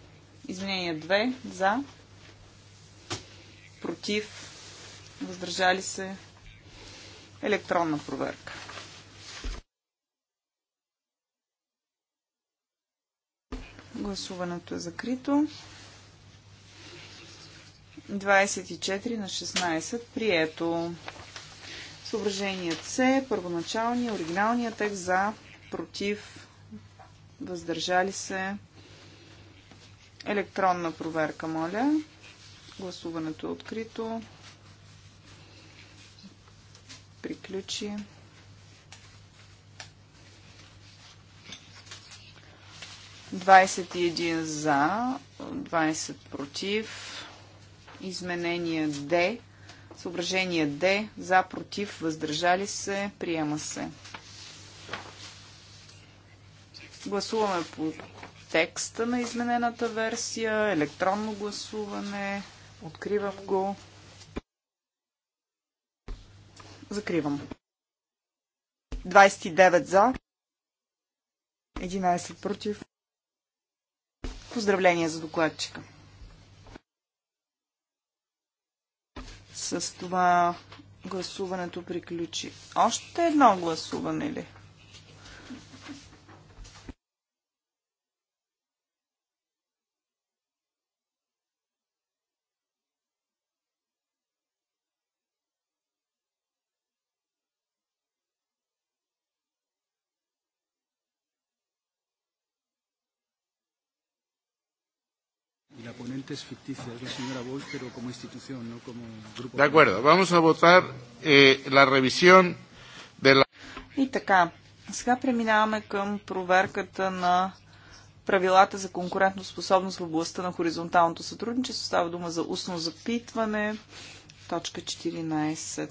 Изменение 2 за, против, въздържали се, електронна проверка. Гласуването е закрито. 24 на 16. Прието. Съображение С, първоначалния, оригиналния текст за, против, въздържали се. Електронна проверка, моля. Гласуването е открито. Приключи. Двадесет и един за, 20 против. Изменение Д Съображение Д. За, против, въздържали се, приема се. Гласуваме по текста на изменената версия, електронно гласуване. Откривам го. Закривам. 29 за, 11 против. Поздравления за докладчика. С това гласуването приключи. Още едно гласуване ли? ponentes ficticias, la señora Bosch, pero como institución, no como grupo. De acuerdo, político. vamos a votar eh, la revisión de la... И така, сега преминаваме към проверката на правилата за конкурентоспособност в областта на хоризонталното сътрудничество. Става дума за устно запитване. Точка 14.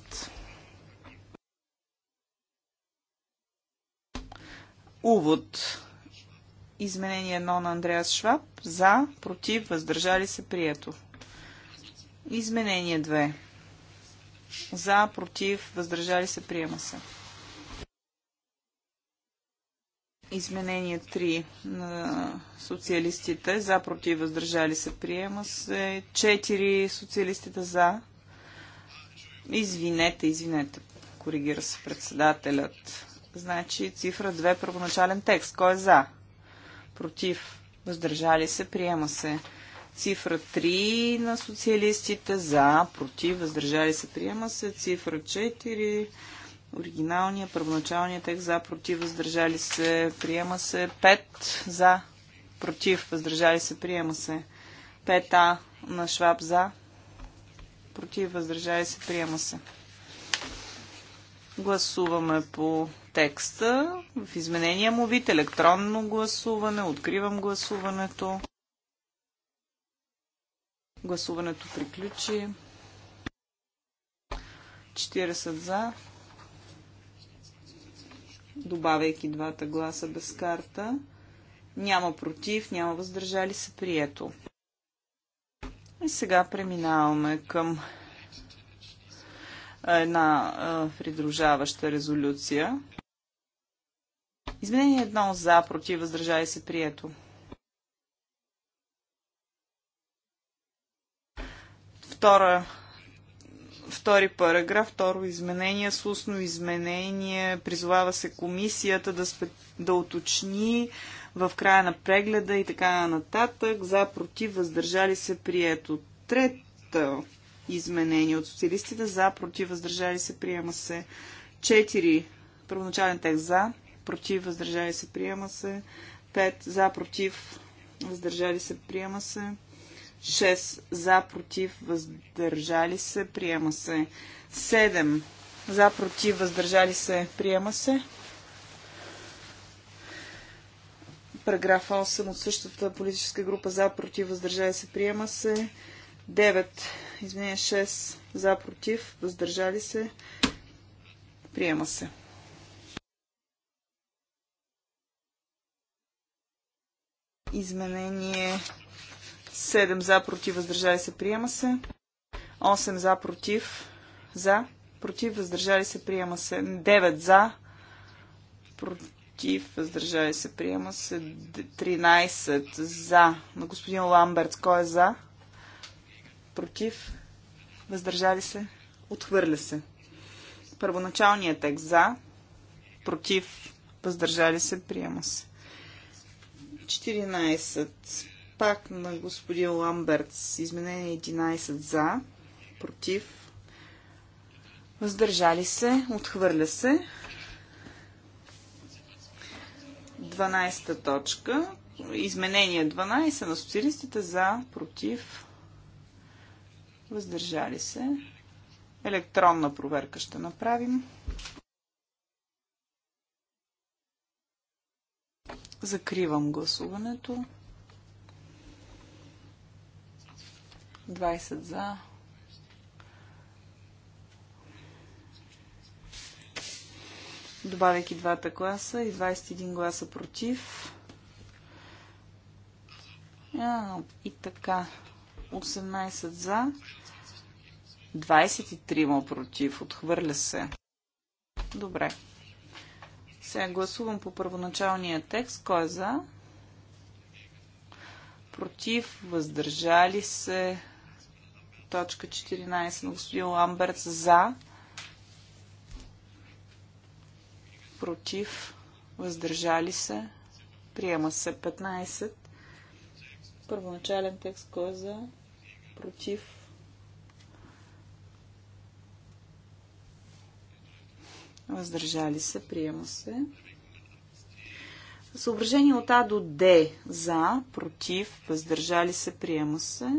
Увод Изменение 1 на Андреас Шваб. За, против, въздържали се, прието. Изменение 2. За, против, въздържали се, приема се. Изменение 3 на социалистите. За, против, въздържали се, приема се. 4 социалистите за. Извинете, извинете. Коригира се председателят. Значи цифра 2, първоначален текст. Кой е за? против, въздържали се, приема се. Цифра 3 на социалистите за, против, въздържали се, приема се. Цифра 4, оригиналния, първоначалният текст за, против, въздържали се, приема се. 5 за, против, въздържали се, приема се. 5А на Шваб за, против, въздържали се, приема се. Гласуваме по текста в изменения му вид електронно гласуване. Откривам гласуването. Гласуването приключи. 40 за. Добавяйки двата гласа без карта. Няма против, няма въздържали се прието. И сега преминаваме към една а, придружаваща резолюция. Изменение едно за, против, въздържали се, прието. Втора, втори параграф, второ изменение, сусно изменение, призовава се комисията да, спе, да уточни в края на прегледа и така нататък, за, против, въздържали се, прието. Трето изменение от социалистите за, против, въздържали се, приема се. 4. Първоначален текст за, против, въздържали се, приема се. 5. За, против, въздържали се, приема се. 6. За, против, въздържали се, приема се. 7. За, против, въздържали се, приема се. Параграф 8 от същата политическа група за, против, въздържали се, приема се. 9 Изменение 6 за, против, въздържали се, приема се. Изменение 7 за, против, въздържали се, приема се. 8 за, против, за, против, въздържали се, приема се. 9 за, против, въздържали се, приема се. 13 за, на господин Ламберт, кой е за? против, въздържали се, отхвърля се. Първоначалният текст за, против, въздържали се, приема се. 14. Пак на господин с Изменение 11 за, против, въздържали се, отхвърля се. 12 точка. Изменение 12 на социалистите за, против, Въздържали се. Електронна проверка ще направим. Закривам гласуването. 20 за. Добавяйки двата гласа и 21 гласа против. А, и така. 18 за, 23 му против. Отхвърля се. Добре. Сега гласувам по първоначалния текст. Кой е за? Против, въздържали се. Точка 14 на господин Ламберт за. Против, въздържали се. Приема се 15. Първоначален текст. Кой е за? против. Въздържали се, приема се. Съображение от А до Д. За, против, въздържали се, приема се.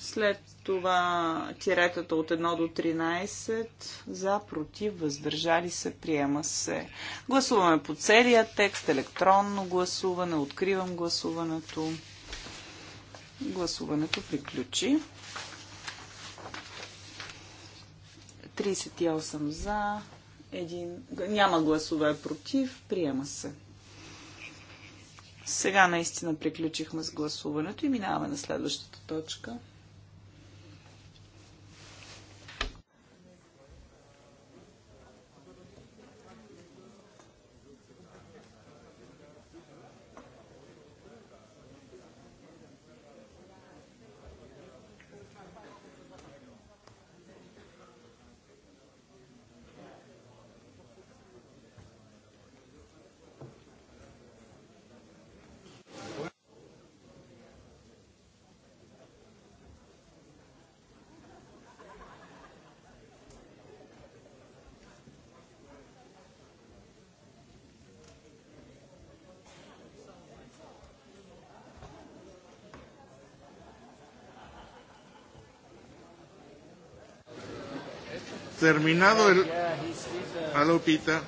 След това тиретата от 1 до 13. За, против, въздържали се, приема се. Гласуваме по целия текст, електронно гласуване, откривам гласуването. Гласуването приключи. 38 за, един... няма гласове против, приема се. Сега наистина приключихме с гласуването и минаваме на следващата точка. terminado el. Hello, Peter.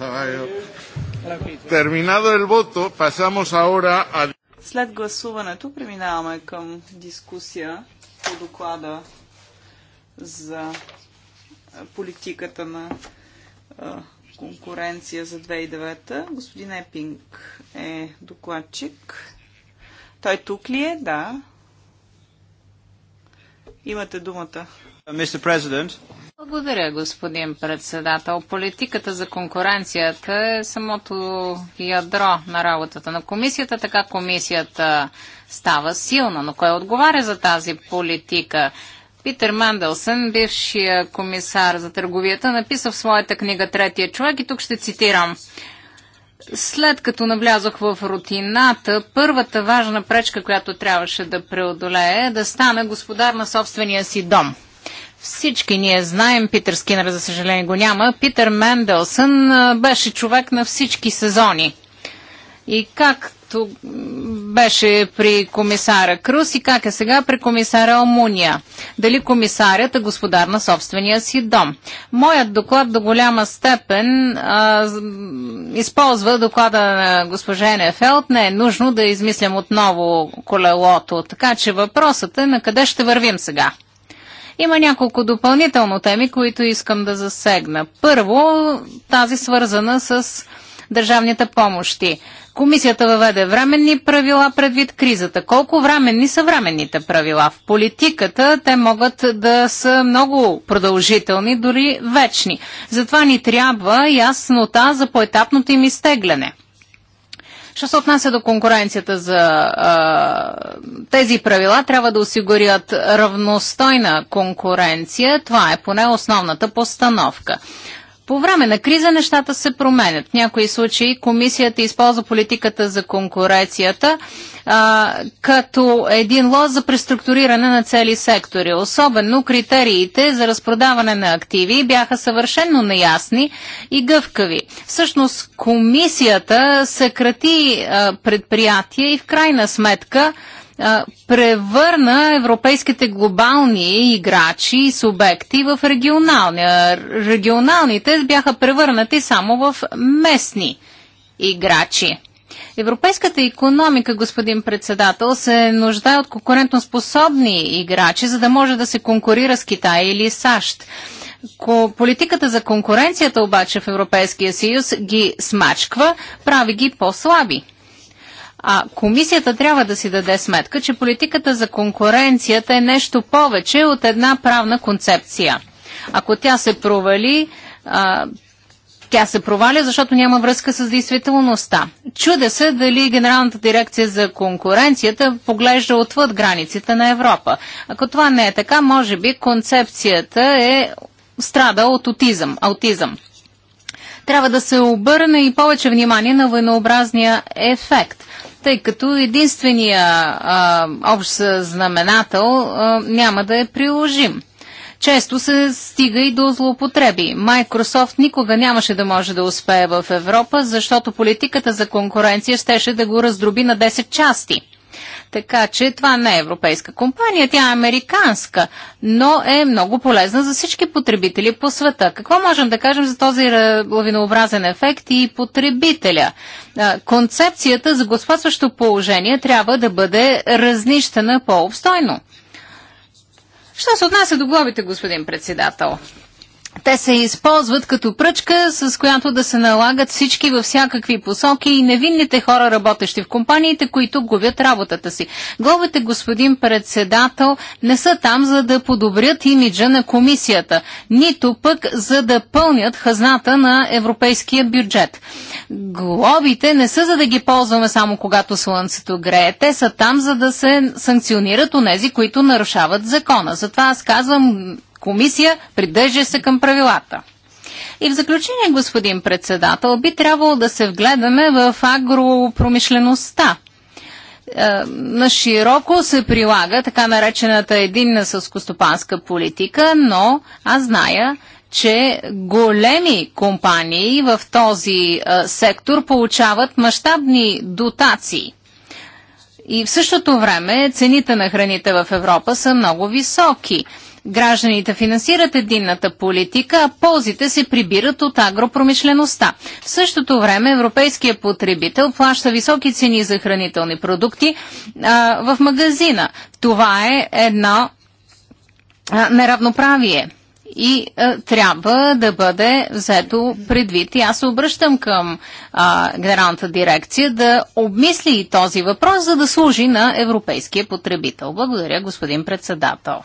Oh. Terminado el voto, pasamos ahora a. След гласуването преминаваме към дискусия по доклада за политиката на конкуренция за 2009. Господин Епинг е докладчик. Той тук ли е? Да. Имате думата. Благодаря, господин председател. Политиката за конкуренцията е самото ядро на работата на комисията. Така комисията става силна, но кой отговаря за тази политика? Питер Мандълсън, бившия комисар за търговията, написа в своята книга Третия човек и тук ще цитирам. След като навлязох в рутината, първата важна пречка, която трябваше да преодолее е да стана господар на собствения си дом. Всички ние знаем, Питър Скинър, за съжаление го няма, Питър Менделсън беше човек на всички сезони. И как когато беше при комисара Крус и как е сега при комисара Омуния. Дали комисарят е господар на собствения си дом. Моят доклад до голяма степен а, използва доклада на госпожа Енефелт. Не е нужно да измислям отново колелото. Така че въпросът е на къде ще вървим сега. Има няколко допълнително теми, които искам да засегна. Първо, тази свързана с държавните помощи. Комисията въведе временни правила предвид кризата. Колко временни са временните правила? В политиката те могат да са много продължителни, дори вечни. Затова ни трябва яснота за поетапното им изтегляне. Що се отнася до конкуренцията за а, тези правила, трябва да осигурят равностойна конкуренция. Това е поне основната постановка. По време на криза нещата се променят. В някои случаи комисията използва политиката за конкуренцията а, като един лоз за преструктуриране на цели сектори. Особено критериите за разпродаване на активи бяха съвършенно неясни и гъвкави. Всъщност комисията съкрати а, предприятия и в крайна сметка превърна европейските глобални играчи и субекти в регионални. Регионалните бяха превърнати само в местни играчи. Европейската економика, господин председател, се нуждае от конкурентоспособни играчи, за да може да се конкурира с Китай или САЩ. Политиката за конкуренцията обаче в Европейския съюз ги смачква, прави ги по-слаби. А комисията трябва да си даде сметка, че политиката за конкуренцията е нещо повече от една правна концепция. Ако тя се провали, а, тя се проваля, защото няма връзка с действителността. Чуде се дали Генералната дирекция за конкуренцията поглежда отвъд границите на Европа. Ако това не е така, може би концепцията е страда от аутизъм. аутизъм. Трябва да се обърне и повече внимание на военообразния ефект тъй като единствения а, общ знаменател а, няма да е приложим. Често се стига и до злоупотреби. Microsoft никога нямаше да може да успее в Европа, защото политиката за конкуренция щеше да го раздроби на 10 части. Така че това не е европейска компания, тя е американска, но е много полезна за всички потребители по света. Какво можем да кажем за този лавинообразен ефект и потребителя? Концепцията за господстващо положение трябва да бъде разнищена по-обстойно. Що се отнася до глобите, господин председател? те се използват като пръчка, с която да се налагат всички във всякакви посоки и невинните хора, работещи в компаниите, които губят работата си. Глобите, господин председател, не са там, за да подобрят имиджа на комисията, нито пък за да пълнят хазната на европейския бюджет. Глобите не са за да ги ползваме само когато слънцето грее. Те са там, за да се санкционират у нези, които нарушават закона. Затова аз казвам комисия, придържа се към правилата. И в заключение, господин председател, би трябвало да се вгледаме в агропромишлеността. Е, на широко се прилага така наречената единна съскостопанска политика, но аз зная, че големи компании в този е, сектор получават мащабни дотации. И в същото време цените на храните в Европа са много високи. Гражданите финансират единната политика, а ползите се прибират от агропромишлеността. В същото време европейския потребител плаща високи цени за хранителни продукти а, в магазина. Това е едно а, неравноправие и а, трябва да бъде взето предвид. И аз се обръщам към а, генералната дирекция да обмисли и този въпрос, за да служи на европейския потребител. Благодаря, господин председател.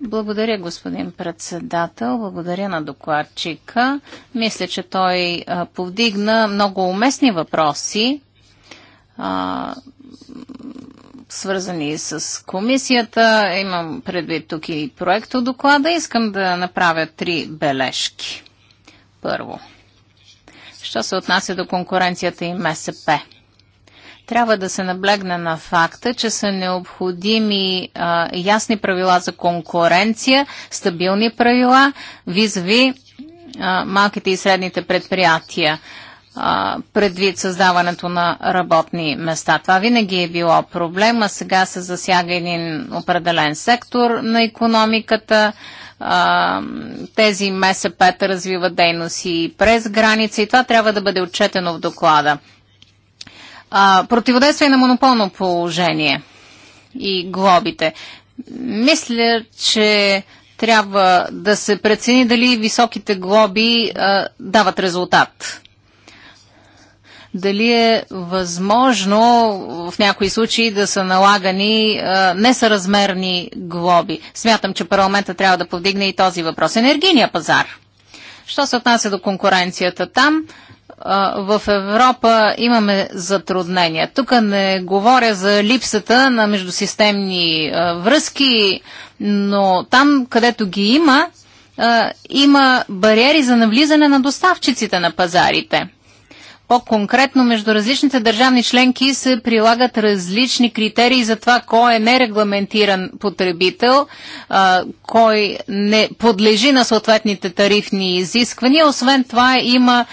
Благодаря, господин председател. Благодаря на докладчика. Мисля, че той повдигна много уместни въпроси, свързани с комисията. Имам предвид тук и проекто доклада. Искам да направя три бележки. Първо, що се отнася до конкуренцията и МСП – трябва да се наблегне на факта, че са необходими а, ясни правила за конкуренция, стабилни правила, визави малките и средните предприятия предвид създаването на работни места. Това винаги е било проблема. Сега се засяга един определен сектор на економиката. тези МСП-та развиват дейности и през граница и това трябва да бъде отчетено в доклада. А, противодействие на монополно положение и глобите. Мисля, че трябва да се прецени дали високите глоби а, дават резултат. Дали е възможно в някои случаи да са налагани а, несъразмерни глоби. Смятам, че парламента трябва да повдигне и този въпрос. Енергийния пазар. Що се отнася до конкуренцията там? в Европа имаме затруднения. Тук не говоря за липсата на междусистемни връзки, но там, където ги има, има бариери за навлизане на доставчиците на пазарите. По-конкретно между различните държавни членки се прилагат различни критерии за това кой е нерегламентиран потребител, кой не подлежи на съответните тарифни изисквания. Освен това има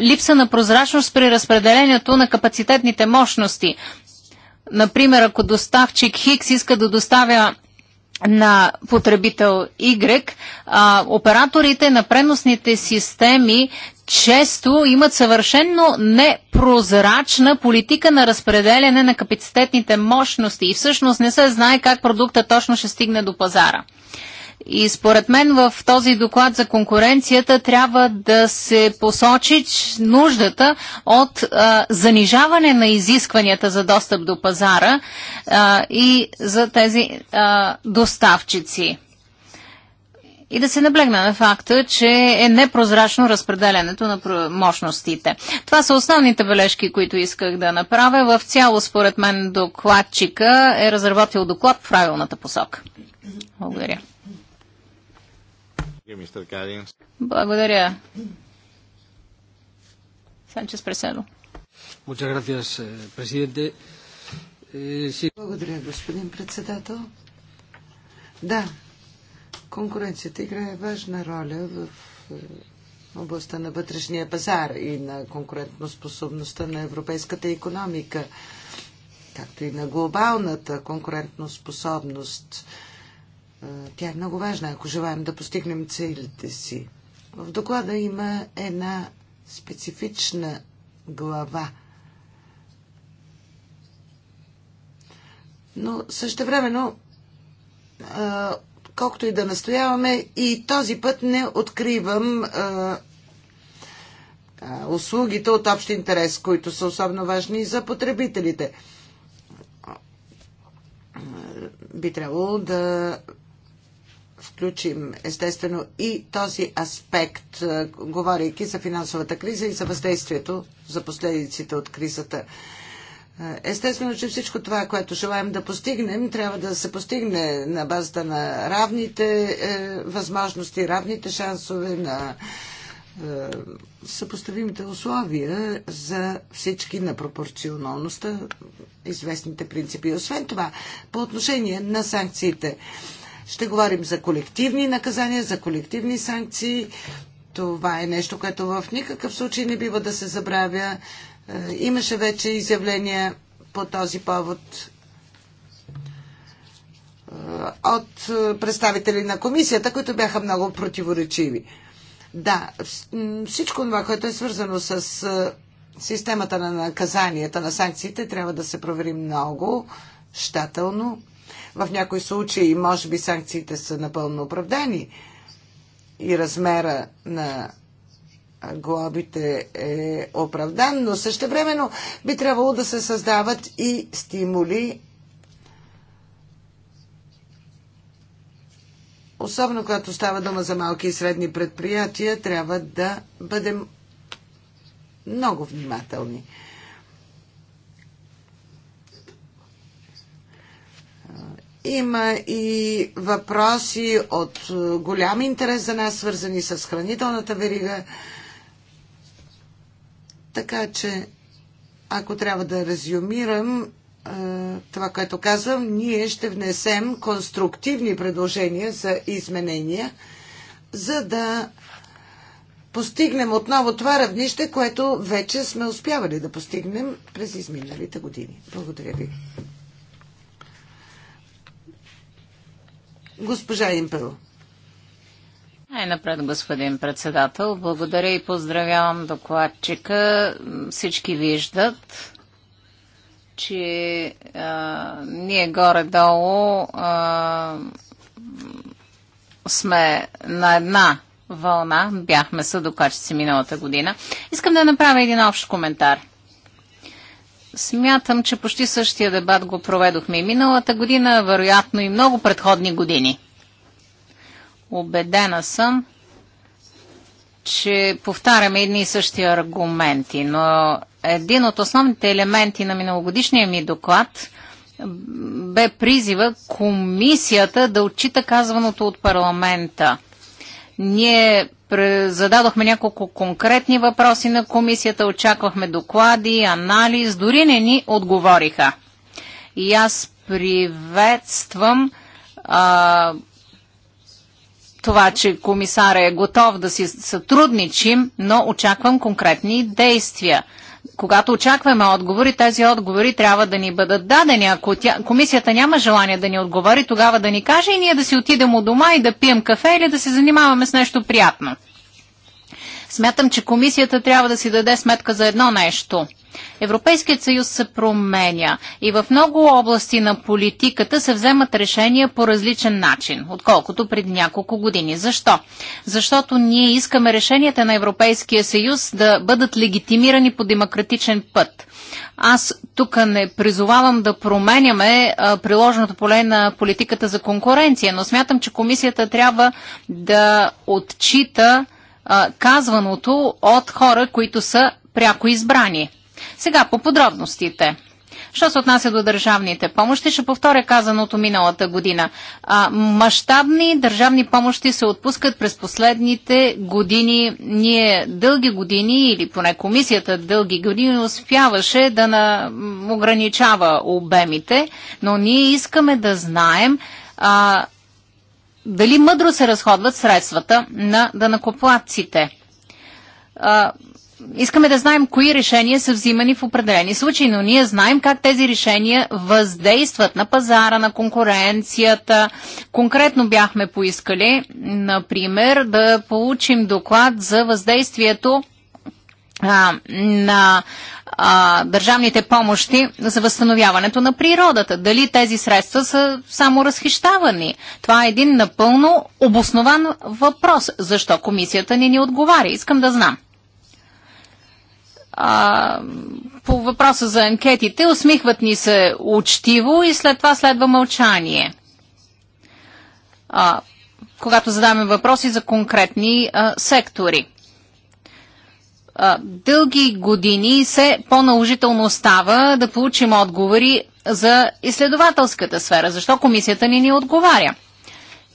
липса на прозрачност при разпределението на капацитетните мощности. Например, ако доставчик Хикс иска да доставя на потребител Y, а, операторите на преносните системи често имат съвършенно непрозрачна политика на разпределяне на капацитетните мощности и всъщност не се знае как продукта точно ще стигне до пазара. И според мен в този доклад за конкуренцията трябва да се посочи нуждата от а, занижаване на изискванията за достъп до пазара а, и за тези а, доставчици и да се наблегна на факта, че е непрозрачно разпределянето на мощностите. Това са основните бележки, които исках да направя. В цяло, според мен, докладчика е разработил доклад в правилната посока. Благодаря. Благодаря. Санчес Преседо. Eh, eh, Благодаря, господин председател. Да, Конкуренцията играе важна роля в е, областта на вътрешния пазар и на конкурентоспособността на европейската економика, както и на глобалната конкурентоспособност. Е, тя е много важна, ако желаем да постигнем целите си. В доклада има една специфична глава. Но също времено е, колкото и да настояваме, и този път не откривам а, а, услугите от общ интерес, които са особено важни за потребителите. Би трябвало да включим естествено и този аспект, говорейки за финансовата криза и за въздействието за последиците от кризата. Естествено, че всичко това, което желаем да постигнем, трябва да се постигне на базата на равните е, възможности, равните шансове на е, съпоставимите условия за всички на пропорционалността, известните принципи. Освен това, по отношение на санкциите, ще говорим за колективни наказания, за колективни санкции. Това е нещо, което в никакъв случай не бива да се забравя. Е, имаше вече изявления по този повод е, от е, представители на комисията, които бяха много противоречиви. Да, всичко това, което е свързано с системата на наказанията, на санкциите, трябва да се провери много щателно. В някои случаи, може би, санкциите са напълно оправдани и размера на глобите е оправдан, но също времено би трябвало да се създават и стимули, особено когато става дума за малки и средни предприятия, трябва да бъдем много внимателни. Има и въпроси от голям интерес за нас, свързани с хранителната верига. Така че, ако трябва да резюмирам е, това, което казвам, ние ще внесем конструктивни предложения за изменения, за да постигнем отново това равнище, което вече сме успявали да постигнем през изминалите години. Благодаря ви. Госпожа Импел. Най-напред, господин председател, благодаря и поздравявам докладчика. Всички виждат, че а, ние горе-долу сме на една вълна. Бяхме са докачици миналата година. Искам да направя един общ коментар. Смятам, че почти същия дебат го проведохме и миналата година, вероятно и много предходни години – Обедена съм, че повтаряме едни и същи аргументи, но един от основните елементи на миналогодишния ми доклад бе призива комисията да отчита казваното от парламента. Ние зададохме няколко конкретни въпроси на комисията, очаквахме доклади, анализ, дори не ни отговориха. И аз приветствам а, това, че комисаря е готов да си сътрудничим, но очаквам конкретни действия. Когато очакваме отговори, тези отговори трябва да ни бъдат дадени. Ако тя, комисията няма желание да ни отговори, тогава да ни каже и ние да си отидем у дома и да пием кафе или да се занимаваме с нещо приятно. Смятам, че комисията трябва да си даде сметка за едно нещо – Европейският съюз се променя и в много области на политиката се вземат решения по различен начин, отколкото преди няколко години. Защо? Защото ние искаме решенията на Европейския съюз да бъдат легитимирани по демократичен път. Аз тук не призовавам да променяме приложеното поле на политиката за конкуренция, но смятам, че комисията трябва да отчита казваното от хора, които са пряко избрани. Сега по подробностите. Що се отнася до държавните помощи, ще повторя казаното миналата година. А, мащабни държавни помощи се отпускат през последните години. Ние дълги години, или поне комисията дълги години, успяваше да на... ограничава обемите, но ние искаме да знаем а, дали мъдро се разходват средствата на данакоплатците искаме да знаем кои решения са взимани в определени случаи, но ние знаем как тези решения въздействат на пазара, на конкуренцията. Конкретно бяхме поискали, например, да получим доклад за въздействието а, на а, държавните помощи за възстановяването на природата. Дали тези средства са само разхищавани? Това е един напълно обоснован въпрос. Защо комисията ни не отговаря? Искам да знам. А, по въпроса за анкетите, усмихват ни се учтиво и след това следва мълчание. А, когато задаваме въпроси за конкретни а, сектори. А, дълги години се по-наложително става да получим отговори за изследователската сфера. Защо комисията ни ни отговаря?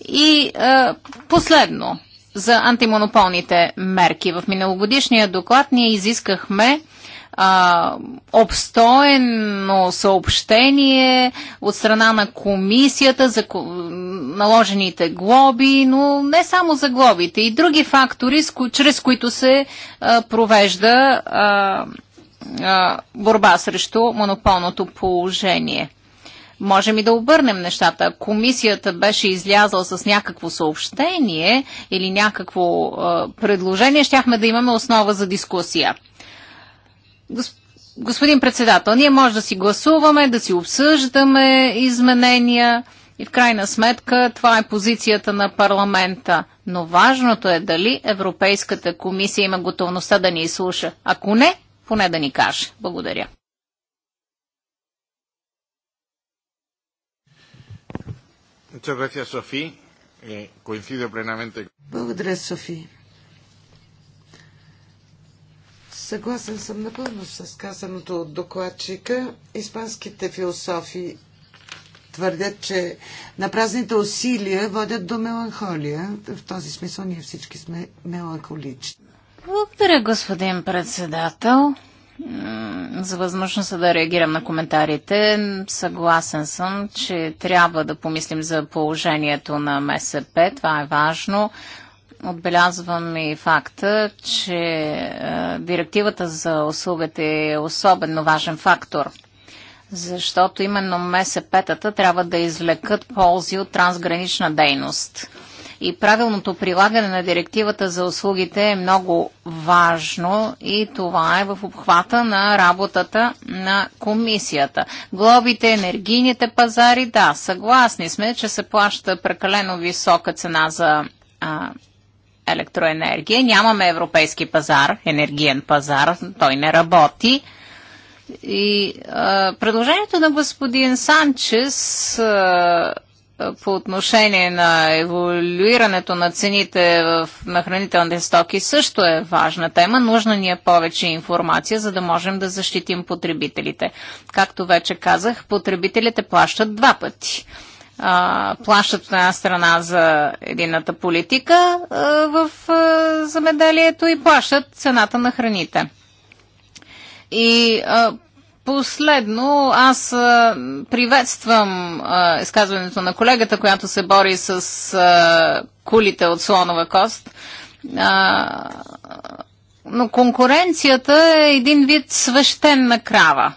И а, последно, за антимонополните мерки. В миналогодишния доклад ние изискахме а, обстоено съобщение от страна на комисията за наложените глоби, но не само за глобите и други фактори, чрез които се а, провежда а, борба срещу монополното положение можем и да обърнем нещата. Комисията беше излязла с някакво съобщение или някакво е, предложение, щяхме да имаме основа за дискусия. Господин председател, ние може да си гласуваме, да си обсъждаме изменения и в крайна сметка това е позицията на парламента. Но важното е дали Европейската комисия има готовността да ни изслуша. Ако не, поне да ни каже. Благодаря. Muchas gracias, Софи. Eh, coincido plenamente. Благодаря, Софи. Съгласен съм напълно с казаното от докладчика. Испанските философи твърдят, че напразните усилия водят до меланхолия. В този смисъл ние всички сме меланхолични. Благодаря, господин председател за възможността да реагирам на коментарите. Съгласен съм, че трябва да помислим за положението на МСП. Това е важно. Отбелязвам и факта, че е, директивата за услугата е особено важен фактор защото именно МСП-тата трябва да извлекат ползи от трансгранична дейност и правилното прилагане на директивата за услугите е много важно и това е в обхвата на работата на комисията. Глобите, енергийните пазари, да, съгласни сме, че се плаща прекалено висока цена за а, електроенергия. Нямаме европейски пазар, енергиен пазар, той не работи. И а, предложението на господин Санчес а, по отношение на еволюирането на цените в, на хранителните стоки също е важна тема. Нужна ни е повече информация, за да можем да защитим потребителите. Както вече казах, потребителите плащат два пъти. А, плащат от една страна за едината политика а, в а, замеделието и плащат цената на храните. И а, Последно, аз приветствам изказването на колегата, която се бори с кулите от слонова кост. но конкуренцията е един вид свещена крава.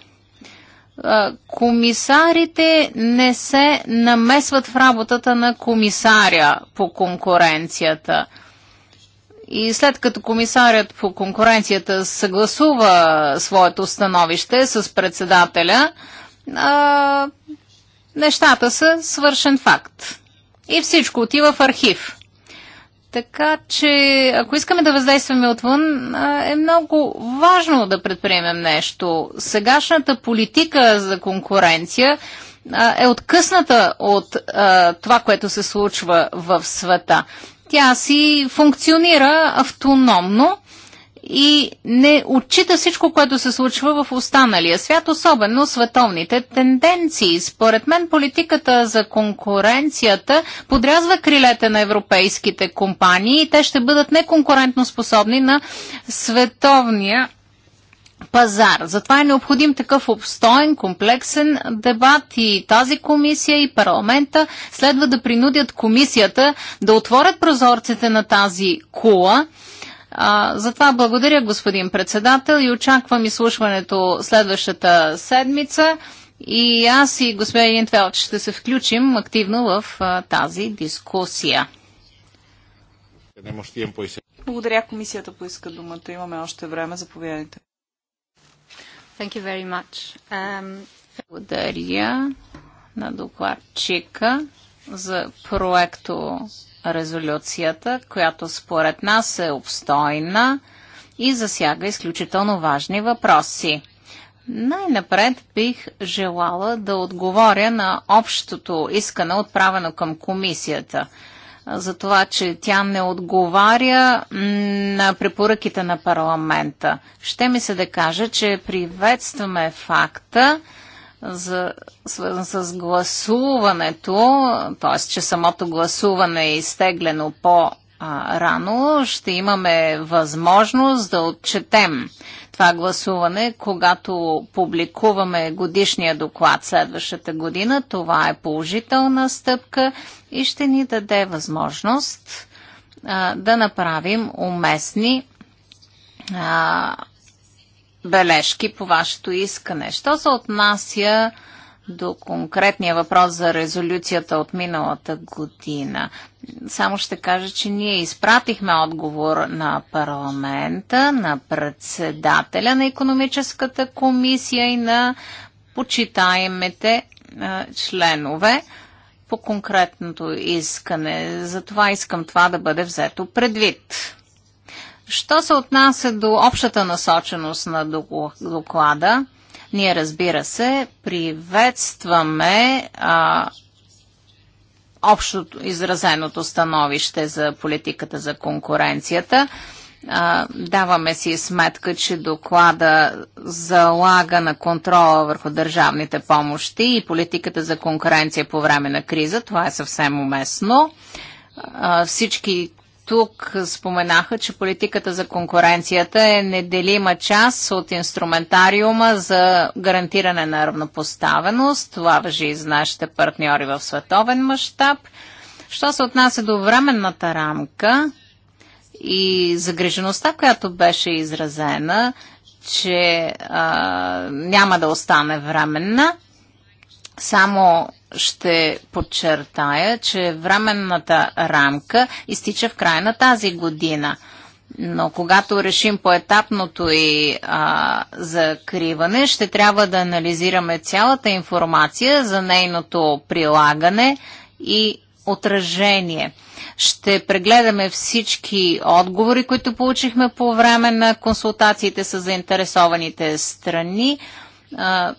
Комисарите не се намесват в работата на комисаря по конкуренцията – и след като комисарят по конкуренцията съгласува своето становище с председателя, а, нещата са свършен факт. И всичко отива в архив. Така че, ако искаме да въздействаме отвън, е много важно да предприемем нещо. Сегашната политика за конкуренция е откъсната от това, което се случва в света. Тя си функционира автономно и не отчита всичко, което се случва в останалия свят, особено световните тенденции. Според мен политиката за конкуренцията подрязва крилете на европейските компании и те ще бъдат неконкурентно способни на световния пазар. Затова е необходим такъв обстоен, комплексен дебат и тази комисия и парламента следва да принудят комисията да отворят прозорците на тази кула. А, затова благодаря, господин председател, и очаквам изслушването следващата седмица. И аз и господин Твелч ще се включим активно в а, тази дискусия. Благодаря, комисията поиска думата. Имаме още време. Заповядайте. Thank you very much. Um... Благодаря на докладчика за проекто резолюцията, която според нас е обстойна и засяга изключително важни въпроси. Най-напред бих желала да отговоря на общото искане, отправено към комисията – за това, че тя не отговаря на препоръките на парламента. Ще ми се да кажа, че приветстваме факта, за, свързан с гласуването, т.е. че самото гласуване е изтеглено по а, рано ще имаме възможност да отчетем това гласуване, когато публикуваме годишния доклад следващата година. Това е положителна стъпка и ще ни даде възможност а, да направим уместни а, бележки по вашето искане. Що се отнася до конкретния въпрос за резолюцията от миналата година. Само ще кажа, че ние изпратихме отговор на парламента, на председателя на економическата комисия и на почитаемите е, членове по конкретното искане. Затова искам това да бъде взето предвид. Що се отнася до общата насоченост на доклада, ние, разбира се, приветстваме а, общото изразеното становище за политиката за конкуренцията. А, даваме си сметка, че доклада залага на контрола върху държавните помощи и политиката за конкуренция по време на криза. Това е съвсем уместно. всички тук споменаха, че политиката за конкуренцията е неделима част от инструментариума за гарантиране на равнопоставеност. Това въжи и за нашите партньори в световен мащаб. Що се отнася до временната рамка и загрижеността, която беше изразена, че а, няма да остане временна, само ще подчертая, че временната рамка изтича в края на тази година. Но когато решим поетапното и а, закриване, ще трябва да анализираме цялата информация за нейното прилагане и отражение. Ще прегледаме всички отговори, които получихме по време на консултациите с заинтересованите страни.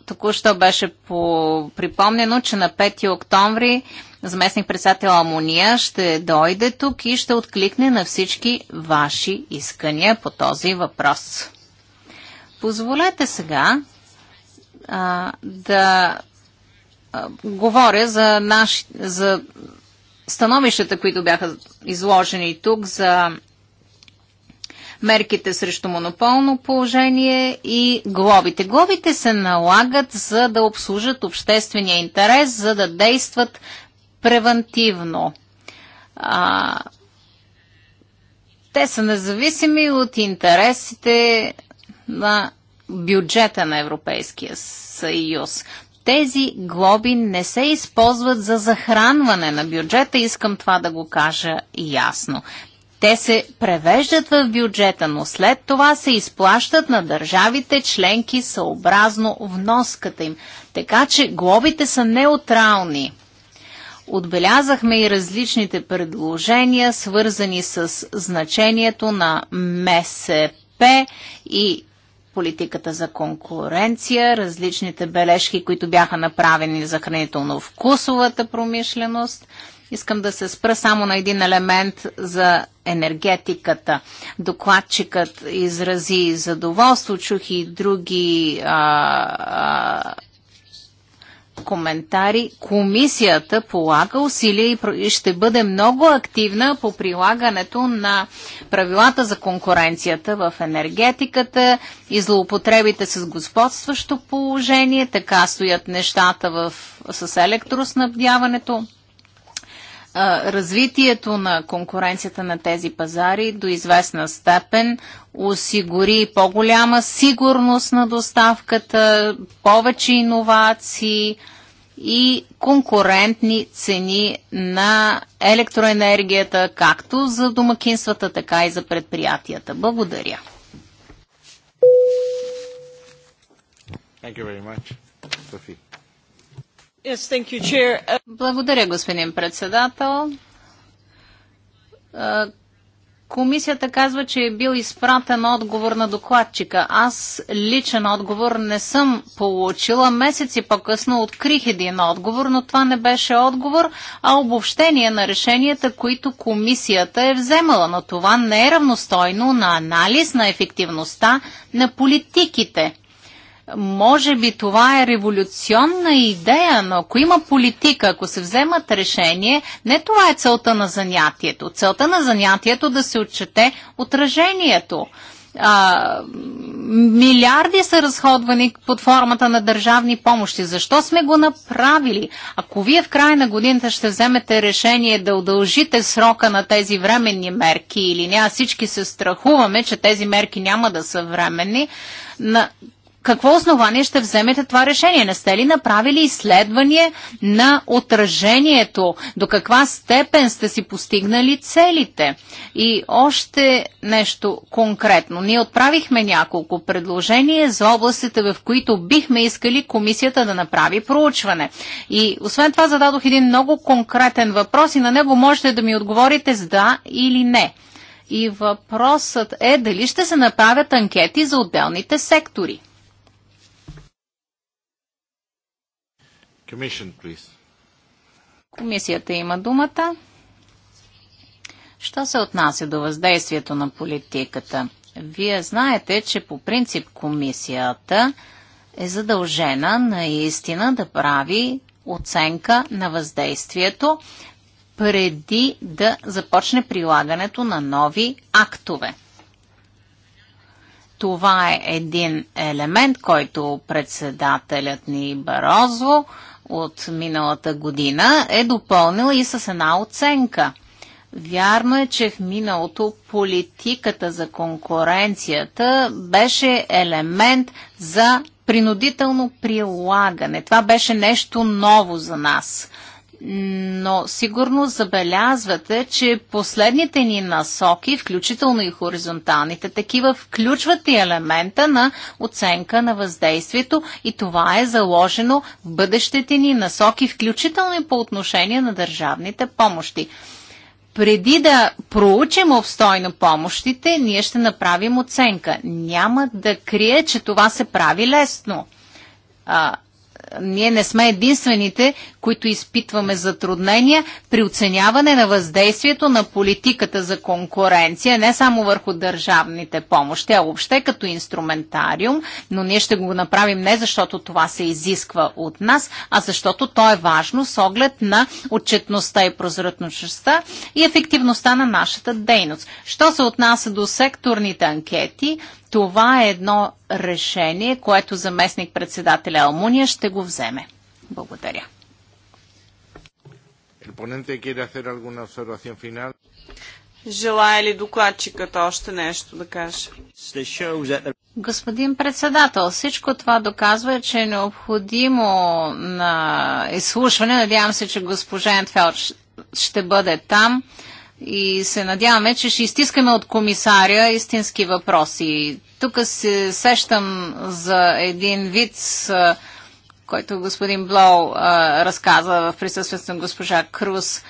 Току-що беше по... припомнено, че на 5 октомври заместник председател Амония ще дойде тук и ще откликне на всички ваши искания по този въпрос. Позволете сега а, да а, говоря за, наш, за становищата, които бяха изложени тук за мерките срещу монополно положение и глобите. Глобите се налагат за да обслужат обществения интерес, за да действат превентивно. А, те са независими от интересите на бюджета на Европейския съюз. Тези глоби не се използват за захранване на бюджета, искам това да го кажа ясно. Те се превеждат в бюджета, но след това се изплащат на държавите членки съобразно вноската им. Така че глобите са неутрални. Отбелязахме и различните предложения, свързани с значението на МСП и политиката за конкуренция, различните бележки, които бяха направени за хранително-вкусовата промишленост – Искам да се спра само на един елемент за енергетиката. Докладчикът изрази задоволство, чух и други а, а, коментари. Комисията полага усилия и ще бъде много активна по прилагането на правилата за конкуренцията в енергетиката и злоупотребите с господстващо положение. Така стоят нещата в, с електроснабдяването развитието на конкуренцията на тези пазари до известна степен осигури по-голяма сигурност на доставката, повече иновации и конкурентни цени на електроенергията, както за домакинствата, така и за предприятията. Благодаря. Thank you very much, Sophie. Uh, Благодаря, господин председател. Комисията казва, че е бил изпратен отговор на докладчика. Аз личен отговор не съм получила. Месеци по-късно открих един отговор, но това не беше отговор, а обобщение на решенията, които комисията е вземала. Но това не е равностойно на анализ на ефективността на политиките. Може би това е революционна идея, но ако има политика, ако се вземат решение, не това е целта на занятието. Целта на занятието е да се отчете отражението а, милиарди са разходвани под формата на държавни помощи. Защо сме го направили? Ако вие в края на годината ще вземете решение да удължите срока на тези временни мерки или не, а всички се страхуваме, че тези мерки няма да са временни, на какво основание ще вземете това решение? Не сте ли направили изследване на отражението? До каква степен сте си постигнали целите? И още нещо конкретно. Ние отправихме няколко предложения за областите, в които бихме искали комисията да направи проучване. И освен това зададох един много конкретен въпрос и на него можете да ми отговорите с да или не. И въпросът е дали ще се направят анкети за отделните сектори. Комисията има думата. Що се отнася до въздействието на политиката? Вие знаете, че по принцип комисията е задължена наистина да прави оценка на въздействието преди да започне прилагането на нови актове. Това е един елемент, който председателят ни Барозво от миналата година, е допълнила и с една оценка. Вярно е, че в миналото политиката за конкуренцията беше елемент за принудително прилагане. Това беше нещо ново за нас но сигурно забелязвате, че последните ни насоки, включително и хоризонталните такива, включват и елемента на оценка на въздействието и това е заложено в бъдещите ни насоки, включително и по отношение на държавните помощи. Преди да проучим обстойно помощите, ние ще направим оценка. Няма да крие, че това се прави лесно. А, ние не сме единствените, които изпитваме затруднения при оценяване на въздействието на политиката за конкуренция, не само върху държавните помощи, а въобще като инструментариум, но ние ще го направим не защото това се изисква от нас, а защото то е важно с оглед на отчетността и прозрачността и ефективността на нашата дейност. Що се отнася до секторните анкети, това е едно решение, което заместник председателя Алмуния ще го вземе. Благодаря. Желая ли докладчикът още нещо да каже? Господин председател, всичко това доказва, че е необходимо на изслушване. Надявам се, че госпожа Ентфелд ще бъде там и се надяваме, че ще изтискаме от комисаря истински въпроси. Тук се сещам за един вид, който господин Блоу разказа в присъствието на госпожа Круз,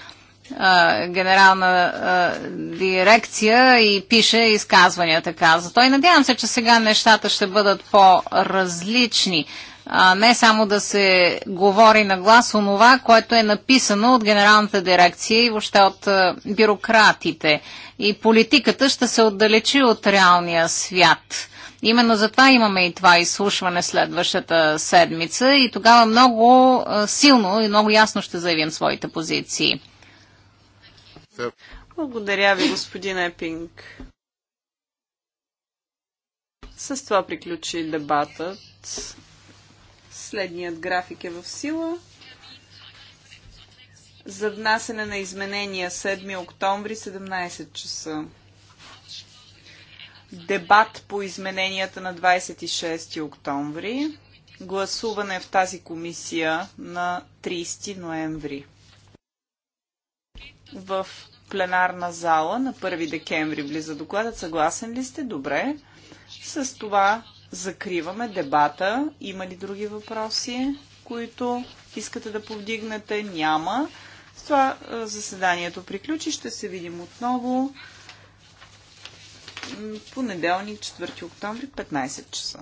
генерална дирекция и пише изказванията, каза той. Надявам се, че сега нещата ще бъдат по-различни а не само да се говори на глас онова, което е написано от Генералната дирекция и въобще от бюрократите. И политиката ще се отдалечи от реалния свят. Именно затова имаме и това изслушване следващата седмица и тогава много силно и много ясно ще заявим своите позиции. Благодаря ви, господин Епинг. С това приключи дебатът. Следният график е в сила. За внасене на изменения 7 октомври 17 часа. Дебат по измененията на 26 октомври. Гласуване в тази комисия на 30 ноември. В пленарна зала на 1 декември влиза докладът. Съгласен ли сте? Добре. С това Закриваме дебата. Има ли други въпроси, които искате да повдигнете? Няма. С това е, заседанието приключи. Ще се видим отново понеделник, 4 октомври, 15 часа.